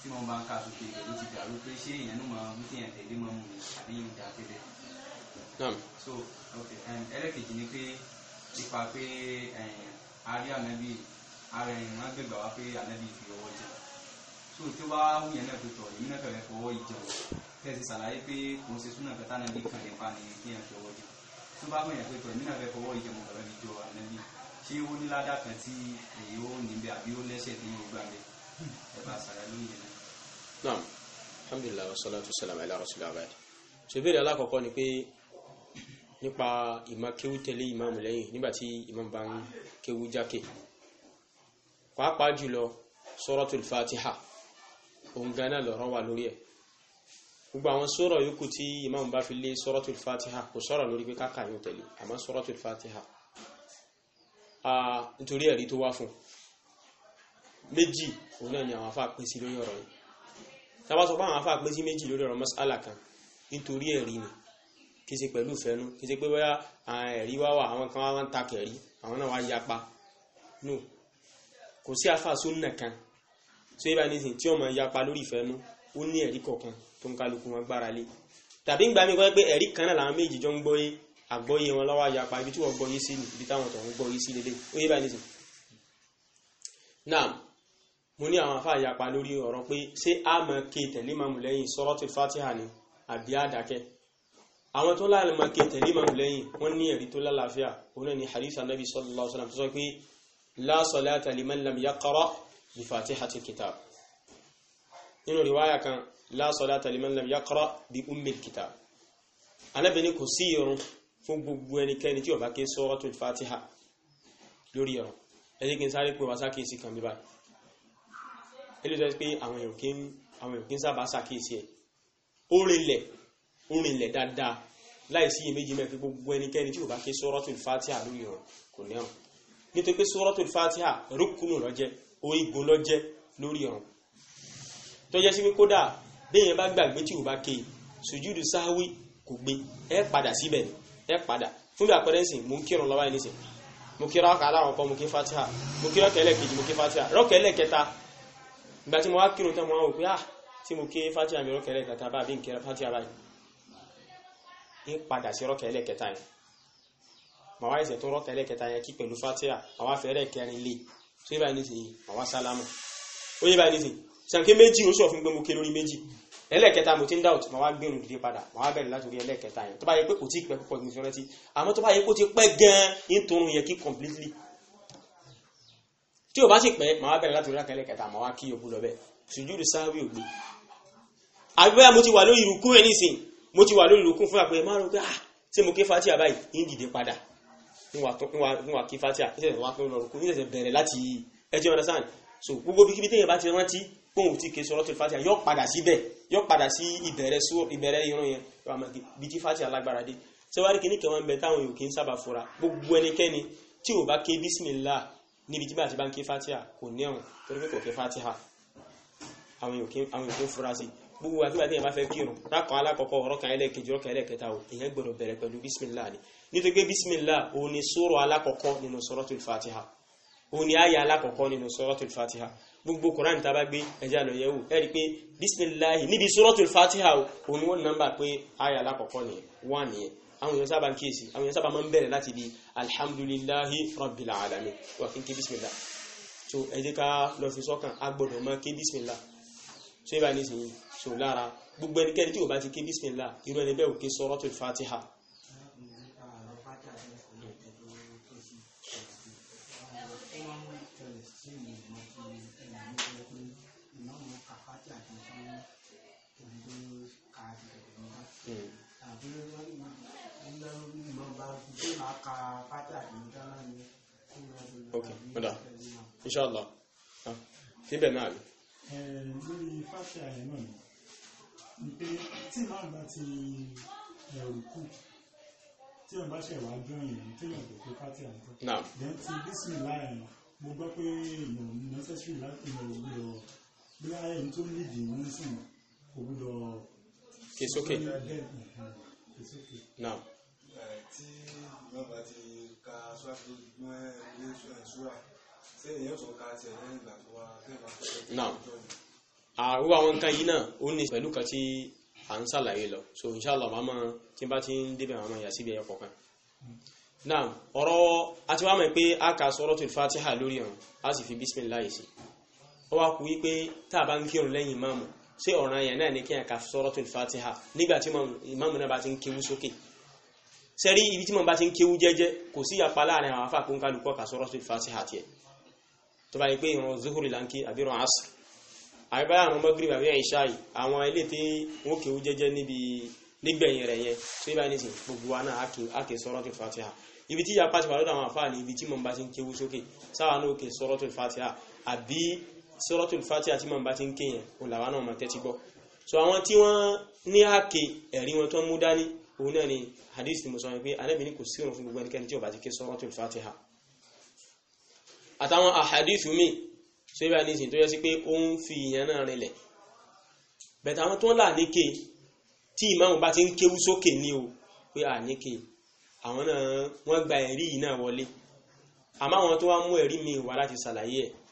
tí wọ́n bá ń ka sókè pẹ̀lú ti dàrú pé ṣé èèyàn ló máa mú kéèyàn tẹ̀lé máa mú mi àbí yóò dá tẹ́lẹ̀. so okay ẹlẹ́kejì ni pé ipa pé ari ànábì ara ẹ̀yìn máa gbẹ̀gbà wá pé ànábì fi ọwọ́ jẹun so tí ó bá wúyẹn náà tó tọ̀ èmi náà fẹ̀rẹ̀ fọwọ́ ìjẹun tẹ̀sí ṣàlàyé pé kò ń ṣe súnà kẹta ànábì kan nípa ni kéèyàn fi ọwọ́ jẹun tó bá wúyẹn pé tọ̀ èmi náà fẹ́ fọwọ́ ìjẹun ọ̀rẹ́ ṣé ó ní ládà kan tí èyí ó níbẹ̀ àbí ó lẹ́sẹ̀ ní gbogbo àbẹ̀ ẹ bá sàrà lóye náà. naam alhamdulilayi wa salatu wa salam ala rasulillah abad so ìbéèrè alákọ̀ọ́kọ́ ni pé nípa ìmọ̀ kéwú tẹ̀lé ìmáàmù lẹ́yìn nígbà tí ìmáàmù bá ń kéwú jákè pàápàá jùlọ suratul fatiha òun gánà lọ́rọ̀ wà lórí ẹ̀ gbogbo àwọn sọ̀rọ̀ yòókù tí ìmáàmù bá fi lé suratul fatiha kò sọ̀rọ̀ lórí pé káka yóò tẹ̀lé àmọ́ suratul fatiha nítorí ẹ̀rí tó wá fún méjì òun náà ni àwọn afá pín sí lórí ọ̀rọ̀ yìí tàbá sọ pé àwọn afá pín sí méjì lórí ọ̀rọ̀ mas'ala kan nítorí ẹ̀rí ni kì í pẹ̀lú ìfẹ́nu kì í pé bóyá àwọn ẹ̀rí wá wà àwọn kan wá ń takẹ̀rí àwọn náà wá yapa no kò sí afá súnnà kan tó yẹ bá ní sìn tí ọmọ yapa lórí ìfẹ́nu ó ní ẹ̀rí kọ̀ọ̀kan tó ń kálukú wọn gbára lé tàbí ń gbà mí kọ́ pé ẹ̀rí kan náà làwọn méjì jọ ń gbọ́ yé àgbọ́yé wọn lọ́wọ́ àyàpá ibi tí wọ́n gbọ́yé sí ni ibi táwọn tọ̀hún gbọ́yé sí lélẹ̀ ó yé báyìí nìsín náà mo ní àwọn afáà yapa lórí ọ̀rọ̀ pé ṣé a máa ké tẹ̀lé màmù lẹ́yìn suratul Fatiha ni àbí àdàkẹ́ àwọn tó láàrín máa ké tẹ̀lé màmù lẹ́yìn wọ́n ní ẹ̀rí tó lálàáfíà òun náà ni hadith anabi sallallahu alaihi wasallam tó sọ pé la salata liman lam yaqra bi fatihatil fún gbogbo ẹnikẹ́ni tí ó bá ké suratul Fatiha lórí ọ̀rọ̀ ẹjẹ́ kí n sáré pé wá sákèsí kan bíbá ilé ìjọ pé àwọn èèyàn kí ń sábà sákèsí ẹ̀ orinlẹ̀ orinlẹ̀ dáadáa láìsí iyèméjì mẹ́fẹ́ gbogbo ẹnikẹ́ni tí ó bá ké suratul Fatiha lórí ọ̀rọ̀ kò ní ọ̀rọ̀ nítorí pé suratul Fatiha rúkúnù lọ́jẹ́ orígun lọ́jẹ́ lórí ọ̀rọ̀ tó jẹ́ sí pé kódà béèyàn bá gbàgbé tí ò bá sùjúdù sáwí kò gbé ẹ padà síbẹ̀ ni ẹ padà fún bí àpẹẹrẹ ńsìn mò ń kírun lọ́wọ́ yìí nísìn mo kí rọ́ọ̀kà aláwọ̀ kan mo kí fatiha mo kí rọ́ọ̀kà ẹlẹ́ẹ̀kejì mo kí fatiha rọ́ọ̀kà ẹlẹ́ẹ̀kẹta ìgbà tí mo wá kírun tán mo wá wò pé ah tí mo kí fatiha mi rọ́ọ̀kà ẹlẹ́ẹ̀kẹta bá bí nkẹrẹ fatiha báyìí ń padà sí rọ́ọ̀kà ẹlẹ́ẹ̀kẹta yẹn mà wá ẹsẹ̀ tó rọ́ọ̀kà ẹlẹ́ẹ̀kẹta yẹn kí pẹ̀lú fatiha mà wá fẹ́rẹ̀ kẹrin lé ẹlẹ́ẹ̀kẹta mo ti ń dá òtún máa wá gbẹ̀rù dìde padà máa wá bẹ̀rẹ̀ láti orí ẹlẹ́ẹ̀kẹta yẹn tó bá yẹ pé kò tí ì pẹ́ púpọ̀ ní ìṣọ́rẹ́ tí àmọ́ tó bá yẹ kó ti pẹ́ gan-an ń torun yẹ kí completely tí o bá sì pẹ́ máa wá bẹ̀rẹ̀ láti orí ẹlẹ́ẹ̀kẹta máa wá kí o bú lọ bẹ́ẹ̀ sùjúdù sáwí ò gbé àbí báyà mo ti wà lórí ìrùkú rẹ̀ nísìn mo ti wà lórí ìrùkú fún àpẹẹrẹ márùn pé ah ṣé mo ké fatia báyìí ń dìde padà ń wà kí fatia so gbogbo bí kíbi téèyàn bá ti rántí pé òun ti ké sọ lọ́tò yóò padà sí ìbẹ̀rẹ̀ sú ìbẹ̀rẹ̀ irun yẹn yóò àmọ́ bí tí fati alágbára dé sẹ́wárí kìíní kan máa ń bẹ táwọn èèyàn kì í sábà fura gbogbo ẹnikẹ́ni tí ò bá ké bísímìlá níbi tí bá ti bá ń ké fatiha kò ní ẹ̀wọ̀n torí pé kò ké fatiha àwọn èèyàn kì í fura sí gbogbo àgbà tí èèyàn bá fẹ́ kírun rákan alákọ̀ọ́kọ́ ọ̀rọ̀ kan ẹlẹ́ẹ̀kejì ọ̀rọ̀ kan ẹlẹ́ẹ̀kẹta o èèyàn gbọ́dọ̀ bẹ̀rẹ̀ pẹ̀lú bísímìlá ni nítorí pé bísímìlá òun ni sóró alákọ̀ọ́kọ́ nínú suratul fatiha òun ni àyà alákọ̀ọ́kọ́ nínú suratul fatiha gbogbo Quran tá a bá gbé ẹjẹ́ àlọ́ yẹ̀wò ẹ rí i pé bisimilahi níbi suratul fatiha òun ni wọ́n nọ́mbà pé aya alákọ̀ọ́kọ́ ni wọ́n nìyẹn àwọn èèyàn sábà ń kíyèsí àwọn èèyàn sábà máa ń bẹ̀rẹ̀ láti di alhamdulillahi rabbil alamin wà kí n ké bisimilah so ẹ ká lọ fi sọ́kàn a máa ké bisimilah so ibà nísìnyí so lára gbogbo ẹnikẹ́ni tí ò bá ti ké bisimilah irú ẹni bẹ́ẹ̀ ò ké fatiha ok ọ̀dà inshallah. Ah, náà ni. lórí fásitì ààrẹ ti ẹrù kù tí wọn bá sókè. tí ìgbọ́n bá ka sóra tó gbọ́n ilé sóra sẹ́yìn yóò lọ so inshallah màmá tí ti ń débẹ̀ màmá yà síbi ẹ̀yọ kọ̀ọ̀kan náà ọ̀rọ̀ àti wàá mọ̀ pé a Fatiha lori a fi bismillah sí ọ wá kú wípé tá a ṣé ọ̀ràn yẹn náà ní kí n ka suratul Fatiha nígbà tí ìmáàmù náà bá ti ń kéwú sókè sẹ́rí ibi tí mo bá ti ń kéwú jẹ́jẹ́ kò sí apá láàrin àwọn afáàkó ń kálukọ́ ka suratul Fatiha tiẹ̀ tó bá yẹ pé ìran zuhuri lanki àbí ìran asr àbí àwọn magrib àbí ìṣá yìí àwọn ilé tí wọ́n kéwú jẹ́jẹ́ níbi nígbẹ̀yìn rẹ̀ yẹn tó yẹ bá ní sìn gbogbo wa náà á kè suratul Fatiha ibi tí ìyapa ti lọ́dọ̀ àwọn afáà ní ibi tí mo bá ti ń kéwú sókè sáwọn náà kè suratul Fatiha àbí suratul Fatiha tí màá bá ti ń kéèyàn òun náà máa tẹ́tí gbọ́ so àwọn tí wọ́n ní àkè ẹ̀rí wọn tó mú dání òun náà ni hadith tí mo sọ wọn pé anábì ní kò sí òun fún gbogbo ẹnikẹ́ni tí ò bá ti ké suratul Fatiha àtàwọn àhadith mi so ibà nísìn tó yẹ sí pé ó ń fi ìyẹn náà rinlẹ̀ bẹ̀tẹ̀ àwọn tó ń là níke tí ìmáàmù bá ti ń kéwú sókè ní o pé à níke àwọn náà wọ́n gba ẹ̀rí yìí náà wọlé àmọ́ àwọn tó wá mú ẹ̀rí mi wá láti ṣàlàyé ẹ̀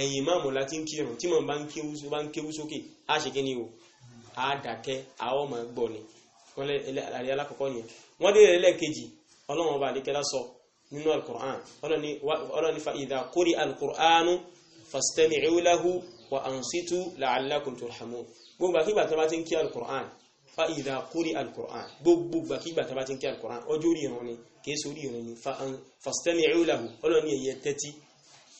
ẹ̀yìn ìmáàmù láti ń kírun tí màmú bá ń kéwú sókè á ṣe kíni o á dákẹ́ á ó máa gbọ́ ni wọ́n lé àrí alákọ̀ọ́kọ́ nìyẹn wọ́n dé ẹlẹ́ẹ̀kejì ọlọ́run ọba àdékẹ́lá sọ nínú alukur'an ọlọ́ni fa idha quri alukur'anu fastami'u lahu wa ansitu la'allakum turhamun gbogbo àkígbà tó bá ti ń kí alukur'an fa idha quri alukur'an gbogbo àkígbà tó bá ti ń kí alukur'an ọjọ́ orí ìran ni kìí sórí ìran ni fastami'u lahu ọlọ́ni ẹ̀yẹ tẹ́tí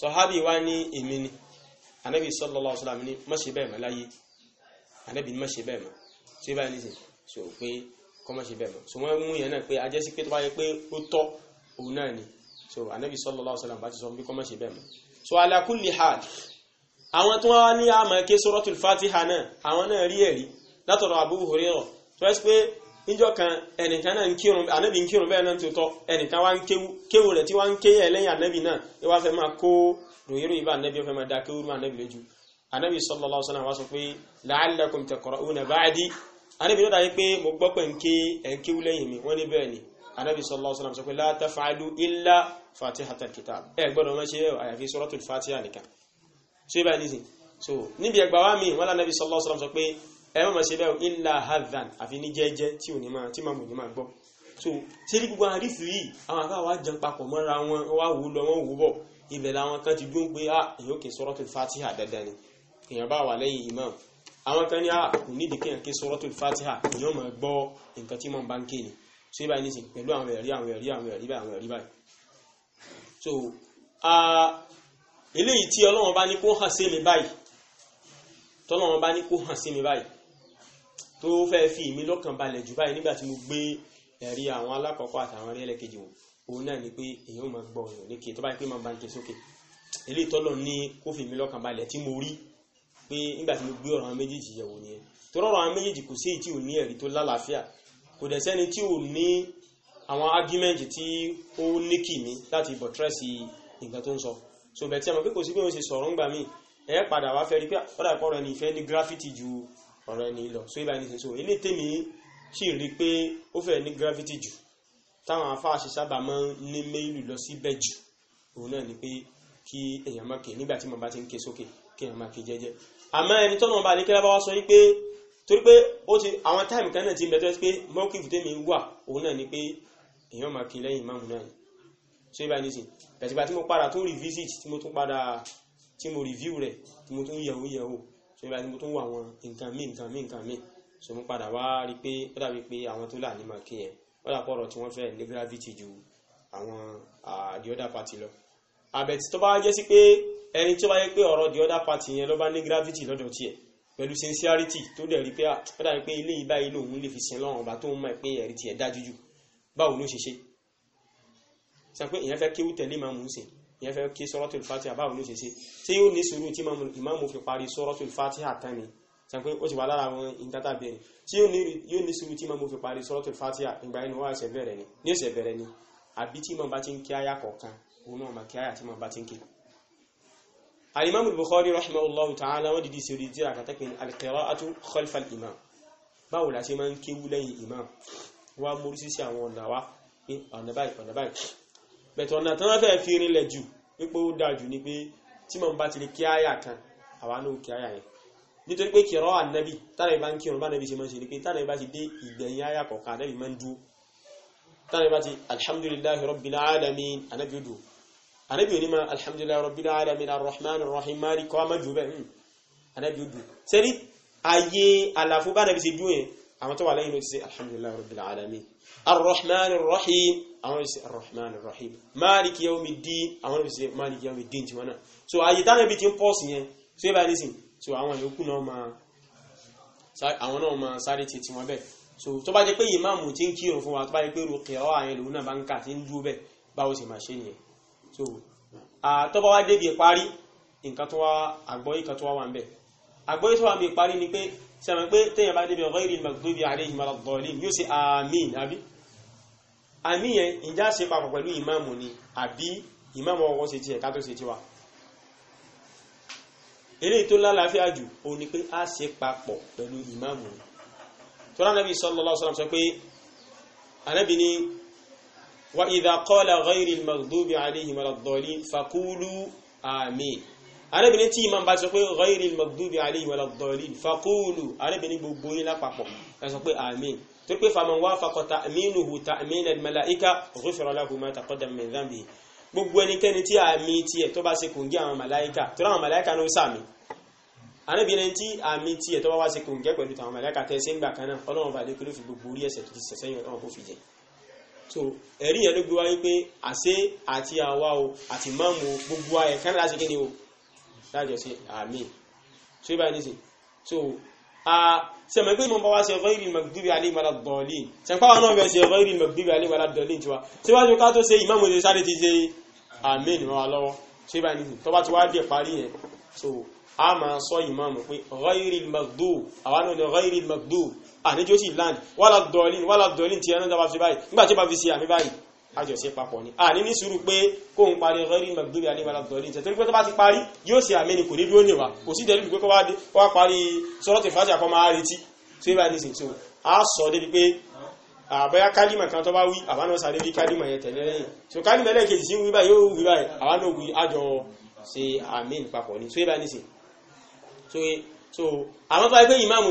sọ̀hábì wá ní èmi ni anabi sallallahu alaihi wasallam ní má ṣe bẹ́ẹ̀ mọ́ láyé anabi ní má ṣe bẹ́ẹ̀ mọ́ tí ó bá ní sìn so pé kọ́ má ṣe bẹ́ẹ̀ mọ́ so wọ́n mú yẹn náà pé ajẹ́ sí pé tó bá yẹ pé ó tọ́ òun náà ni so anabi sallallahu alaihi wasallam bá ti sọ pé kọ́ má ṣe bẹ́ẹ̀ mọ́ so ala kulli hal àwọn tó wá ní àmọ́ ké suratul fatiha náà àwọn náà rí ẹ̀rí látọ̀dọ̀ Abu Hurairah tó yẹ níjọ́ kan ẹnìkan náà ń kírun ànábì ń kírun bẹ́ẹ̀ náà tó tọ́ ẹnìkan wá ń kéwu kéwu rẹ̀ tí wá ń kéyẹ lẹ́yìn ànábì náà ẹ wá fẹ́ máa kó ròyìnrò ìbá ànábì ó fẹ́ máa da kéwu mọ́ ànábì lójú ànábì sallallahu alaihi wasallam wá sọ pé la'allakum taqra'una ba'di ànábì náà dáyé pé mo gbọ́ pé ń ké ẹ̀ ń kéwu lẹ́yìn mi wọ́n ní bẹ́ẹ̀ ni ànábì sallallahu alaihi wasallam sọ pé la taf'alu illa fatihatal kitab ẹ gbọ́dọ̀ máa ṣe àyàfi suratul fatiha nìkan ṣé báyìí nísìn so níbi ẹgbàá ẹ má máa ṣe bẹ́ẹ̀ ilà hadhan àfi ní jẹ́jẹ́ tí ò ní máa tí màmú ní máa gbọ́ so ṣé ní gbogbo àrífù yìí àwọn akáwà wá jẹun papọ̀ mọ́ra wọn wá wò lọ wọ́n wò bọ̀ ibẹ̀ làwọn kan ti dún pé ah èyí ò kè fatiha dandan ni èèyàn bá wà lẹ́yìn imam àwọn kan ní à kò nídìí kéèyàn ké suratul fatiha èèyàn máa gbọ́ nǹkan tí wọ́n bá ń ké ni so ibà ní sìn pẹ̀lú àwọn ẹ̀rí àwọn ẹ̀rí àwọn ẹ̀rí àwọn ẹ̀rí báyìí so eléyìí tí ọlọ́wọ́n bá ní kó hàn sí mi bá ní kó hàn sí mi báyìí tó fẹ́ fi mí lọ́kàn balẹ̀ jù báyìí nígbà tí mo gbé ẹ̀rí àwọn alákọ̀ọ́kọ́ àtàwọn ẹ̀rí ẹlẹ́kejì wọn òun náà ni pé èèyàn máa gbọ́ ọ̀rọ̀ lékè tó bá yẹ pé máa ba ń ké sókè eléyìí tọ́lọ̀ ní kó fi mí lọ́kàn balẹ̀ tí mo rí pé nígbà tí mo gbé ọ̀rọ̀ àwọn méjèèjì yẹ̀wò nìyẹn tó rọrọ̀ àwọn méjèèjì kò sí èyí tí ò ní ẹ̀rí tó lálàáfíà kò dẹ̀ sẹ́ni tí ò ní àwọn ágímẹ́ǹtì tí ó ní kì láti bọ̀tírẹ́sì nǹkan tó ń sọ so bẹ̀tí àmọ́ pé kò sí pé mo ṣe sọ̀rọ̀ ńgbà míì ẹ̀ padà wá fẹ́ rí pé ọ̀dà ìpọ̀rọ̀ ẹni ìfẹ́ ní gráfítì ju ọ̀rọ̀ ẹni lọ so ibà ní ṣe so ilé tèmi sì rí pé ó fẹ́ ní gravity jù táwọn afáàṣe sábà máa ń ní méìlù lọ síbẹ̀ jù òun náà ni pé kí èèyàn máa ké nígbà tí mo bá ti ń ké sókè kí èèyàn máa ké jẹ́jẹ́ àmọ́ ẹni tọ́nà ọba ní kílábà wá sọ wípé torí pé ó ti àwọn táìmù kan náà ti bẹ̀tọ́ pé mọ́kìfù tèmi wà òun náà ni pé èèyàn máa ké lẹ́yìn máàmù náà ni so ibà ní ṣe bẹ̀tìgbà tí mo padà tún revisit tí mo tún padà tí mo review rẹ̀ tí mo tún yẹ̀wò yẹ̀wò so ìgbà tí mo tún wọ àwọn nǹkan míì nǹkan míì nǹkan míì so mo padà wá rí i pé ó dàbí pé àwọn tó là ní máa kí yẹn ó dà pọ̀ ọ̀rọ̀ tí wọ́n fẹ́ ní gravity ju àwọn the other party lọ àbẹ̀tì tó bá jẹ́ sí pé ẹni tó bá yẹ pé ọ̀rọ̀ the other party yẹn ló bá ní gravity lọ́dọ̀ tiẹ̀ pẹ̀lú sincerity tó dẹ̀ rí pé ó dàbí pé ilé ìbáyé lòun lè fi sin lọ́rùn ọba tó ń mọ̀ pé ẹ̀rí tiẹ̀ dájú jù báwo ló ṣe ṣe sọ pé ìyẹn fẹ́ kéwú tẹ̀lé máa mú un sìn ìyẹn fẹ́ kí suratul fatiha báwo ló ṣe ṣe tí yóò ní sùúrù tí ìmáàmù fi parí suratul fatiha tán ni sàpé ó ti wà lára àwọn ìdáta bẹ̀rẹ̀ tí yóò ní sùúrù tí ìmáàmù fi parí suratul fatiha ìgbà inú wa ṣe bẹ̀rẹ̀ ni ní ṣe bẹ̀rẹ̀ ni àbí tí ìmáàmù bá ti ń kí àyà kọ̀ọ̀kan òun náà mà kí àyà tí ìmáàmù bá ti ń kí. alimami bukhari rahimahullahu ta'ala wọn dìde sí oríjì àkàtàkì alqira'atu khalfa al-imam báwo la ṣe máa ń kéwú lẹ́yìn imam wa mórísí sí àwọn ọ̀nà wa ọ̀nà báyìí ọ̀nà báyìí bẹ̀tọ̀ ọ̀nà tán fẹ́ fi rinlẹ̀ jù wípé ó dáa jù ni pé tí mọ̀ bá ti lè kí àyà kan àwa náà kí àyà yẹn nítorí pé kìrọ́ ànábì tánàbí bá ń kírun bá nàbí ṣe máa ń ṣe ni pé tánàbí bá ti dé ìgbẹ̀yìn àyà kọ̀ọ̀kan ànábì máa ń dúró tánàbí bá ti alhamdulillahi rabbil alamin ànábì odò ànábì onímọ̀ alhamdulillahi rabbil alamin arrahmanir rahim mari kọ́ àmàjù bẹ́ẹ̀ hmm. ànábì odò sẹ́ni ayé àlàfo bá nàbí ṣe dúró yẹn àwọn tó wà lẹ́yìn ló ti ṣe alhamdulillahi rabbil alamin arrahman rahim àwọn ibi sí arrahman rahim maliki yawmiddin àwọn ibi sí maliki yawmiddin tí wọ́n náà so àyè tánà ibi tí ń pọ̀ sí yẹn so ibà nísìn so àwọn yòókù náà máa àwọn náà máa sáré tètè wọn bẹ́ẹ̀ so tó bá jẹ́ pé ìmáàmù tí ń kírun fún wa tó bá jẹ́ pé rúkẹ̀ ọ́ àyẹn lòun náà bá ń kà tí ń dúró bẹ́ẹ̀ báwo sì máa ṣe nìyẹn so tó bá wá débi ìparí nǹkan tó wá àgbọ́yé kan tó wá wà ń bẹ̀ àgbọ́yé tó wà ń bẹ̀ ìparí ni pé sẹ́wọ̀n pé téèyàn bá débi ghayril maghdubi alayhim waladdallin yóò ṣe àmín àbí àmì yẹn ìjà ṣe papọ̀ pẹ̀lú ìmáàmù ni àbí ìmáàmù ọkọ̀ ṣe tiẹ̀ ká tó ṣe tiwa eléyìí tó lálàáfíà jù òun ni pé a ṣe papọ̀ pẹ̀lú ìmáàmù ni tó lánàbí sallallahu alaihi wasallam sọ pé anábì ni wa idha qala ghayril maghdubi alayhim waladdallin faqulu àmín anábì ni tí imam bá sọ pé ghayril maghdubi alayhim waladdallin faqulu anábì ni gbogbo yín lápapọ̀ ẹ sọ pé àmín torí pé faman wafaqa ta'minuhu ta'min al-mala'ika ghufira lahu ma taqaddama min dhanbihi gbogbo ẹnikẹ́ni tí àmì tiẹ̀ tó bá ṣe kòǹgẹ́ àwọn màláíkà tó ráwọn màláíkà náà sàmì anábìnrin tí àmì tiẹ̀ tó bá wá ṣe kòǹgẹ́ pẹ̀lú tàwọn màláíkà tẹ́ ṣe ń gbà kan náà ọlọ́run kúló fi gbogbo orí ẹ̀ṣẹ̀ tó ti ṣẹ̀ sẹ́yìn ọlọ́run kó fi jẹ so ẹ̀rí yẹn ló gbé wáyé pé àṣé àti àwa o àti máàmù o gbogbo ayẹ kánà láti kéde o lájọ sí àmì so ibà nísìn so sẹ̀mọ̀ pé mo bá wá ṣe ghayril maghdubi alayhim wala ddallin sẹ̀pá wa náà bẹ̀ ṣe ghayril maghdubi alayhim wala ddallin tiwa síwájú ká tó ṣe ìmáàmù ṣe sáré ti ṣe àmín mọ́ wa lọ́wọ́ ṣé bá nìyí tó bá ti wá dé parí yẹn so a máa sọ ìmáàmù pé ghayril maghdubi àwọn náà ní ghayril maghdubi àníjó sì land wala ddallin wala ddallin tiẹ̀ náà àjọṣe papọ̀ ni a ní ní sùúrù pé kó ń parí rẹ́rí magdubi alẹ́wàlá dọ̀lí ìtẹ̀ torí pé tó bá ti parí yóò ṣe àmẹ́ni kò ní dúró níwà kò sí dẹ̀lú pé kó wá parí sọ́rọ̀ tẹ̀ fàájì àkọ́ máa retí tó yẹ bá ní sìn so a sọ débi pé àbẹ́yà kálímà kan tó bá wí àbánà sáré rí kálímà yẹn tẹ̀lé lẹ́yìn so kálímà ẹlẹ́kejì sí wí báyìí yóò wí báyìí àbánà wí àjọ ṣe àmẹ́ni papọ̀ ni tó yẹ bá ní sìn so so àwọn tó wáyé pé ìmáàmù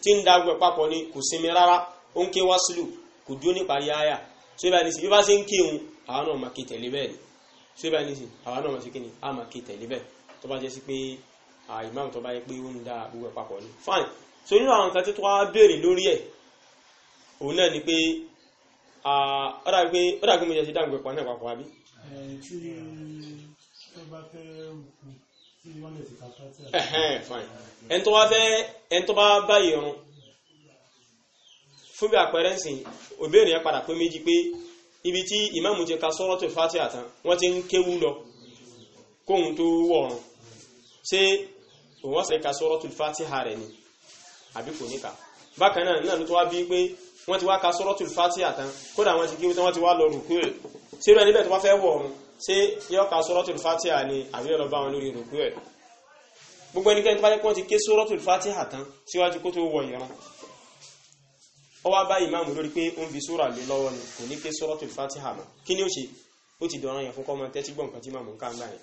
ti ń dagbẹ̀ papọ̀ ni kò sinmi rárá ó ń ké wá sílù kò dúró níparí àyà so ibà ní sí bí bá ṣe ń kírun àwọn náà máa ké tẹ̀lé bẹ́ẹ̀ ni so ibà àwọn náà máa ṣe kí ni a máa ké tẹ̀lé bẹ́ẹ̀ tó bá jẹ́ sí pé imam tó bá yẹ pé ó ń da gbogbo ẹ̀ papọ̀ ni fine so nínú àwọn nǹkan tó wá béèrè lórí ẹ̀ òun náà ni pé ọ̀dà pé ọ̀dà pé mo jẹ́ sí dáhùn pẹ̀pọ̀ náà papọ̀ àbí. tí wọ́n bá fẹ́ tí wọ́n fine ẹni tó bá fẹ́ ẹni tó bá báyìí ọ̀run fún bí àpẹẹrẹ ńsìn òbéèrè yẹn padà pé méjì pé ibi tí ìmáàmù ti ka sọ́rọ́tò Fatiha tán wọ́n ti ń kéwú lọ kóhun tó wọ̀rùn ṣé òun wọ́n sì ka sọ́rọ́tò Fatiha rẹ̀ ni àbí kò níka bákan náà náà ló tó wá bí pé wọ́n ti wá ka sọ́rọ́tò Fatiha tán kódà wọ́n ti kéwú tán wọ́n ti wá lọ rùkú ẹ̀ ṣé rẹ̀ níbẹ̀ tó wá fẹ́ wọ̀rùn ṣé yọ ka sọ́rọ́tò Fatiha ni àbí yọ lọ bá wọn lórí rùkú ẹ̀ gbogbo ẹnikẹ́ni tó bá yẹ kí wọ́n ti ké sọ́rọ́tò Fatiha tán síwájú kó tó wọ ìran ó wá bá ìmáàmù lórí pé ó ń fi sóra lé lọ́wọ́ ni kò ní ké suratul Fatiha mọ́ kí ni ó ṣe ó ti dọ̀ràn yẹn fún kọ́ ọmọ tẹ́tí gbọ̀n kan tí màmú ká ń gbà yẹn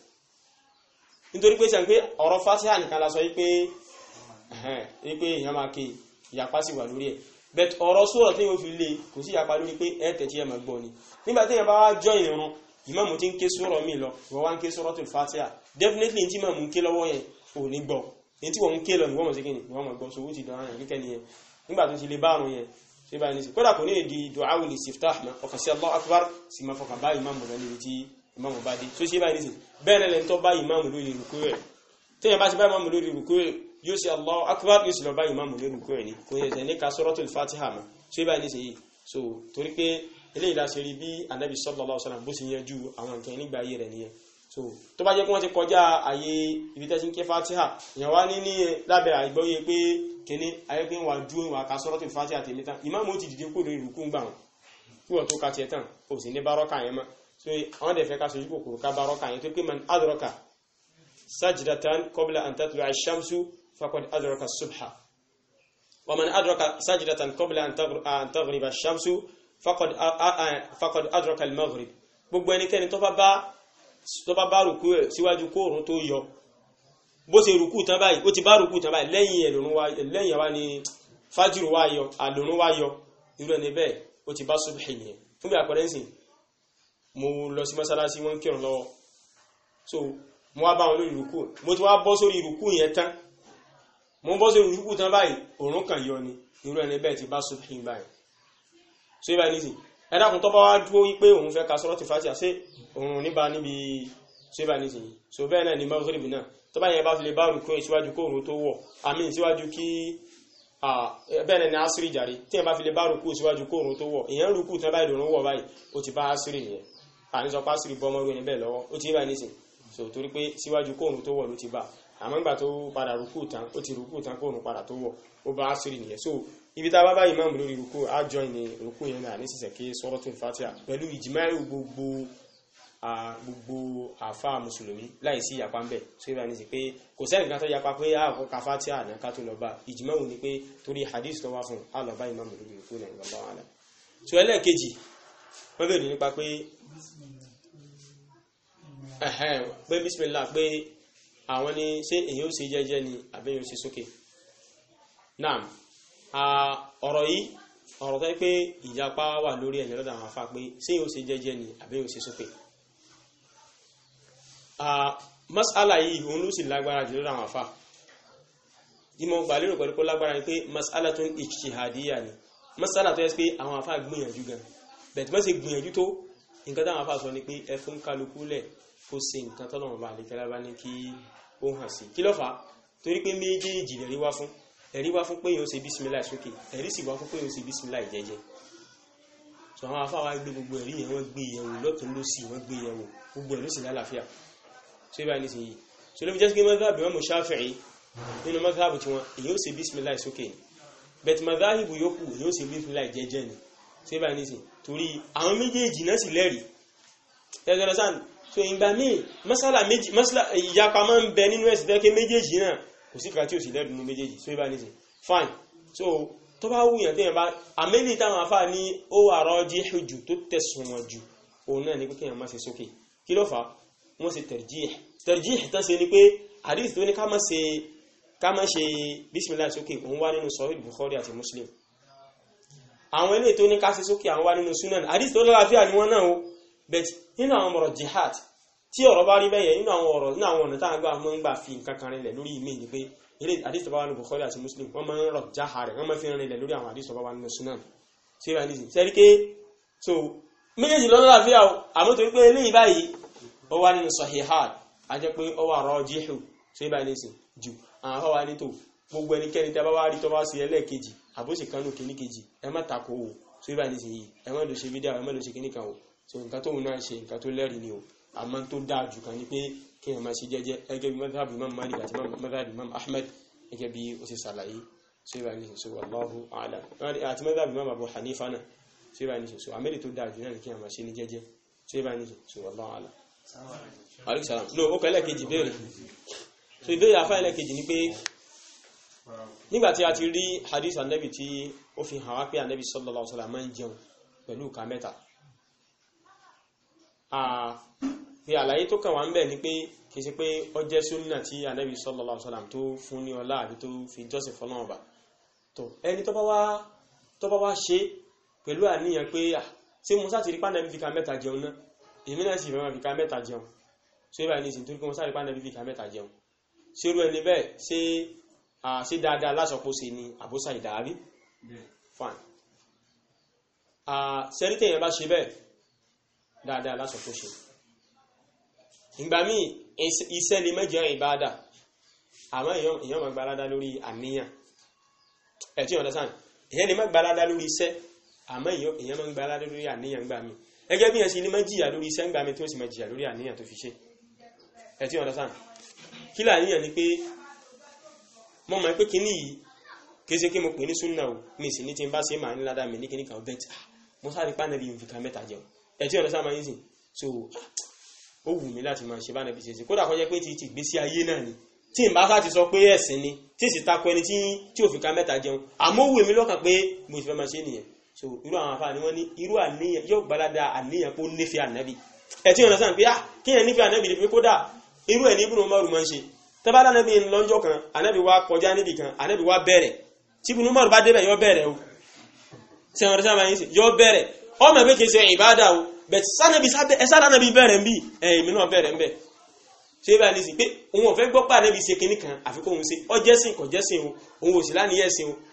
nítorí pé sàn pé ọ̀rọ̀ Fatiha nìkan la sọ yí pé yí pé èèyàn máa ké ìyapa sì wà lórí ẹ̀ bẹ́ẹ̀ ọ̀rọ̀ sóra tí yóò fi lé kò sí ìyapa lórí pé ẹ̀ tẹ̀tí ẹ̀ máa gbọ́ ni nígbà tí yẹn bá wá jọ ìrun ìmáàmù ti ń ké sóra definitely ní tí màmú ń ké lọ́wọ́ yẹn ò ní gbọ́ ní tí wọ́n ń ké lọ ní wọ́n mọ̀ sí kí ni wọ́n mọ̀ gbọ́ so ó ti dọ̀ràn yẹn kíkẹ́ nìyẹn nígbà tó ti lè bá àrùn yẹn ṣe bá ní sí kódà kò ní èdè du'a wuli siftah ma ọkà sí allah akbar sì máa fọkà bá ìmáàmù lọ níbi tí ìmáàmù bá dé so ṣe bá ní sí bẹ́ẹ̀ lẹ́ni tó bá ìmáàmù lórí rùkú rẹ̀ téèyàn bá ti bá ìmáàmù lórí rùkú rẹ̀ yóò ṣe allah akbar yóò sì lọ bá ìmáàmù lórí rùkú rẹ̀ ni kò yẹ ṣe ní ka suratul fatiha ma ṣe bá ní sí so torí pé eléyìí la ṣe rí bí anabi sallallahu kíní ayé pé wà dúró wà ká sọ́rọ́ tó fàájì àtẹ̀mí tán ìmáàmù ó ti dìde kó lórí rùkú gbà wọn tó ka tiẹ̀ tán kò sí ní bárọ́kà yẹn mọ́ so àwọn dẹ̀ fẹ́ ká sojú kòkòrò ká bárọ́kà yẹn tó pé man adọ́rọ́kà sajdatan qabla an tatlu'a ash-shamsu faqad adọ́rọ́kà subha wa man adọ́rọ́kà sajdatan qabla an taghriba ash-shamsu faqad adọ́rọ́kà al-maghrib gbogbo ẹnikẹ́ni tó bá bá rùkú ẹ̀ síwájú kóòrùn tó yọ bó ṣe rùkú tán báyìí ó ti bá rùkú tán báyìí lẹ́yìn ẹ̀lòrún ni fájìrò wa yọ àlòrún wa yọ irú ẹni bẹ́ẹ̀ ó ti bá ṣubhi nìyẹn fún so mo wá bá wọn lórí rùkú mo ti wá bọ́ sórí rùkú yẹn tán mo bọ́ sórí rùkú tán báyìí òórùn kan yọ ni irú ẹni bẹ́ẹ̀ ti bá ẹ̀dàkùn tó wá dúró wípé òun fẹ́ ka ti fàtíà sí òun níbà níbi so ibà nísìn so bẹ́ẹ̀ náà ni maghrib náà tó bá yẹ bá fi lè bá rùkú ẹ̀ síwájú kó òun tó wọ̀ àmì síwájú kí bẹ́ẹ̀ ni asiri jàre tí ẹ bá fi lè bá rùkú síwájú kó òun tó wọ̀ ìyẹn rùkú tí wọ́n bá ìdòrún wọ̀ báyìí ó ti bá asiri nìyẹn àní sọ pé asiri bọ́mọ́rú ẹni bẹ́ẹ̀ lọ́wọ́ ó ti bá nísìn so torí pé síwájú kó òun tó wọ̀ ló ti bá àmọ́ ìgbà tó padà rùkú tán ó ti rùkú tán kó òun padà tó wọ̀ ó bá asiri nìyẹn so ibi tá a bá bá ìmáàmù lórí rùkú á jọ ìní rùkú yẹn náà nísinsìnyí kí suratul Fatiha pẹ̀lú ìjìmáà gbogbo gbogbo àfa mùsùlùmí láì sí ìyapa ńbẹ so ìbáni sí pé kò sẹ́yìn kan tó yapa pé a ah, kafa tí àná ká tó lọ bá ìjìmọ̀ òun ni pé torí hadith tó wá fún àlọ́bá ìmáàmù lórí ìkú náà ìwọ̀nba wà náà so ẹlẹ́ẹ̀kejì wọ́n bèèrè nípa pé pé bísímìlá pé àwọn ni ṣé èyí ó ṣe jẹ́jẹ́ ni àbí èyí ó ṣe sókè naam ọ̀rọ̀ yìí ọ̀rọ̀ tó yẹ pé ìjàpá wà lórí ẹ̀yìn lọ́dọ̀ àwọn afá pé ṣé masala yìí òun ló sì lágbára jù lọ́dọ̀ àwọn afa tí mo pẹ̀lú kó lágbára ni pé masala tó ń ìṣèhàdíyà ni masala tó yẹ pé àwọn afa gbìyànjú gan bẹ̀tí mọ́ sí gbìyànjú tó nǹkan táwọn afa sọ ni pé ẹ fún kálukú lẹ̀ kó ṣe nǹkan tọ́lọ́run bá àlekẹ́lá bá ní kí ó hàn sí kí ló fà á torí pé méjèèjì lẹ̀rí wá fún ẹ̀rí wá fún pé yóò ṣe bísímílà sókè ẹ̀rí sì wá fún pé yóò ṣe bísímílà ìjẹ́jẹ́ so àwọn afáwa gbé gbogbo ẹ̀rí yẹn wọ́n gbé yẹ̀wò lọ́tún lọ́sì wọ́n gbé yẹ̀wò gbogbo ẹ̀ ló sì lálàáfíà so ibà ní sìnyí so ló fi jẹ́ sí mazhab Imam Shafi'i nínú mazhab tí wọn èyí ó ṣe bismillah sókè bet mazhab yòókù èyí ó ṣe bismillah jẹ́jẹ́ ni so ibà ní sìn torí àwọn méjèèjì náà sì lẹ́rìí tẹ́tẹ́rẹ́ sáà so ìgbà míì masala méjì masala ìyapa máa ń bẹ nínú ẹ̀sìn tẹ́kẹ́ méjèèjì náà kò sí kàtí ò sí lẹ́rìí nínú méjèèjì so ibà ní sìn fine so tó bá wùyàn téèyàn bá àmẹ́lì táwọn afá ní ó wà rọ́ọ́jì jù tó tẹ̀sùn wọn jù òun náà ní pé kéèyàn má ṣe sókè kí ló fà wọ́n ṣe tẹ̀rjíì tẹ̀rjíì tán ṣe ni pé hadith tó ní ká má ṣe ká má ṣe bismillah sókè òun wá nínú sahih bukhari àti muslim àwọn ilé tó ní ká ṣe sókè àwọn wá nínú sunan hadith tó lálàáfíà ni wọ́n náà o bẹ́ẹ̀ nínú àwọn ọ̀rọ̀ jihad tí ọ̀rọ̀ bá rí bẹ́yẹn nínú àwọn ọ̀rọ̀ nínú àwọn ọ̀nà táwọn gbà mọ́ ń gbà fi nǹkan kan rinlẹ̀ lórí ìmí ni pé ilé ó wá nínú sahihan a jẹ́ pé ó wà rajihu tó yẹ báyìí nísìn jù àwọn afọ wa ní tó gbogbo ẹnikẹ́ni tí a bá wá rí tó bá ṣe ẹlẹ́ẹ̀kejì àbóṣe kan ló kíní kejì ẹ má takò o tó yẹ báyìí nísìn yìí ẹ má lọ ṣe ẹ má lọ ṣe kan o so nǹkan tóun náà ṣe nǹkan tó lẹ́rìí ni o àmọ́ tó dáa jù kan ni pé kí ẹ máa ṣe jẹ́jẹ́ ẹgẹ́ bí madhab imam malik àti madhab imam ahmed gẹ́gẹ́ bí ó ṣe ṣàlàyé ṣé ìbáni ṣoṣo ní jẹ́jẹ́ ṣé ìbáni alexander no ó kẹ́lẹ̀ kejì béèrè so ìbéèrè afá ilẹ̀ kejì ni pé nígbàtí a ti rí hadith anabi tí ó fi hàn wá pé anabi sallallahu alaihi wasallam máa ń jẹun pẹ̀lú ìka mẹ́ta pé àlàyé tó kàn wá ń bẹ̀ ni pé kì í ṣe pé ó jẹ́ súnà tí anabi sallallahu alaihi wasallam tó fún ní ọlá àbí tó fi jọ́sìn fọ́nà ọba tó ẹni tó bá wá tó bá wá ṣe pẹ̀lú àníyàn èmi náà sì fẹ́ràn fìkà mẹ́ta jẹun ṣé ìbáyìí ní ìsìn torí kí wọ́n sáré pàdánù fìkà mẹ́ta jẹun ṣé irú ẹni bẹ́ẹ̀ ṣé ṣé dáadáa lásọpọ̀ ṣe ni àbúṣà ìdàrí fine sẹ́rí tẹ̀yìn bá ṣe bẹ́ẹ̀ dáadáa lásọpọ̀ ṣe ìgbà míì iṣẹ́ lè mẹ́jọ ìbáadà àmọ́ èèyàn máa gbalada lórí àníyàn ẹ̀ tí wọ́n dá sáà èèyàn lè má gbalada lórí iṣẹ́ àmọ́ èèyàn máa gbalada lórí àníyàn gbà míì ẹgẹ́ bí yẹn sí ní máa jìyà lórí iṣẹ́ ńgbà mi tí ó sì máa jìyà lórí àníyàn tó fi ṣe ẹ tí wọ́n lọ sáà kí làníyàn ni pé mo mọ̀ pé kíní yìí kìí ṣe kí mo pè ní súnà o mi sì ní tí n bá ṣe máa ń ládàá mi ní kíní kan bẹ́ẹ̀ tí ah, mo sáré pánẹ́lì nǹkan mẹ́ta jẹun ẹ tí wọ́n lọ sáà máa ń sìn so ah, ó wù mí láti máa ṣe bá nàbí ṣeṣe kódà kọjá pé ti ti gbé sí ayé náà ni tí n bá sá ti sọ pé ẹ̀sìn ni tí sì takọ ẹni tí ò fi ká mẹ́ta jẹun àmọ́ wù mí lọ́kàn pé mo ti fẹ́ máa ṣe nìyẹn so irú àwọn afáà ni wọ́n ní irú àníyàn yóò gbalada àníyàn pé ó nífẹ̀ẹ́ ànábì ẹ̀ tí wọ́n sàn pé ah kí yẹn nífẹ̀ẹ́ ànábì ni pé kódà irú ẹ̀ ní ibùdó márùn máa ń ṣe tẹ́bálá ànábì ń lọ́jọ́ kan ànábì wá kọjá níbì kan ànábì wá bẹ̀rẹ̀ tí ibùdó márùn bá débẹ̀ yọ bẹ̀rẹ̀ o tí wọ́n sàn máa ń ṣe yọ bẹ̀rẹ̀ ọmọ ẹgbẹ́ kìí ṣe ìbáàdà o bẹ̀ sànàbì sànàbì bẹ̀rẹ̀ ń bì ẹ̀yìn mi náà bẹ̀rẹ̀ ń bẹ̀ ṣé bá ní sí pé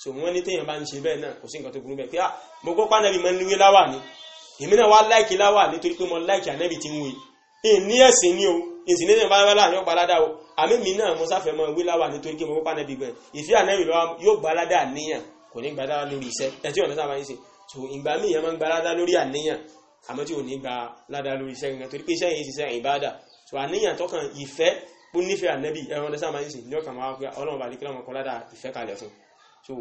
so wọ́n ní téèyàn bá ń ṣe bẹ́ẹ̀ náà kò sí nǹkan tó burú bẹ́ẹ̀ pé ah mo gbọ́ pánẹ́bì máa níwé láwà ni èmi náà wá láìkì láwà nítorí pé mo láìkì ànẹ́bì ti ń wé ní ẹ̀sìn ni o ìsìn ní ẹ̀sìn bá wà láàyàn gbalada o àmì mi náà mo sáfẹ́ mọ wé láwà nítorí pé mo gbọ́ pánẹ́bì gbẹ̀ ìfẹ́ ànẹ́bì lọ́wọ́ yóò gbalada àníyàn kò ní gbalada lórí iṣẹ́ ẹ̀ ọ̀nà sábà ń ṣe so ìgbà míì yẹn máa ń gbalada lórí àníyàn àmọ́ tí ò ní gba ládàá lórí iṣẹ́ gangan so àníyàn tọkàn ìfẹ́ ó nífẹ̀ẹ́ ànẹ́bì ẹ̀rọ ọ̀dẹ́sàmáyìsì ní ọkàn máa wá pé ọlọ́run so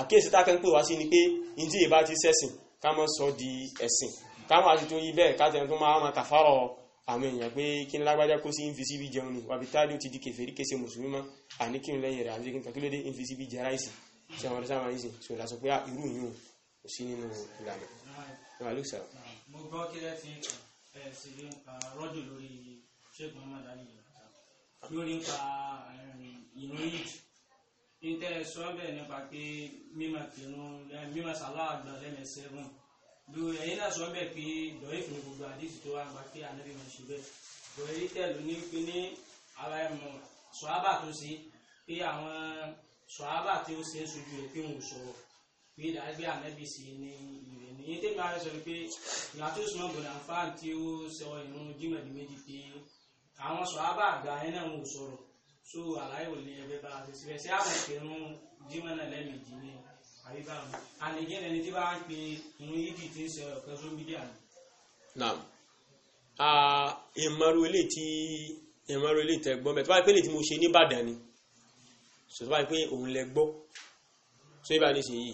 àkíyèsí tákàn pè wá sí ni pé ìdí ìbá ti sẹ́sìn ká má sọ di ẹ̀sìn táwọn àti tó yí bẹ́ẹ̀ káàtẹ̀ tó máa máa kàfàrọ̀ àwọn èèyàn pé kí n lágbájá kó sí invisibi jẹun ni wàbí táàdì ó ti di kèfèrí kése mùsùlùmí mọ́ àní kí n lẹ́yìn rẹ̀ àbí kí n kàkí lóde invisibi jẹ ah, yìí ní tẹ́ ẹ sọ bẹ́ẹ̀ nípa pé mímọ̀ kírun mímọ̀ sàlá àgbà lẹ́mẹ̀ẹ́sẹ̀ rùn bí ẹ̀yin náà sọ bẹ́ẹ̀ pé dọ̀yìn fún gbogbo àdìsí tó wà gbà pé ànábì máa ṣe bẹ́ẹ̀ bọ̀yìn rí tẹ̀lú ní pé ní ara ẹ̀mọ̀ sọ̀hábà tó ṣe pé àwọn sọ̀hábà tí ó ṣe ń sojú rẹ̀ pé òun sọ̀rọ̀ pé ìdágbé ànábì sí ní ìrẹ̀ ní yín tẹ́lẹ̀ máa sọ pé ìyàtọ̀ sùn ọ̀gbọ̀n àǹfààní tí ó sọ ìrún jímọ̀ ní méjì pé àwọn sọ̀hábà àgbà ẹ̀ náà ń so àlàyé ò ní ẹgbẹ́ bá a ṣe síbẹ̀ ṣé àwọn ìpinnu jimá náà lẹ́ẹ̀mejì ni àbí bá wọn àlejò ẹni tí bá ń pe ìrun yídì tí ń ṣe ọ̀pẹ́ fún bídíà ni. naam ìmọ̀rú ilé tí ìmọ̀rú ilé tẹ gbọ́ mẹ́tọ́ báyìí pé lè tí mo ṣe ní Ìbàdàn ni sọ̀tọ́ báyìí pé òun lẹ gbọ́ so ibà ní sèyí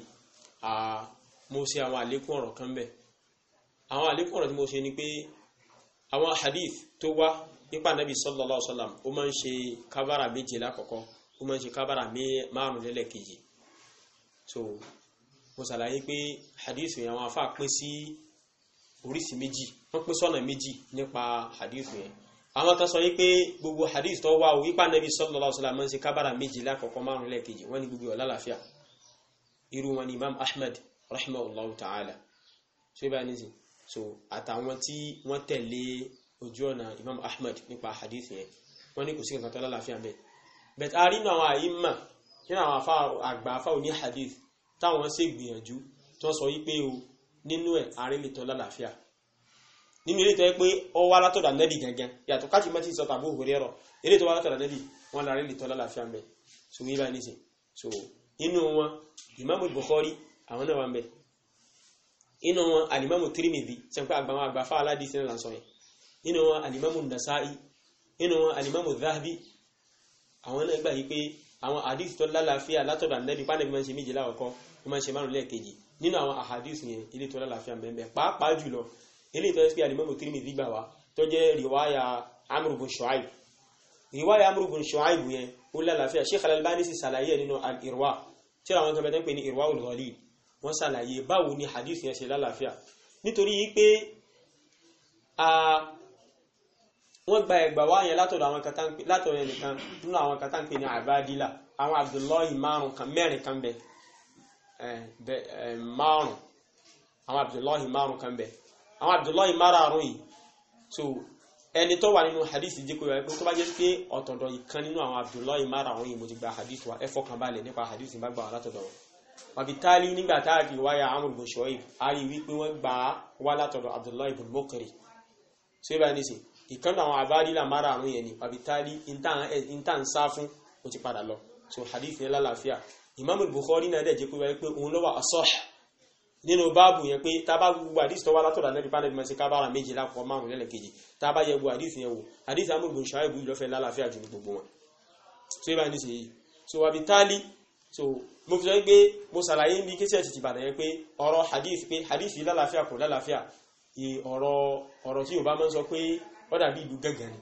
mo ṣe àwọn àlékún ọ̀rọ̀ kan bẹ̀ àwọn àlékún ọ̀rọ̀ tí mo ṣe ni pé àwọn hadith tó wá nípa nàbí sallallahu alaihi wasallam ó máa ń ṣe kábàrà méje lákọ̀ọ́kọ́ ó máa ń ṣe kábàrà márùn lẹ́lẹ́kejì so mo ṣàlàyé pé hadithu yẹn àwọn afá pín sí oríṣi méjì wọ́n pín sọ́nà méjì nípa hadithu yẹn àwọn tó sọ wípé gbogbo hadith tó wá o wípa nàbí sallallahu alaihi wasallam máa ń ṣe kábàrà méje lákọ̀ọ́kọ́ márùn lẹ́lẹ́kejì wọ́n ní gbogbo ọ̀lálàáfíà irú wọn ni Imam Ahmed rahimahullahu ta'ala so ibà nísìn so àtàwọn tí wọ́n tẹ̀lé ojú ọ̀nà Imam Ahmad nípa hadith yẹn wọ́n ní kò sí nǹkan tó lálàáfíà bẹ́ẹ̀ bẹ̀t a rí nínú àwọn àyíma nínú àwọn àgbà òní hadith táwọn sì gbìyànjú tó sọ wípé o nínú ẹ̀ àrílẹ̀ tó lálàáfíà nínú ilé tó yẹ pé ọ wá látọ̀dà nẹ́dì gangan yàtọ̀ káàkiri mọ́tì sọ tàbí òhòrè ẹ̀rọ ilé tó wá látọ̀dà nẹ́dì wọn lára ilé tó lálàáfíà ń so yí bá nísìn so inú wọn Imamu Bukhari àwọn náà wà ń inú wọn Alimamu Tirmidhi sẹ́ńpẹ́ àgbà wọn àgbà fáwọn aládìsí náà là ń yẹn nínú wọn alimamu nasa'i nínú wọn alimamu zahabi àwọn náà gbà yí pé àwọn hadith tó lálàáfíà látọ̀dọ̀ ànẹ́bí pánẹ́bí máa ń ṣe méje láwọ̀kọ́ ó máa ń ṣe márùn lẹ́ẹ̀kejì nínú àwọn ahadith yẹn ilé tó lálàáfíà mẹ́mẹ́ pàápàá jùlọ ilé tó yẹ pé alimamu Tirmidhi gbà wá tó jẹ́ riwaya amurubun shuaib riwaya amurubun shuaib yẹn ó lálàáfíà Sheikh Al-Albani sì ṣàlàyé nínú al-irwa wọ́n ṣàlàyé báwo ni hadith yẹn ṣe lálàáfíà nítorí pé wọ́n gba ẹgbà wá yẹn látọ̀dọ̀ àwọn kan látọ̀dọ̀ ẹnìkan nínú àwọn kan tá ń pè ní àbádìlà àwọn abdullahi márùn kan mẹ́rin kan bẹ márùn àwọn abdullahi márùn kan bẹ àwọn abdullahi márùn yìí so ẹni tó wà nínú hadith jẹ́ pé tó bá jẹ́ pé ọ̀tọ̀dọ̀ ìkan nínú àwọn abdullahi márùn yìí mo ti gba hadith wa ẹ fọkàn balẹ̀ nípa hadith bá gbà wá látọ̀dọ̀ wọn wàbítálí nígbà tá a fi wáyà Amr ibn Shu'ayb a rí wípé wọ́n gbà wá látọ̀dọ̀ abdullahi ibn Muqri ìkànnì àwọn àbádìlà márààrún yẹn ni pàbítálí intan sá fún ó ti padà lọ so hadith yẹn lálàáfíà imam bukhari náà dẹ̀ jẹ́ pé wáyé pé òun ló wà asah nínú báàbù yẹn pé tábà gbogbo àdìs tó wá látọ̀dà nẹ́bí bá nẹ́bí mọ́ sí kábàrà méje lápò márùn lẹ́lẹ̀kejì tábà yẹ gbogbo àdìs yẹn wò àdìs amúlùmọ̀ ṣáàbù ìlọ́fẹ́ lálàáfíà ju gbogbo wọn so ibà ní sèyí so wàbí so mo fi sọ pé mo ṣàlàyé ní kí sẹ́ẹ̀tì tìbàdàn yẹn pé ọ̀rọ̀ hadith pé hadith yìí lálàáfíà kò lálàáfíà ọ̀rọ̀ ọ̀rọ̀ tí yorùbá ó dàbí ìlú gẹ́gẹ́ ni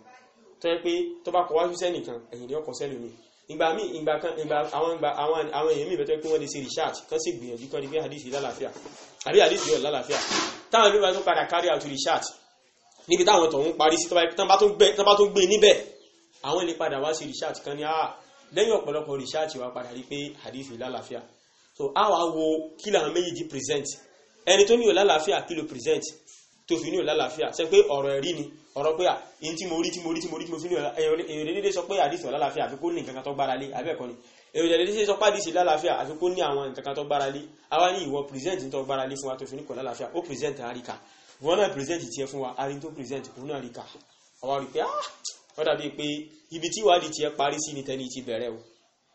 tó yẹ pé tó bá kọ wájú sẹ́nìkan ẹ̀yìn ni ọkọ̀ sẹ́lómi ìgbà míì ìgbà kan ìgbà àwọn ìgbà àwọn àwọn èèyàn míì bẹ́tọ́ pé wọ́n lè ṣe research kan sì gbìyànjú kan ní bí hadith lálàáfíà àbí hadith yóò lálàáfíà táwọn ìlú bá tún padà carry research níbi táwọn tó ń parí sí tán bá tún gbé níbẹ̀ àwọn ilé padà wá sí research kan ní àà lẹ́yìn ọ̀pọ̀lọpọ̀ research wa padà rí pé so a wá wo kí present ẹni tó ní ò lálàáfíà kí ló present tó fi ní ò lálàáfíà ṣe pé ọ̀rọ̀ ẹ̀rí ni ọ̀rọ̀ pé ah, in tí mo rí tí mo rí tí mo rí tí mo fi ní ọ̀la èrè dédé sọ pé àdìsí ọ̀lálàáfíà àfi kó ní nǹkan kan tó gbára lé àbẹ́ ẹ̀kọ́ ni èrè dédé sọ pé àdìsí lálàáfíà àfi ní àwọn nǹkan kan tó gbára lé àwa ní ìwọ present tó gbára lé fún wa tó fi ní kọ̀ lálàáfíà ó present àríkà wọn náà present tiẹ̀ fún wa arin tó present òun náà ríkà àwa rí pé ah wọ́n dàbí pé ibi tí ìwádìí tiẹ̀ parí sí ni tẹ́ni ti bẹ̀rẹ̀ o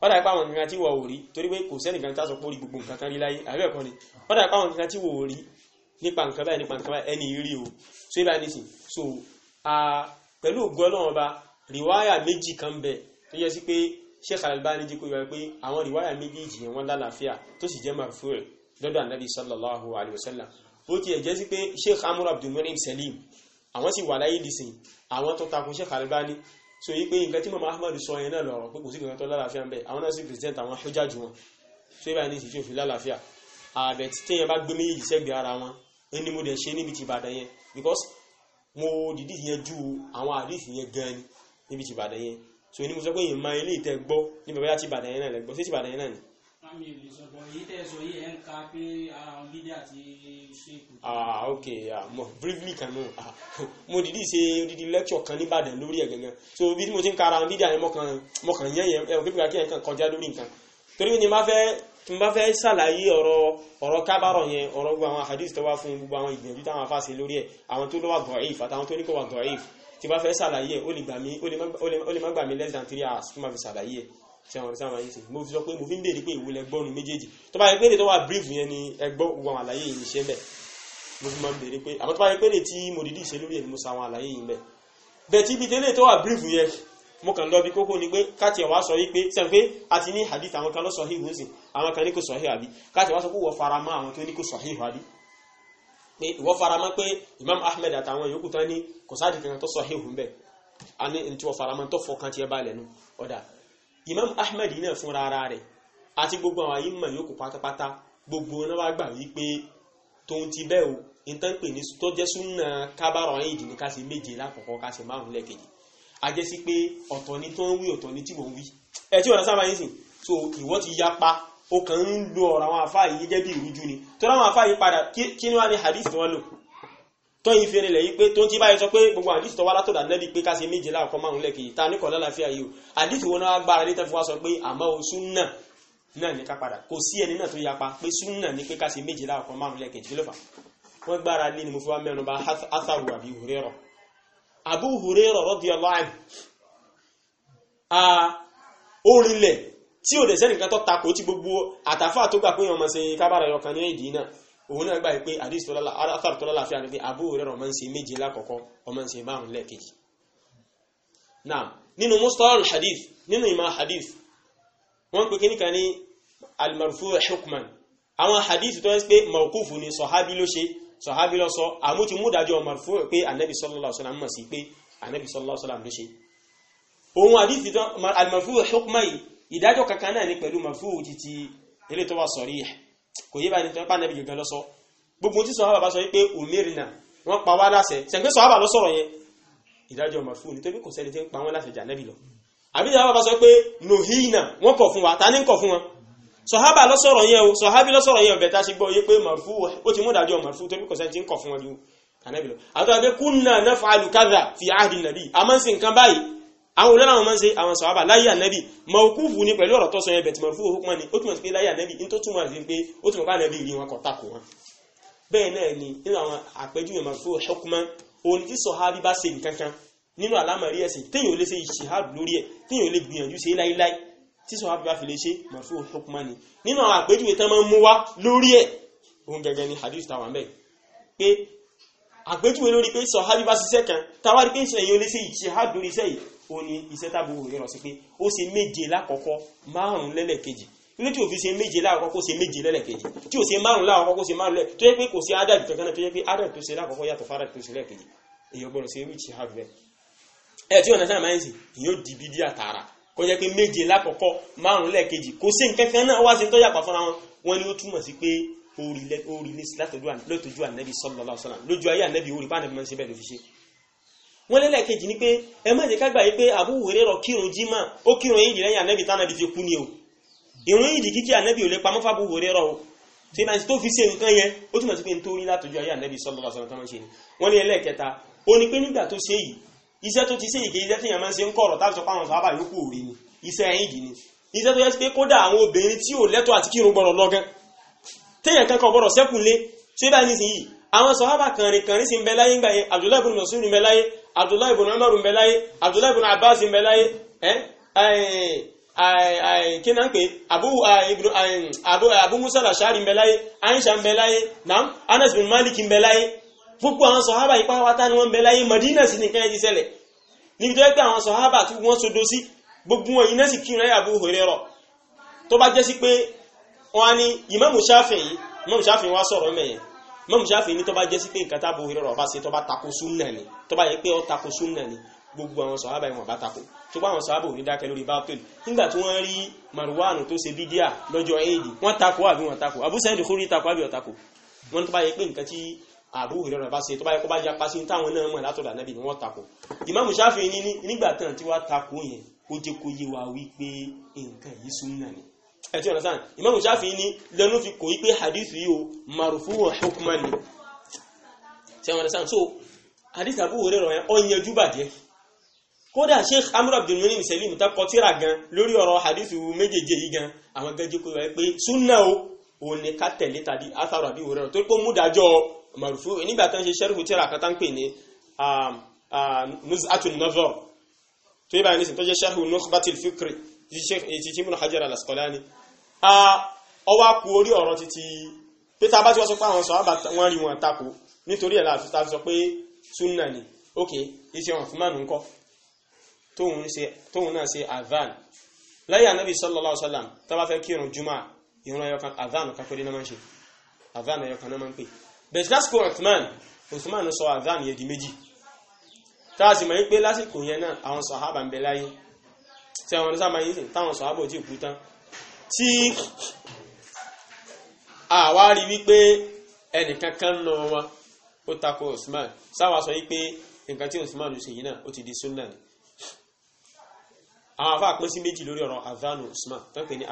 wọ́n dàbí pàwọn nǹkan tí wọ́n ò rí torí pé kò sẹ́nìkan tá a sọ pé ó rí gbogbo nǹkan kan rí láyé àbẹ́ ẹ̀kọ́ ni wọ́n dàbí pàwọn nǹkan tí wọ́n ò rí nípa nǹkan báyìí nípa nǹkan báyìí ẹni rí o so ibà nísìn so a pẹ̀lú ògùn ọlọ́run ọba rìwáyà méjì kan bẹ̀ tó yẹ sí pé Sheikh Al-Albani jẹ́ kó yọ pé àwọn rìwáyà méjèèjì yẹn wọ́n lálàáfíà tó sì jẹ́ marfu'u lọ́dọ̀ anabi sallallahu alayhi wa sallam ó ti ẹ̀ jẹ́ sí pé Sheikh Amr Abdul Munim Salim àwọn sì wà láyé dìsìn àwọn tó takun Sheikh Al-Albani so yí pé nǹkan tí mama ahmad sọ yẹn náà lọ́rọ̀ pé kò sí nǹkan tó lálàáfíà ń bẹ àwọn náà sì present àwọn hujjaj wọn so yí báyìí ní ìsìn tí ò fi lálàáfíà ààbẹ̀ tí téèyàn bá gbé méjì sẹ́gbẹ̀ẹ́ ara wọn ẹni mo dẹ̀ ṣe níbi ti Ìbàdàn yẹn because mo dìdí yẹn ju àwọn àdìsí yẹn gan ni níbi tí ìbàdàn yẹn so ní mo sọ pé yìí máa ilé ìtẹ gbọ́ ní bàbá tí ìbàdàn yẹn náà lẹ gbọ́ sí ìbàdàn yẹn náà ni. mami ò lè sọ̀rọ̀ èyí tẹ́ ẹ sọ yìí ẹ̀ ń ka pé ara àwọn bídẹ́ àti ṣéèkù. ah ok ah mo briefly kan náà ah mo dìdí ṣe odidi lecture kan nìbàdàn lórí ẹ̀ gangan so bí mo ti ń ka ara àwọn bídẹ́ àyẹ̀mọ́ kan mo kàn yẹn yẹn ẹ̀ tí n bá fẹ́ ṣàlàyé ọ̀rọ̀ ọ̀rọ̀ kábàrọ̀ yẹn ọ̀rọ̀ gbogbo àwọn hadith tó wá fún gbogbo àwọn ìgbìyànjú táwọn afá ṣe lórí ẹ̀ àwọn tó lọ́wọ́ da'if àtàwọn tó ní kò wà da'if tí bá fẹ́ ṣàlàyé ẹ̀ ó lè má gbà mí less than three hours fún ma fi ṣàlàyé ẹ̀ tí àwọn ọ̀rẹ́sà máa ń sìn mo fi sọ pé mo fi ń béèrè pé ìwé lẹgbọ́nu méjèèjì tó bá yẹ pé tó wà brief yẹn ni ẹgbọ́ gbogbo àwọn àlàyé yìí ṣe bẹ́ẹ̀ mo fi máa ń béèrè pé àmọ́ tó bá yẹ pé tí mo dìdí ìṣe lórí ẹ̀ ni mo sa àwọn àlàyé yìí bẹ́ẹ̀ bẹ́ẹ̀ tí ibi tẹ́lẹ̀ tó wà brief yẹn mo kàn lọ bí kókó ni pé káti ẹ̀wá sọ wípé sẹ́n pé a ti ní hadith àwọn kan lọ sọ híhù sí àwọn kan ní kò sọ híhù àbí káti ẹ̀wá sọ pé wọ́n fara mọ́ àwọn tó ní kò sọ híhù àbí pé ìwọ́n fara mọ́ pé Imam Ahmed àtàwọn yòókù tán ní kò sáàdì kankan tó sọ híhù ń bẹ̀ a ní ní tí wọ́n fara mọ́ tó fọ kan tiẹ̀ balẹ̀ nu ọ̀dà Imam Ahmed náà fúnra ara rẹ̀ àti gbogbo àwọn ayé mọ̀ yòókù pátápátá gbogbo wọn wá gbà wípé tóun ti bẹ́ẹ̀ o ìtàn pè ní tó jẹ́ ajẹ́ sí pé ọ̀tọ̀ ni tó ń wí ọ̀tọ̀ ni tí wọ́n ń wí ẹ tí ọ̀nà sábà yín sìn so ìwọ ti yapa ó kàn ń lo ọ̀rọ̀ àwọn àfáà yìí gẹ́gẹ́ bí ìrújú ni tó láwọn àfáà yìí padà kí ni wá ní hadith tí wọ́n lò tó yìí fèrè lẹ̀ yìí pé tó ń tí báyìí sọ pé gbogbo hadith tó wá látọ̀dà nẹ́bi pé ká ṣe méje láàkọ́ márùn lẹ́kẹ̀yì ta ní kọ̀ lálàáfíà yìí o hadith wọn náà gbára lé tẹ́fọ́ wá sọ pé àmọ́ o súnà náà ní ká padà kò sí ẹni náà tó yapa pé súnà ní pé ká méje láàkọ́ márùn lẹ́kẹ̀yì kí ló fà wọ́n gbára lé ni mo fi wá mẹ́nu bà atharu àbí òrérọ̀ Abu Hurairah radiyallahu anhu a orinlẹ̀ tí ò dẹ̀sẹ́ nìkan tó takò tí gbogbo àtàfà tó gbà pé ọmọ ṣe kábàrà yọkan ní ìdí náà òun náà gbà pé àdìs tó lọ́la aráfà tó lọ́la fi àdìs Abu Hurairah ọmọ ń ṣe méje lákọ̀ọ́kọ́ ọmọ ń ṣe márùn lẹ́ẹ̀kejì náà nínú mustalah hadith nínú ìmọ̀ hadith wọ́n pè kíníkà ní al-marfu' hukman àwọn hadith tó ń pè mawqufu ni sọ̀hábí ló ṣe sọ̀hábí lọ sọ àmú ti mú dájọ́ marfu pé ànábì sallallahu alaihi wasallam mọ̀ sí pé ànábì sallallahu alaihi wasallam ló ṣe ohun àdífi tán almarfu hukma yìí ìdájọ́ kankan náà ní pẹ̀lú marfu ti ti ilé tó wà sọ̀rí ẹ̀ kò yé báyìí nítorí pàdánù gẹ̀gẹ̀ lọ sọ gbogbo tí sọ̀hábà bá sọ pé umirna wọ́n pa wá láṣẹ sẹ̀ǹpé sọ̀hábà ló sọ̀rọ̀ yẹn ìdájọ́ marfu nítorí kò sẹ́ni tí ń pa wọ́n láṣẹ jà nẹ́bì lọ àbí sọ̀hábà bá sọ pé nuhina wọ́n kọ̀ fún wa ta ní kọ̀ fún wọn sọ̀hábà lọ́sọ̀rọ̀ yẹn o sọ̀hábì lọ́sọ̀rọ̀ yẹn ọ̀bẹ̀ta ṣe gbọ́ yé pé màrúfù ó ti mú dájọ́ màrúfù torí kò sẹ́ni tí ń kọ̀ fún wọn ju kànábì lọ àti àbẹ kúnnà naf'alu kadha fi ahdi nàbì àmọ́ sí nǹkan báyìí àwọn olórí àwọn máa ń ṣe àwọn sọ̀hábà láyé ànábì mawqufu ni pẹ̀lú ọ̀rọ̀ tó sọ yẹn bẹ̀tì màrúfù hukman ni ó túmọ̀ sí pé láyé ànábì ní tó túmọ̀ sí pé ó túmọ̀ pé ànábì rí wọn kọ̀ tako wọn bẹ́ẹ̀ náà ni nínú àwọn àpèjúwe màrúfù hukman òun tí sọ̀hábì bá ṣe nǹkan kan nínú àlámọ̀rí ẹ̀sìn téèyàn ò lè ṣe ìṣèhàdù lórí ẹ̀ téèyàn ò lè gbìyànjú ṣe láíláí tí sọ abẹ́ fi lè ṣe mọ̀fí òhùnkúnmá ni nínú àwọn àpéjúwe tán máa ń mú wá lórí ẹ̀ òun gẹ́gẹ́ ni hadith tàwa ń bẹ̀ pé àpéjúwe lórí pé sọ hábíbá ṣiṣẹ́ kan tàwa rí pé ìṣẹ́ yìí ó lé sí ìṣe hádùn iṣẹ́ yìí ó ní iṣẹ́ tábùrù rẹ̀ rọ̀ sí pé ó ṣe méje lákọ̀ọ́kọ́ márùn-ún lẹ́lẹ̀kejì ilé tí o fi ṣe méje láàkọ́kọ́ kó ṣe méje lẹ́lẹ̀kejì tí o ṣe márùn láàkọ́kọ́ kó ṣe márùn lẹ́ tó yẹ pé kò sí adàjù kankan náà tó yẹ pé adàjù tó ṣe láàkọ́kọ́ yàtọ̀ fara tó ṣe lẹ́ẹ̀kejì èyí ọgbọ́n ṣe wíìchì hàbẹ́ ẹ̀ tí ọ̀nà sáà máa ń sìn yóò di bídí àtàrà kó jẹ́ pé méje lákọ̀ọ́kọ́ márùn lẹ́ẹ̀kejì kò sí nǹkan kan náà wá sí tó yàpá fúnra wọn wọn ni ó túmọ̀ sí pé orí lẹ́sí látọ̀jú ànẹ́bí sallallahu alaihi wasallam lójú ayé ànẹ́bí orí pàánẹ́bí máa ń ṣe bẹ́ẹ̀ ló fi ṣe wọ́n lẹ́lẹ́kejì ni pé ẹ má jẹ́ ká gbà yí pé Abu Hurairah kírun jímà ó kírun yìí lẹ́yìn ànẹ́bí tánàbí fi kú ni o ìrun yìí kíkí ànẹ́bí ò lè pamọ́ fábù Hurairah o tí náà tó fi ṣe nǹkan yẹn ó túmọ̀ sí pé nítorí látọ̀jú ayé ànẹ́bí sallallahu alaihi wasallam tán máa ń ṣe ni wọ́n ní ẹlẹ́kẹta ó ní pé nígbà tó ṣe yìí iṣẹ́ tó ti ṣe ìgé iṣẹ́ tí èèyàn máa ń ṣe ń kọ̀rọ̀ tábìsọ pàwọn sàábà yòókù òre ni iṣẹ́ ẹ̀yìn dì ni iṣẹ́ tó yẹ pé kódà àwọn obìnrin tí ò lẹ́tọ̀ àti kírun gbọ́dọ̀ lọ́gán téèyàn kankan gbọ́dọ̀ sẹ́kùnlé ṣé bá ní sìn yìí àwọn sàábà kànrin kànrin sì ń bẹ láyé ńgbà yẹn Abdullahi ibn Mas'ud ń bẹ láyé Abdullahi ibn Umar ń bẹ láyé Abdullahi ibn Abbas ń bẹ láyé kí náà ń pè Abu Musa al-Ash'ari ń bẹ láyé Aisha ń bẹ láyé Anas bin Malik ń bẹ láyé gbogbo àwọn sọ̀hábà ipá wátá ni wọ́n bẹ láyé Madina sí nìkan ẹ̀dí ṣẹlẹ̀ níbi tó yẹ pé àwọn sọ̀hábà tí wọ́n sodo sí gbogbo wọn iná sì kírun ẹ̀yà Abu Huraira tó bá jẹ́ sí pé wọ́n Imamu Shafi'i Imamu Shafi'i wá sọ̀rọ̀ Imamu Shafi'i ní tó bá jẹ́ sí pé nǹkan tábù ni tó bá yẹ ni gbogbo àwọn sọ̀hábà ìwọ̀n bá tako ṣùgbọ́n àwọn sọ̀hábà ò ní dákẹ́ lórí bápẹ́lì nígbà tí wọ́n rí Marwanu tó ṣe bídíà Abu Sa'id Khudri tako àbí wọ́n tako wọ́n tó bá yẹ pé nǹkan tí àbúrò ìrọ̀rùn bá ṣe tó bá yẹ kó bá yapa sí táwọn náà mọ̀ látọ̀dọ̀ ànábì ni wọ́n tako ìmáàmù ṣáfì ní nígbà tí wọ́n tako yẹn ó jẹ́ kó yé wa wípé nǹkan yìí súnà ni ẹ ti ọ̀nà sáà ìmáàmù ṣáfì ní lẹ́nu fi kò wípé hadith yìí o marufu hukman ni ṣe ọ̀nà sáà so hadith àbúrò ìrọ̀rùn yẹn ó yanjú bàjẹ́ kódà sheikh amr abdulmunim selim ta kọ tírà gan lórí ọ̀rọ̀ hadith méjèèjì yìí gan àwọn gẹ́jẹ́ kó wáyé pé súnà o òun ni ká marufu nígbà tó ń ṣe sẹ́rùfù tíra kan tán pè ní nuz'atul nazar tó yẹ báyìí nísìn tó ṣe sẹ́rùfù nukhbatil fikri ti eh, ti múnà hajar al-asqalani ọwọ́ akú orí ọ̀rọ̀ títí pété abá tí wọ́n sọ pé àwọn sọ̀rọ̀ wọ́n rí wọn tako nítorí ẹ̀ láti sọ pé sunna ni ok iṣẹ́ wọn fún mánú ńkọ́ tóun náà ṣe adhan láyé ànábì sallallahu alaihi wasallam tó bá fẹ́ kírun juma ìrun ẹyọkan adhan kan náà máa ń ṣe adhan ẹyọkan náà máa ń pè bẹ̀t lásìkò Uthman Uthman sọ adhan yẹn di méjì tá a sì mọ̀ wípé lásìkò yẹn náà àwọn sàhábà ń bẹ láyé tí àwọn sábà yìí sìn táwọn sàhábà ò tí ì kú tán tí àwa rí wípé ẹnìkankan nà wọn ó takò Uthman sáwà sọ wípé nǹkan tí Uthman ṣe yìí náà ó ti di sunna ni àwọn afá pín sí méjì lórí ọ̀rọ̀ adhanu usman tó ń pè ní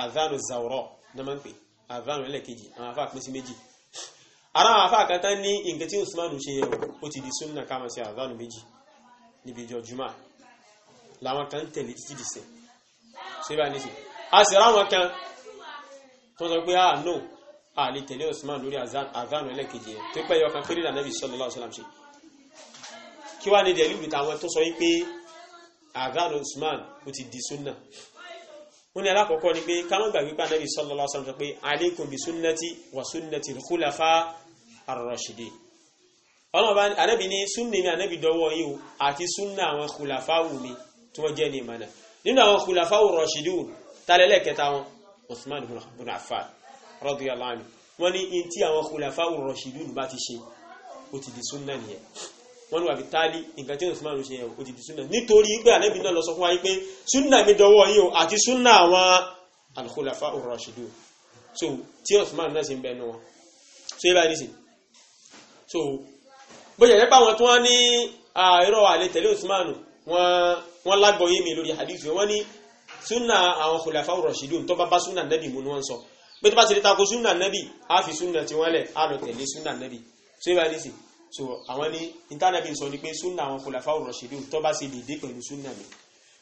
adhanu zawro ní wọ́n máa ń pè adhanu ẹlẹ́kejì àwọn afá pín sí méjì ara àwọn afáà kan tán ní nǹkan tí Usman ṣe yẹn ó ti di sunna ká máa ṣe méjì níbi ìjọ juma làwọn kan tẹ̀lé títí di sẹ̀ ṣé bá nísì a sì ráwọn kan tó sọ pé ah no a lè tẹ̀lé Usman lórí àdánù ẹlẹ́kejì yẹn tó pẹ́ yọ kan péré lànà bí sallallahu alaihi wasallam ṣe kí wá ní dẹ̀lú ìtàwọn tó sọ wípé àdánù Usman ó ti di sunna wọ́n ní alákọ̀ọ́kọ́ ni pé ká má gbàgbé pé Ànábì sallallahu alaihi wasallam sọ pé alaykum bi sunnati wa sunnati al ar-rashidi ọlọ́run bá anábì ní súnnà mi anábì dọwọ́ yìí o àti súnnà àwọn khulafáwù mi tí wọ́n jẹ́ ní ìmọ̀nà nínú àwọn khulafáwù rashidi tálẹ́lẹ̀ kẹta wọn Usman ibn Affan radiyallahu anhu wọ́n ní in tí àwọn khulafáwù rashidi bá ti ṣe ó ti di súnnà nìyẹn wọ́n ní wà fi táálí nǹkan tí Usman ló ṣe yẹn ó ti di súnnà nítorí pé anábì náà lọ sọ fún wa o àti súnnà àwọn al-khulafáwù rashidi so tí Usman so bóyá ẹ̀rẹ́ báwọn tí wọ́n ní irọ́ àlè tẹ̀lé Usmanu wọ́n lágbọ̀ọ́yé mi lórí hadith wọ́n ní sunna àwọn khulafa rashidun tó bá bá sunna nabi mu ni wọ́n sọ pé tó bá ti rí tako sunna nabi á fi sunna tí wọ́n lẹ̀ á lọ tẹ̀lé sunna nabi so ibà nísì so àwọn ní intanẹ́bì sọ ni pé sunna àwọn khulafa rashidun tó bá ṣe dìde pẹ̀lú sunna mi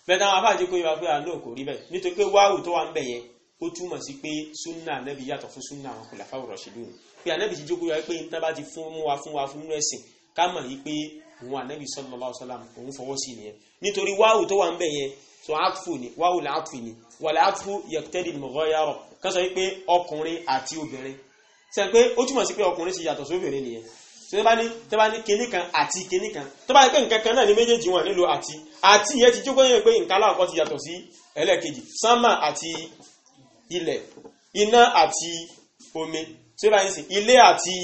bẹ́ẹ̀ táwọn afáàjẹ́ kó yẹ wá pé àánú kò rí bẹ́ẹ̀ nítorí pé wáwù tó wà ń bẹ̀ ó túmọ̀ sí pé súnà ànábì yàtọ̀ fún súnà àwọn kùlà fáwọn rọ̀ṣìlúùn pé ànábì ti jókòó yọ pé n tán bá ti fún wa fún wa fún ẹ̀sìn ká mọ̀ yí pé òun ànábì sallallahu alaihi wasallam òun fọwọ́ sí nìyẹn nítorí wáwù tó wà ń bẹ̀ yẹn tó àtfù ni wáwù làátfù ni wà làátfù yẹtẹ́lì mọ̀gọ́yàrọ̀ ká sọ pé ọkùnrin àti obìnrin sẹ pé ó túmọ̀ sí pé ọkùnrin sì yàtọ̀ sóbìnrin nìyẹn tó bá ní tó bá ní kinní ilẹ̀ iná àti omi tí ó bá ń sìn ilé àti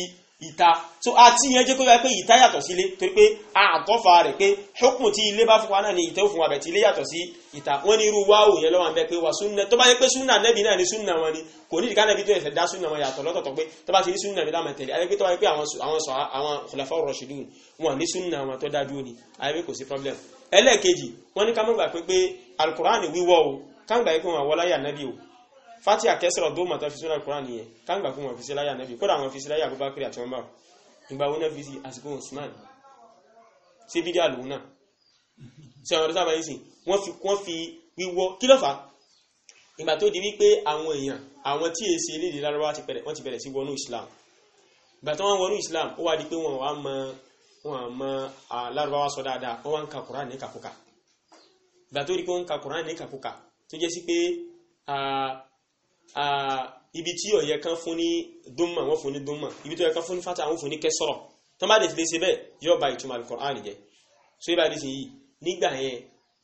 ìta so àti yẹn jẹ́ kó wáyé pé ìta yàtọ̀ sí ilé torí pé àtọ́fà rẹ̀ pé ṣókùn tí ilé bá fún wa náà ni ìtẹ́ òfin wa bẹ̀ tí ilé yàtọ̀ sí ìta wọ́n ní irú wáwò yẹn lọ́wọ́ àbẹ́ pé wà súnà tó bá yẹ pé súnà nẹ́bí náà ni súnà wọn ni kò ní ìdíkà nẹ́bí tó ẹ̀sẹ̀ dá súnà wọn yàtọ̀ lọ́tọ̀tọ̀ pé tó bá ti ní súnà mi láàmà tẹ̀lé àyẹ́ pé tó bá yẹ pé àwọn sọ àwọn khulafa ni àyẹ́ pé problem ẹlẹ́ẹ̀kejì wọ́n ní ká mọ̀ gbà pé pé alukur'an wíwọ́ o ká gbà fati àkẹsọ̀rọ̀ dó màtá fi sóra kúrán nìyẹn káńgbà fún wọn fi sí láyà nẹ́bí kódà wọn fi sí láyà Abubakar àti ọmọ ìgbà wọn náà fi sí àsìkò Usman sí bídí àlùhùn náà sí àwọn ọ̀dọ́sàbà yìí sìn wọ́n fi wọ́n fi wíwọ́ kí ló fà á ìgbà tó di wípé àwọn èèyàn àwọn tí èsì eléyìí lárúbáwá ti bẹ̀rẹ̀ wọ́n ti bẹ̀rẹ̀ sí wọnú Islam ìgbà tó wọ́n wọnú Islam ó wá di pé wọ́n wá mọ wọn mọ lárúbáwá sọ dáadáa wọ́n wá ń ka Quran ní kàkúkà ibi tí ó yẹ kan fún ní dúnmà wọ́n fún ní dúnmà ibi tó yẹ kan fún ní fata àwọn fún ní kẹsọ̀rọ̀ tó má lè fi lè ṣe bẹ́ẹ̀ yóò ba ìtumọ̀ Al-Qur'an jẹ́ so ibà dì sí yìí nígbà yẹn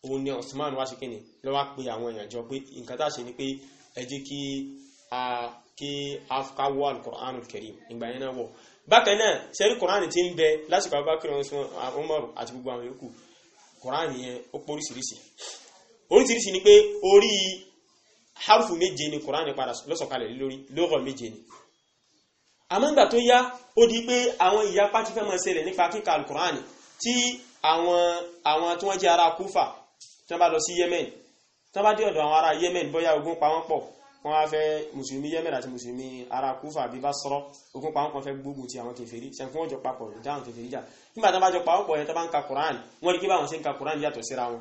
òun ni Osman wá sí kíni ló wá pe àwọn èèyàn jọ pé nǹkan tá a ṣe ni pé ẹ jẹ́ kí a kí a wọ Al-Qur'an Al-Karim ìgbà yẹn náà wọ̀ bákan náà sẹ́rí Qur'an ti ń bẹ lásìkò Abubakar Umar harufu méje ni Kùránì padà lọ́sọ̀kalẹ̀ lórí lọ́rọ̀ méje ni àmọ́ngbà tó yá ó di pé àwọn ìyapa ti fẹ́ máa ṣẹlẹ̀ nípa kíkà Kùránì tí àwọn àwọn tí wọ́n jẹ́ ará Kúfà tí wọ́n bá lọ sí Yemen tí wọ́n bá dé ọ̀dọ̀ àwọn ará Yemen bóyá ogun pa wọ́n pọ̀ wọ́n wá fẹ́ mùsùlùmí Yemen àti mùsùlùmí ará Kúfà bí bá sọ̀rọ̀ ogun pa wọ́n kan fẹ́ gbógun ti àwọn kèfèrí sẹ́kún wọ́n jọ papọ̀ dáhùn kèfèrí jà nígbà tí wọ́n bá jọ papọ̀ yẹn tí wọ́n bá ń ka Kùránì wọ́n rí kí báwọn ṣe ń ka Kùránì yàtọ̀ síra wọn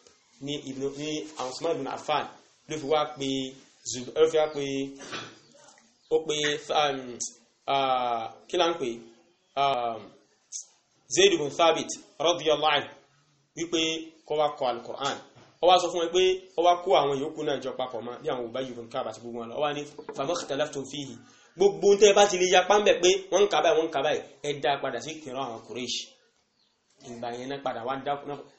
ní ibn ní Usman ibn Affan ló fi wá pé ló fi wá pé ó pé um, uh, kí là ń pè um, Zaid ibn Thabit radiyallahu anhu wípé kó wá kọ al-Qur'an ó wá sọ fún ẹ pé ó wá kó àwọn yòókù náà jọ papọ̀ mọ́ bí àwọn Ubay ibn Ka'b àti gbogbo wọn lọ ó wá ní famakhtalaftun fihi gbogbo tẹ́ bá ti lè yapa ń pé wọ́n ń kà wọ́n ń kà báyìí dá padà sí kìrọ̀ àwọn Quraysh ìgbà yẹn náà padà wá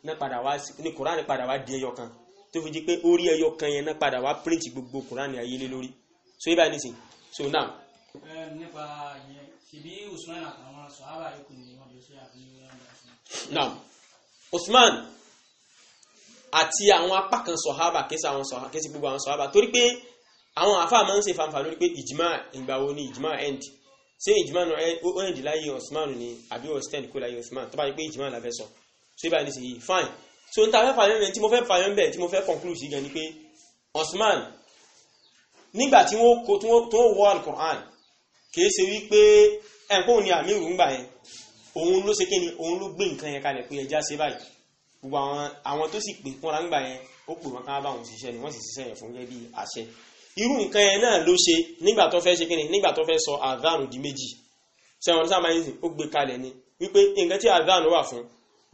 náà padà wá ní kùránì padà wá di ẹyọ kan tó fi di pé orí ẹyọ kan yẹn náà padà wá print gbogbo kùránì ayé lé lórí so ibà ní sìn so now. nípa yẹn ṣèbí usman àtàwọn sọ̀hábà yòókù ni wọ́n fi ṣe àfihàn now usman àti àwọn apá kan sọ̀hábà kéésì àwọn sọ̀hábà kéésì gbogbo àwọn sọ̀hábà torí pé àwọn àfáà máa ń ṣe fanfa lórí pé ìjìmá ìgbà wo ni ìjìmá end ṣé ìjìmá náà ó ń Osman ni àbí ostent kó láyé Osman tó bá yẹ pé ìjìmá la fẹ́ sọ ṣé bá ní yìí fine so n ta fẹ́ fàyọ́ mẹ́ tí mo fẹ́ fàyọ́ mẹ́ tí mo fẹ́ conclude sí gan ni pé Osman nígbà tí wọ́n kó tí wọ́n wọ alukur'an kìí ṣe wípé ẹ̀kọ́ ni àmì ìrùngbà yẹn òun ló ṣe kíni òun ló gbé nǹkan yẹn kalẹ̀ pé ẹja ṣe báyìí gbogbo àwọn tó sì pè fúnra ńgbà yẹn ó pè wọn ká bá wọn ni wọ́n sì ṣiṣẹ́ yẹn fún gẹ́gẹ́ bí àṣẹ irú nǹkan yẹn náà ló ṣe nígbà tó fẹ́ ṣe kíni nígbà tó fẹ́ sọ àdánù di méjì sẹ́wọ̀n sáà máa ń sìn ó gbé kalẹ̀ ni wípé nǹkan tí àdánù wà fún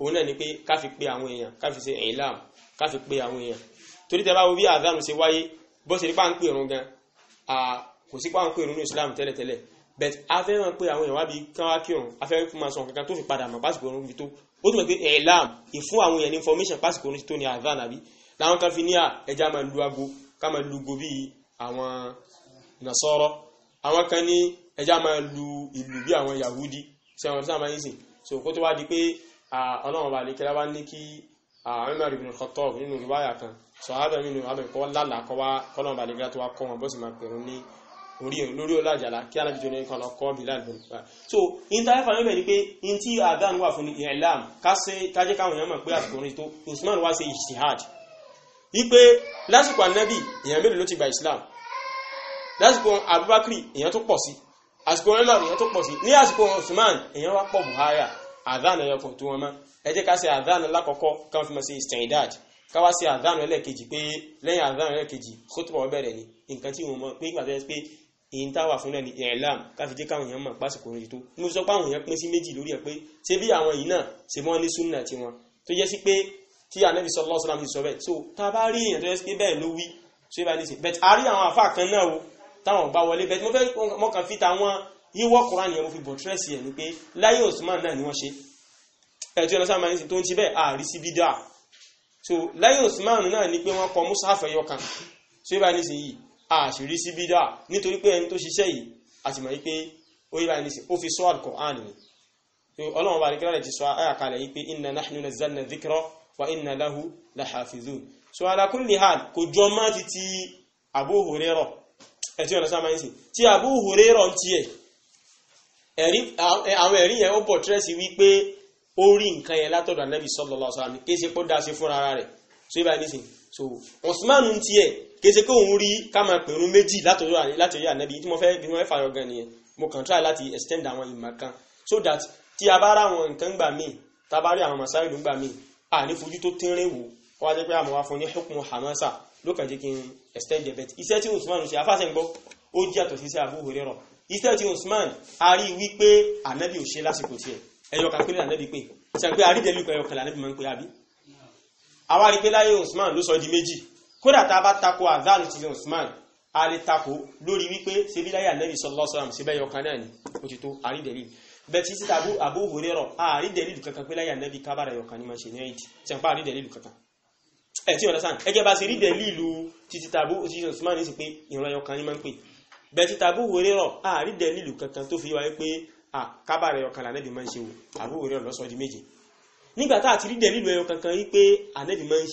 òun náà ni pé ká fi pe àwọn èèyàn ká fi ṣe ìlàm ká fi pe àwọn èèyàn torí tẹ bá wo bí àdánù ṣe wáyé bó ṣe nípa ń pè irun gan kò sí pa ń pè irun ní Islam tẹ́lẹ̀tẹ́lẹ̀ but a fẹ́ hàn pé àwọn èèyàn wá bí kán a fẹ́ fún máa sọ nǹkan tó fi padà mọ̀ pásìkò irun fi tó ó túnbọ̀ pé ìlàm ìfún àwọn èèyàn ní information pásìkò irun ti tó ní àdánù àbí làwọn kan fi ní ẹja máa lu ago àwọn nasọ́rọ́ àwọn kan ní ẹjá máa lu ìlú bí àwọn yahudi sí àwọn tí a so kó tó wá di pé ọlọ́run bá lè kí lábá ní kí Umar ibn Khattab nínú ìwáyà kan so adam nínú adam kọ́ lálàá kọ́ wá kọ́lọ́run bá lè kí láti wá kọ́ wọn bó sì máa pẹ̀rún ní orí lórí ọlájàlá kí alábi tó ní kan lọ kọ́ bilal bin ba so in ta fa níbẹ̀ ni pé in tí adan wà fún ìlàm káṣe kájẹ́ káwọn èèyàn mọ̀ pé àsìkò orin tó usman wá ṣe ìṣìhàjì wípé lásìkò ànábì èèyàn mélòó ló ti gba islam lásìkò abubakri èèyàn tó pọ̀ sí àsìkò umar èèyàn tó pọ̀ sí ní àsìkò usman èèyàn wá pọ̀ buhari àdánù ẹ̀yọ pọ̀ tó wọn mọ́ ẹ jẹ́ ká ṣe àdánù lákọ̀ọ́kọ́ káwọn fi máa ṣe istindad káwá ṣe àdánù ẹlẹ́ẹ̀kejì pé lẹ́yìn àdánù ẹlẹ́ẹ̀kejì kótópọ̀ bẹ̀rẹ̀ ni nǹkan tí wọ́n mọ̀ pé ìgbà tó yẹ pé èyí táwà fún ẹni ìrìnlám káfíjẹ́ káwọn èèyàn mọ̀ pásìkò orin tó ní sọ pé àwọn èèyàn pín sí méjì lórí ẹ̀ pé ṣe bí àwọn yìí náà ṣe mọ́ ní súnà tiwọn tó jẹ́ sí pé tí anabi sallallahu alaihi wasallam ti sọ bẹ́ẹ̀ so tá a bá rí èèyàn tó yẹ pé bẹ́ẹ̀ ló wí so ibà nísìn bẹ́ẹ̀ a rí àwọn àfa kan náà o táwọn bá wọlé bẹ́ẹ̀ mo fẹ́ mọ kàn fi ta wọn yíwọ́ Kùránì yẹn mo fi bọ̀tírẹ́sì yẹn ni pé láyé Usman náà ni wọ́n ṣe ẹ̀tí ọ̀nà sáà máa ní tó ń ti bẹ́ẹ̀ ààrí sí bídá so láyé Usman náà ni pé wọ́n kọ mushaf ẹyọ kan so ibà nísìn yìí àṣírí sí bídá nítorí pé ẹni tó ṣiṣẹ́ yìí àtìmọ̀ yìí pé ó ibà nísìn ó fi sọ Al-Qur'an ni ọlọ́run bá ní kíláàrẹ̀ ti sọ ayàkalẹ̀ yìí pé inna nahnu nazzalna dhikra wa inna lahu la hafizun so ala kulli hal kò jọ má ti ti Abu Hurairah ẹ̀tí ọ̀nà sáà máa ń sìn tí Abu Hurairah ń tiẹ̀ àwọn ẹ̀rí yẹn ó bọ̀ tírẹ́sì wípé ó rí nǹkan yẹn látọ̀dọ̀ Ànábì sallallahu alaihi wasallam kése pọ́ dáa sí fúnra ara rẹ̀ so ibà nísìn so Usman ń tiẹ̀ kése pé òun rí ká máa pèrún méjì látọ̀dọ̀ Ànábì tí mo fẹ́ bí mo fẹ́ fàyọ̀ gan nìyẹn mo kàn try láti extend àwọn ìmọ̀ kan so that tí a bá a bá rí àwọn masáìlú a ní fojú tó tẹ́rẹ̀ wò ó wá jẹ́ pé àmọ́ wa fún ní hukmu hamasa ló kàn jẹ́ kí n extend the bet iṣẹ́ tí Usman ṣe afáṣẹ́ ń gbọ́ ó jẹ́ àtọ̀ síṣẹ́ Abu Hurairah iṣẹ́ tí Usman a rí wípé ànábì ò ṣe lásìkò tiẹ̀ ẹ̀yọ̀ kan péré ànábì pé ṣe pé àrídẹ́lú kan ẹ̀yọ̀ kan ànábì máa ń pè àbí àwa rí pé láyé Usman ló sọ di méjì kódà tá a bá tako azan ti Usman a lè tako lórí wípé ṣebí láyé ànábì sallallahu alaihi wasallam ṣe bẹ́ẹ̀ yọ kan náà ni ó ti tó àrídẹ́lú bẹ́ẹ̀ tí Abu Hurairah ààrí dẹ̀lìlù kankan pé láyà nẹ́bí kábàrà yọ̀kan ní máa ṣe ní ẹ̀dì tí a ń pa àrí dẹ̀lìlù kankan ẹ̀ tí ọ̀dá sáà ẹjẹ́ bá ṣe rí dẹ̀lìlù títí Abu Usman ní sí pé ìran yọ̀kan ní máa ń pè bẹ́ẹ̀ tí Abu Hurairah ààrí ah, dẹ̀lìlù kankan tó fi wáyé pé ah, kábàrà yọ̀kan lànẹ́bí máa ń ṣe wò Abu Hurairah ló sọ di méje nígbà tá àti rí dẹ̀lìlù ẹyọ kankan yí pé ànẹ́bí máa ń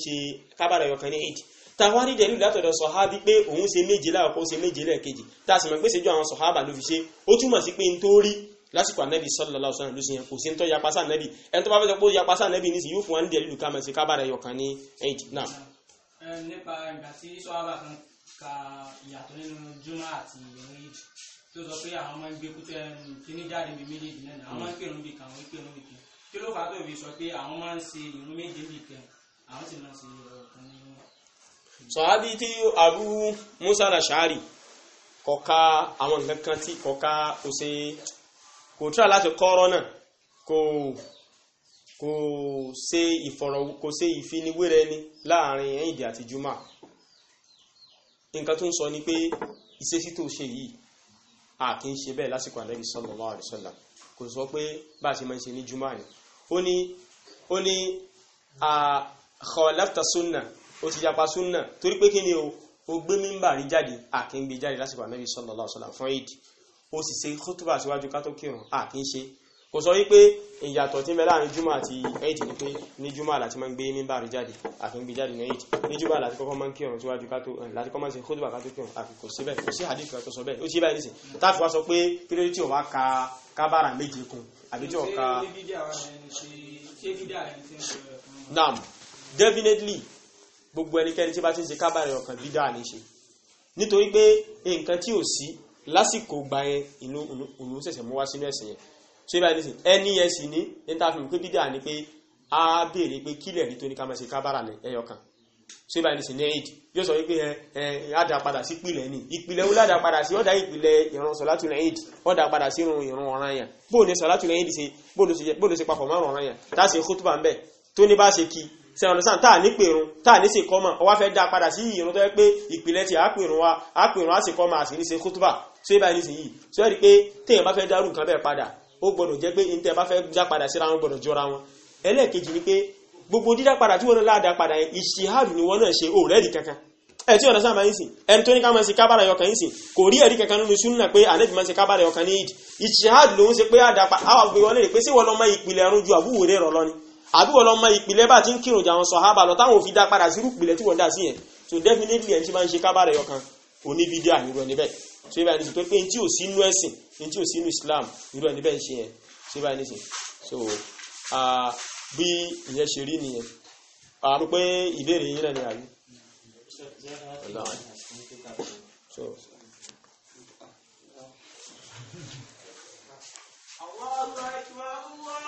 lásìkò ànẹ́bì sallallahu alaihi wasallam lùsìn yẹn kò sí ń tọ́ yapasa ànẹ́bì ẹni tó bá fẹ́ sọ pé yapasa ànẹ́bì ní sí yóò fún wa ní díẹ̀ lílu kámẹ́sì kábàárà ẹ̀yọ̀ kan ní ẹ̀yìn jìbìnà. nípa ìgbà tí sọ́wọ́bà kan ka ìyàtọ̀ nínú juma àti ìrìn ìjì tó sọ pé àwọn máa ń gbé kútẹ́ kíní jáde mi méjèèjì náà àwọn máa ń pè lóbi kan àwọn ń kí ló fà á tó fi sọ pé àwọn máa ń ṣe ìrún méje bì kan àwọn sì máa ń ṣe ọ̀kan nínú. sọ̀hábí tí Abu Musa al-Ash'ari kọ̀ọ̀ka àwọn nǹkan kan tí kọ̀ọ̀ka kò ṣe kò tíra láti kọ́rọ́ náà kò kò ṣe ìfọ̀rọ̀ kò ṣe ìfiniwérẹ ni láàrin ẹ̀yìndì àti juma nǹkan tó ń sọ ni pé ìṣesí tó ṣe yìí a kì í ṣe bẹ́ẹ̀ lásìkò ànábì sallallahu alaihi wasallam kò sọ pé bá a ṣe máa ń ṣe ní juma ni ó ní ó ní a khalafta sunna ó ti yapa sunna torí pé kí ni o ó gbé mímbà rí jáde a kì í gbé jáde lásìkò ànábì sallallahu alaihi wasallam fún ìdí ó sì ṣe kútùbà síwájú ká tó kírun à kí n ṣe kò sọ wípé ìyàtọ̀ tí ń bẹ láàrin júmọ̀ àti eid ni pé ní júmọ̀ láti máa ń gbé mímbà rí jáde àfi ń gbé jáde ní eid ní júmọ̀ láti kọ́kọ́ máa ń kírun síwájú ká tó eh, láti kọ́ máa ń ṣe kútùbà ká tó kírun àfi kò sí bẹ́ẹ̀ kò sí hadith kan tó sọ bẹ́ẹ̀ ó sì báyìí nísìn táàfù wá sọ pé kí lórí tí ò wá ka kábàrà méje kun àbí tí ò ka. naam definitely gbogbo ẹnikẹ́ni tí bá ti ń ṣe kábàrà ọkàn bídà ní lásìkò gba yẹn ìlú òun ṣẹ̀ṣẹ̀ mú wá sínú ẹ̀sìn yẹn so ibà nísìn ẹni yẹn sì ní níta fi mú pé bídà ni pé a béèrè pé kílẹ̀ rí tó ní ká máa ṣe kábàrà ní ẹyọ kan so ibà nísìn ní èdè yóò sọ wípé ẹ ẹ àdá padà sí ìpìlẹ̀ ni ìpìlẹ̀ wo ládà padà sí ọ̀dà ìpìlẹ̀ ìran sọ̀látù ní èdè ọ̀dà padà sí irun ìran ọ̀ràn yẹn bóò ní sọ̀látù ní èdè ṣe bóò ló ṣe papọ̀ mọ́ ọ̀ràn yẹn tá a ṣe kútùbà ń bẹ̀ tó ní bá ṣe ṣe ọ̀nà táà ní pèrún táà ní sèkọ́mọ̀ ọwá fẹ́ dá padà sí ìrún tó yẹ pé ìpìlẹ̀ tí a pèrún wa a pèrún a sèkọ́mọ̀ àti ní ṣe kútùbà tó yẹ báyìí nísìnyí tó yẹ rí pé téèyàn bá fẹ́ dárú nǹkan bẹ́ẹ̀ padà ó gbọdọ̀ jẹ́ pé ní tẹ́ bá fẹ́ dá padà síra wọn gbọdọ̀ jọra wọn ẹlẹ́ẹ̀kejì ni pé gbogbo dídá padà tí wọn náà dá padà yẹn ìṣìhádù ni wọn náà ṣe ó rẹ́ẹ̀dì kankan ẹ tí ọ̀nà sáà máa ń sìn ẹni tó ní ká máa ń ṣe kábàrà yọkàn yìí sìn kò rí ẹ̀rí kankan nínú súnà pé ànábì máa ń ṣe kábàrà yọkàn ní ìdí ìṣìhádù ló ń ṣe pé àdàpà àwọn àgbèwọlé rè pé sí wọn lọ máa ìpìlẹ̀ ẹ̀rùn ju àbúwò rẹ̀ rọ̀ lọ ni àbíwọ̀ lọ mọ ìpìlẹ̀ bá ti ń kírun jà wọn sàhábà lọ táwọn òfin dá padà sírú ìpìlẹ̀ tí wọ́n dá sí yẹn so definitely ẹni tí máa ń ṣe kábàárẹ̀ ọkàn oníbídé àyúrò ẹni bẹ́ẹ̀ so ibà nísìn tó pé ní tí ò sínú ẹ̀sìn ní tí ò sínú Islam irú ẹni bẹ́ẹ̀ ń ṣe yẹn so ibà nísìn so bí ìyẹn ṣe rí nìyẹn àrùn pé ìbéèrè yín náà ni àbí. Allah akbar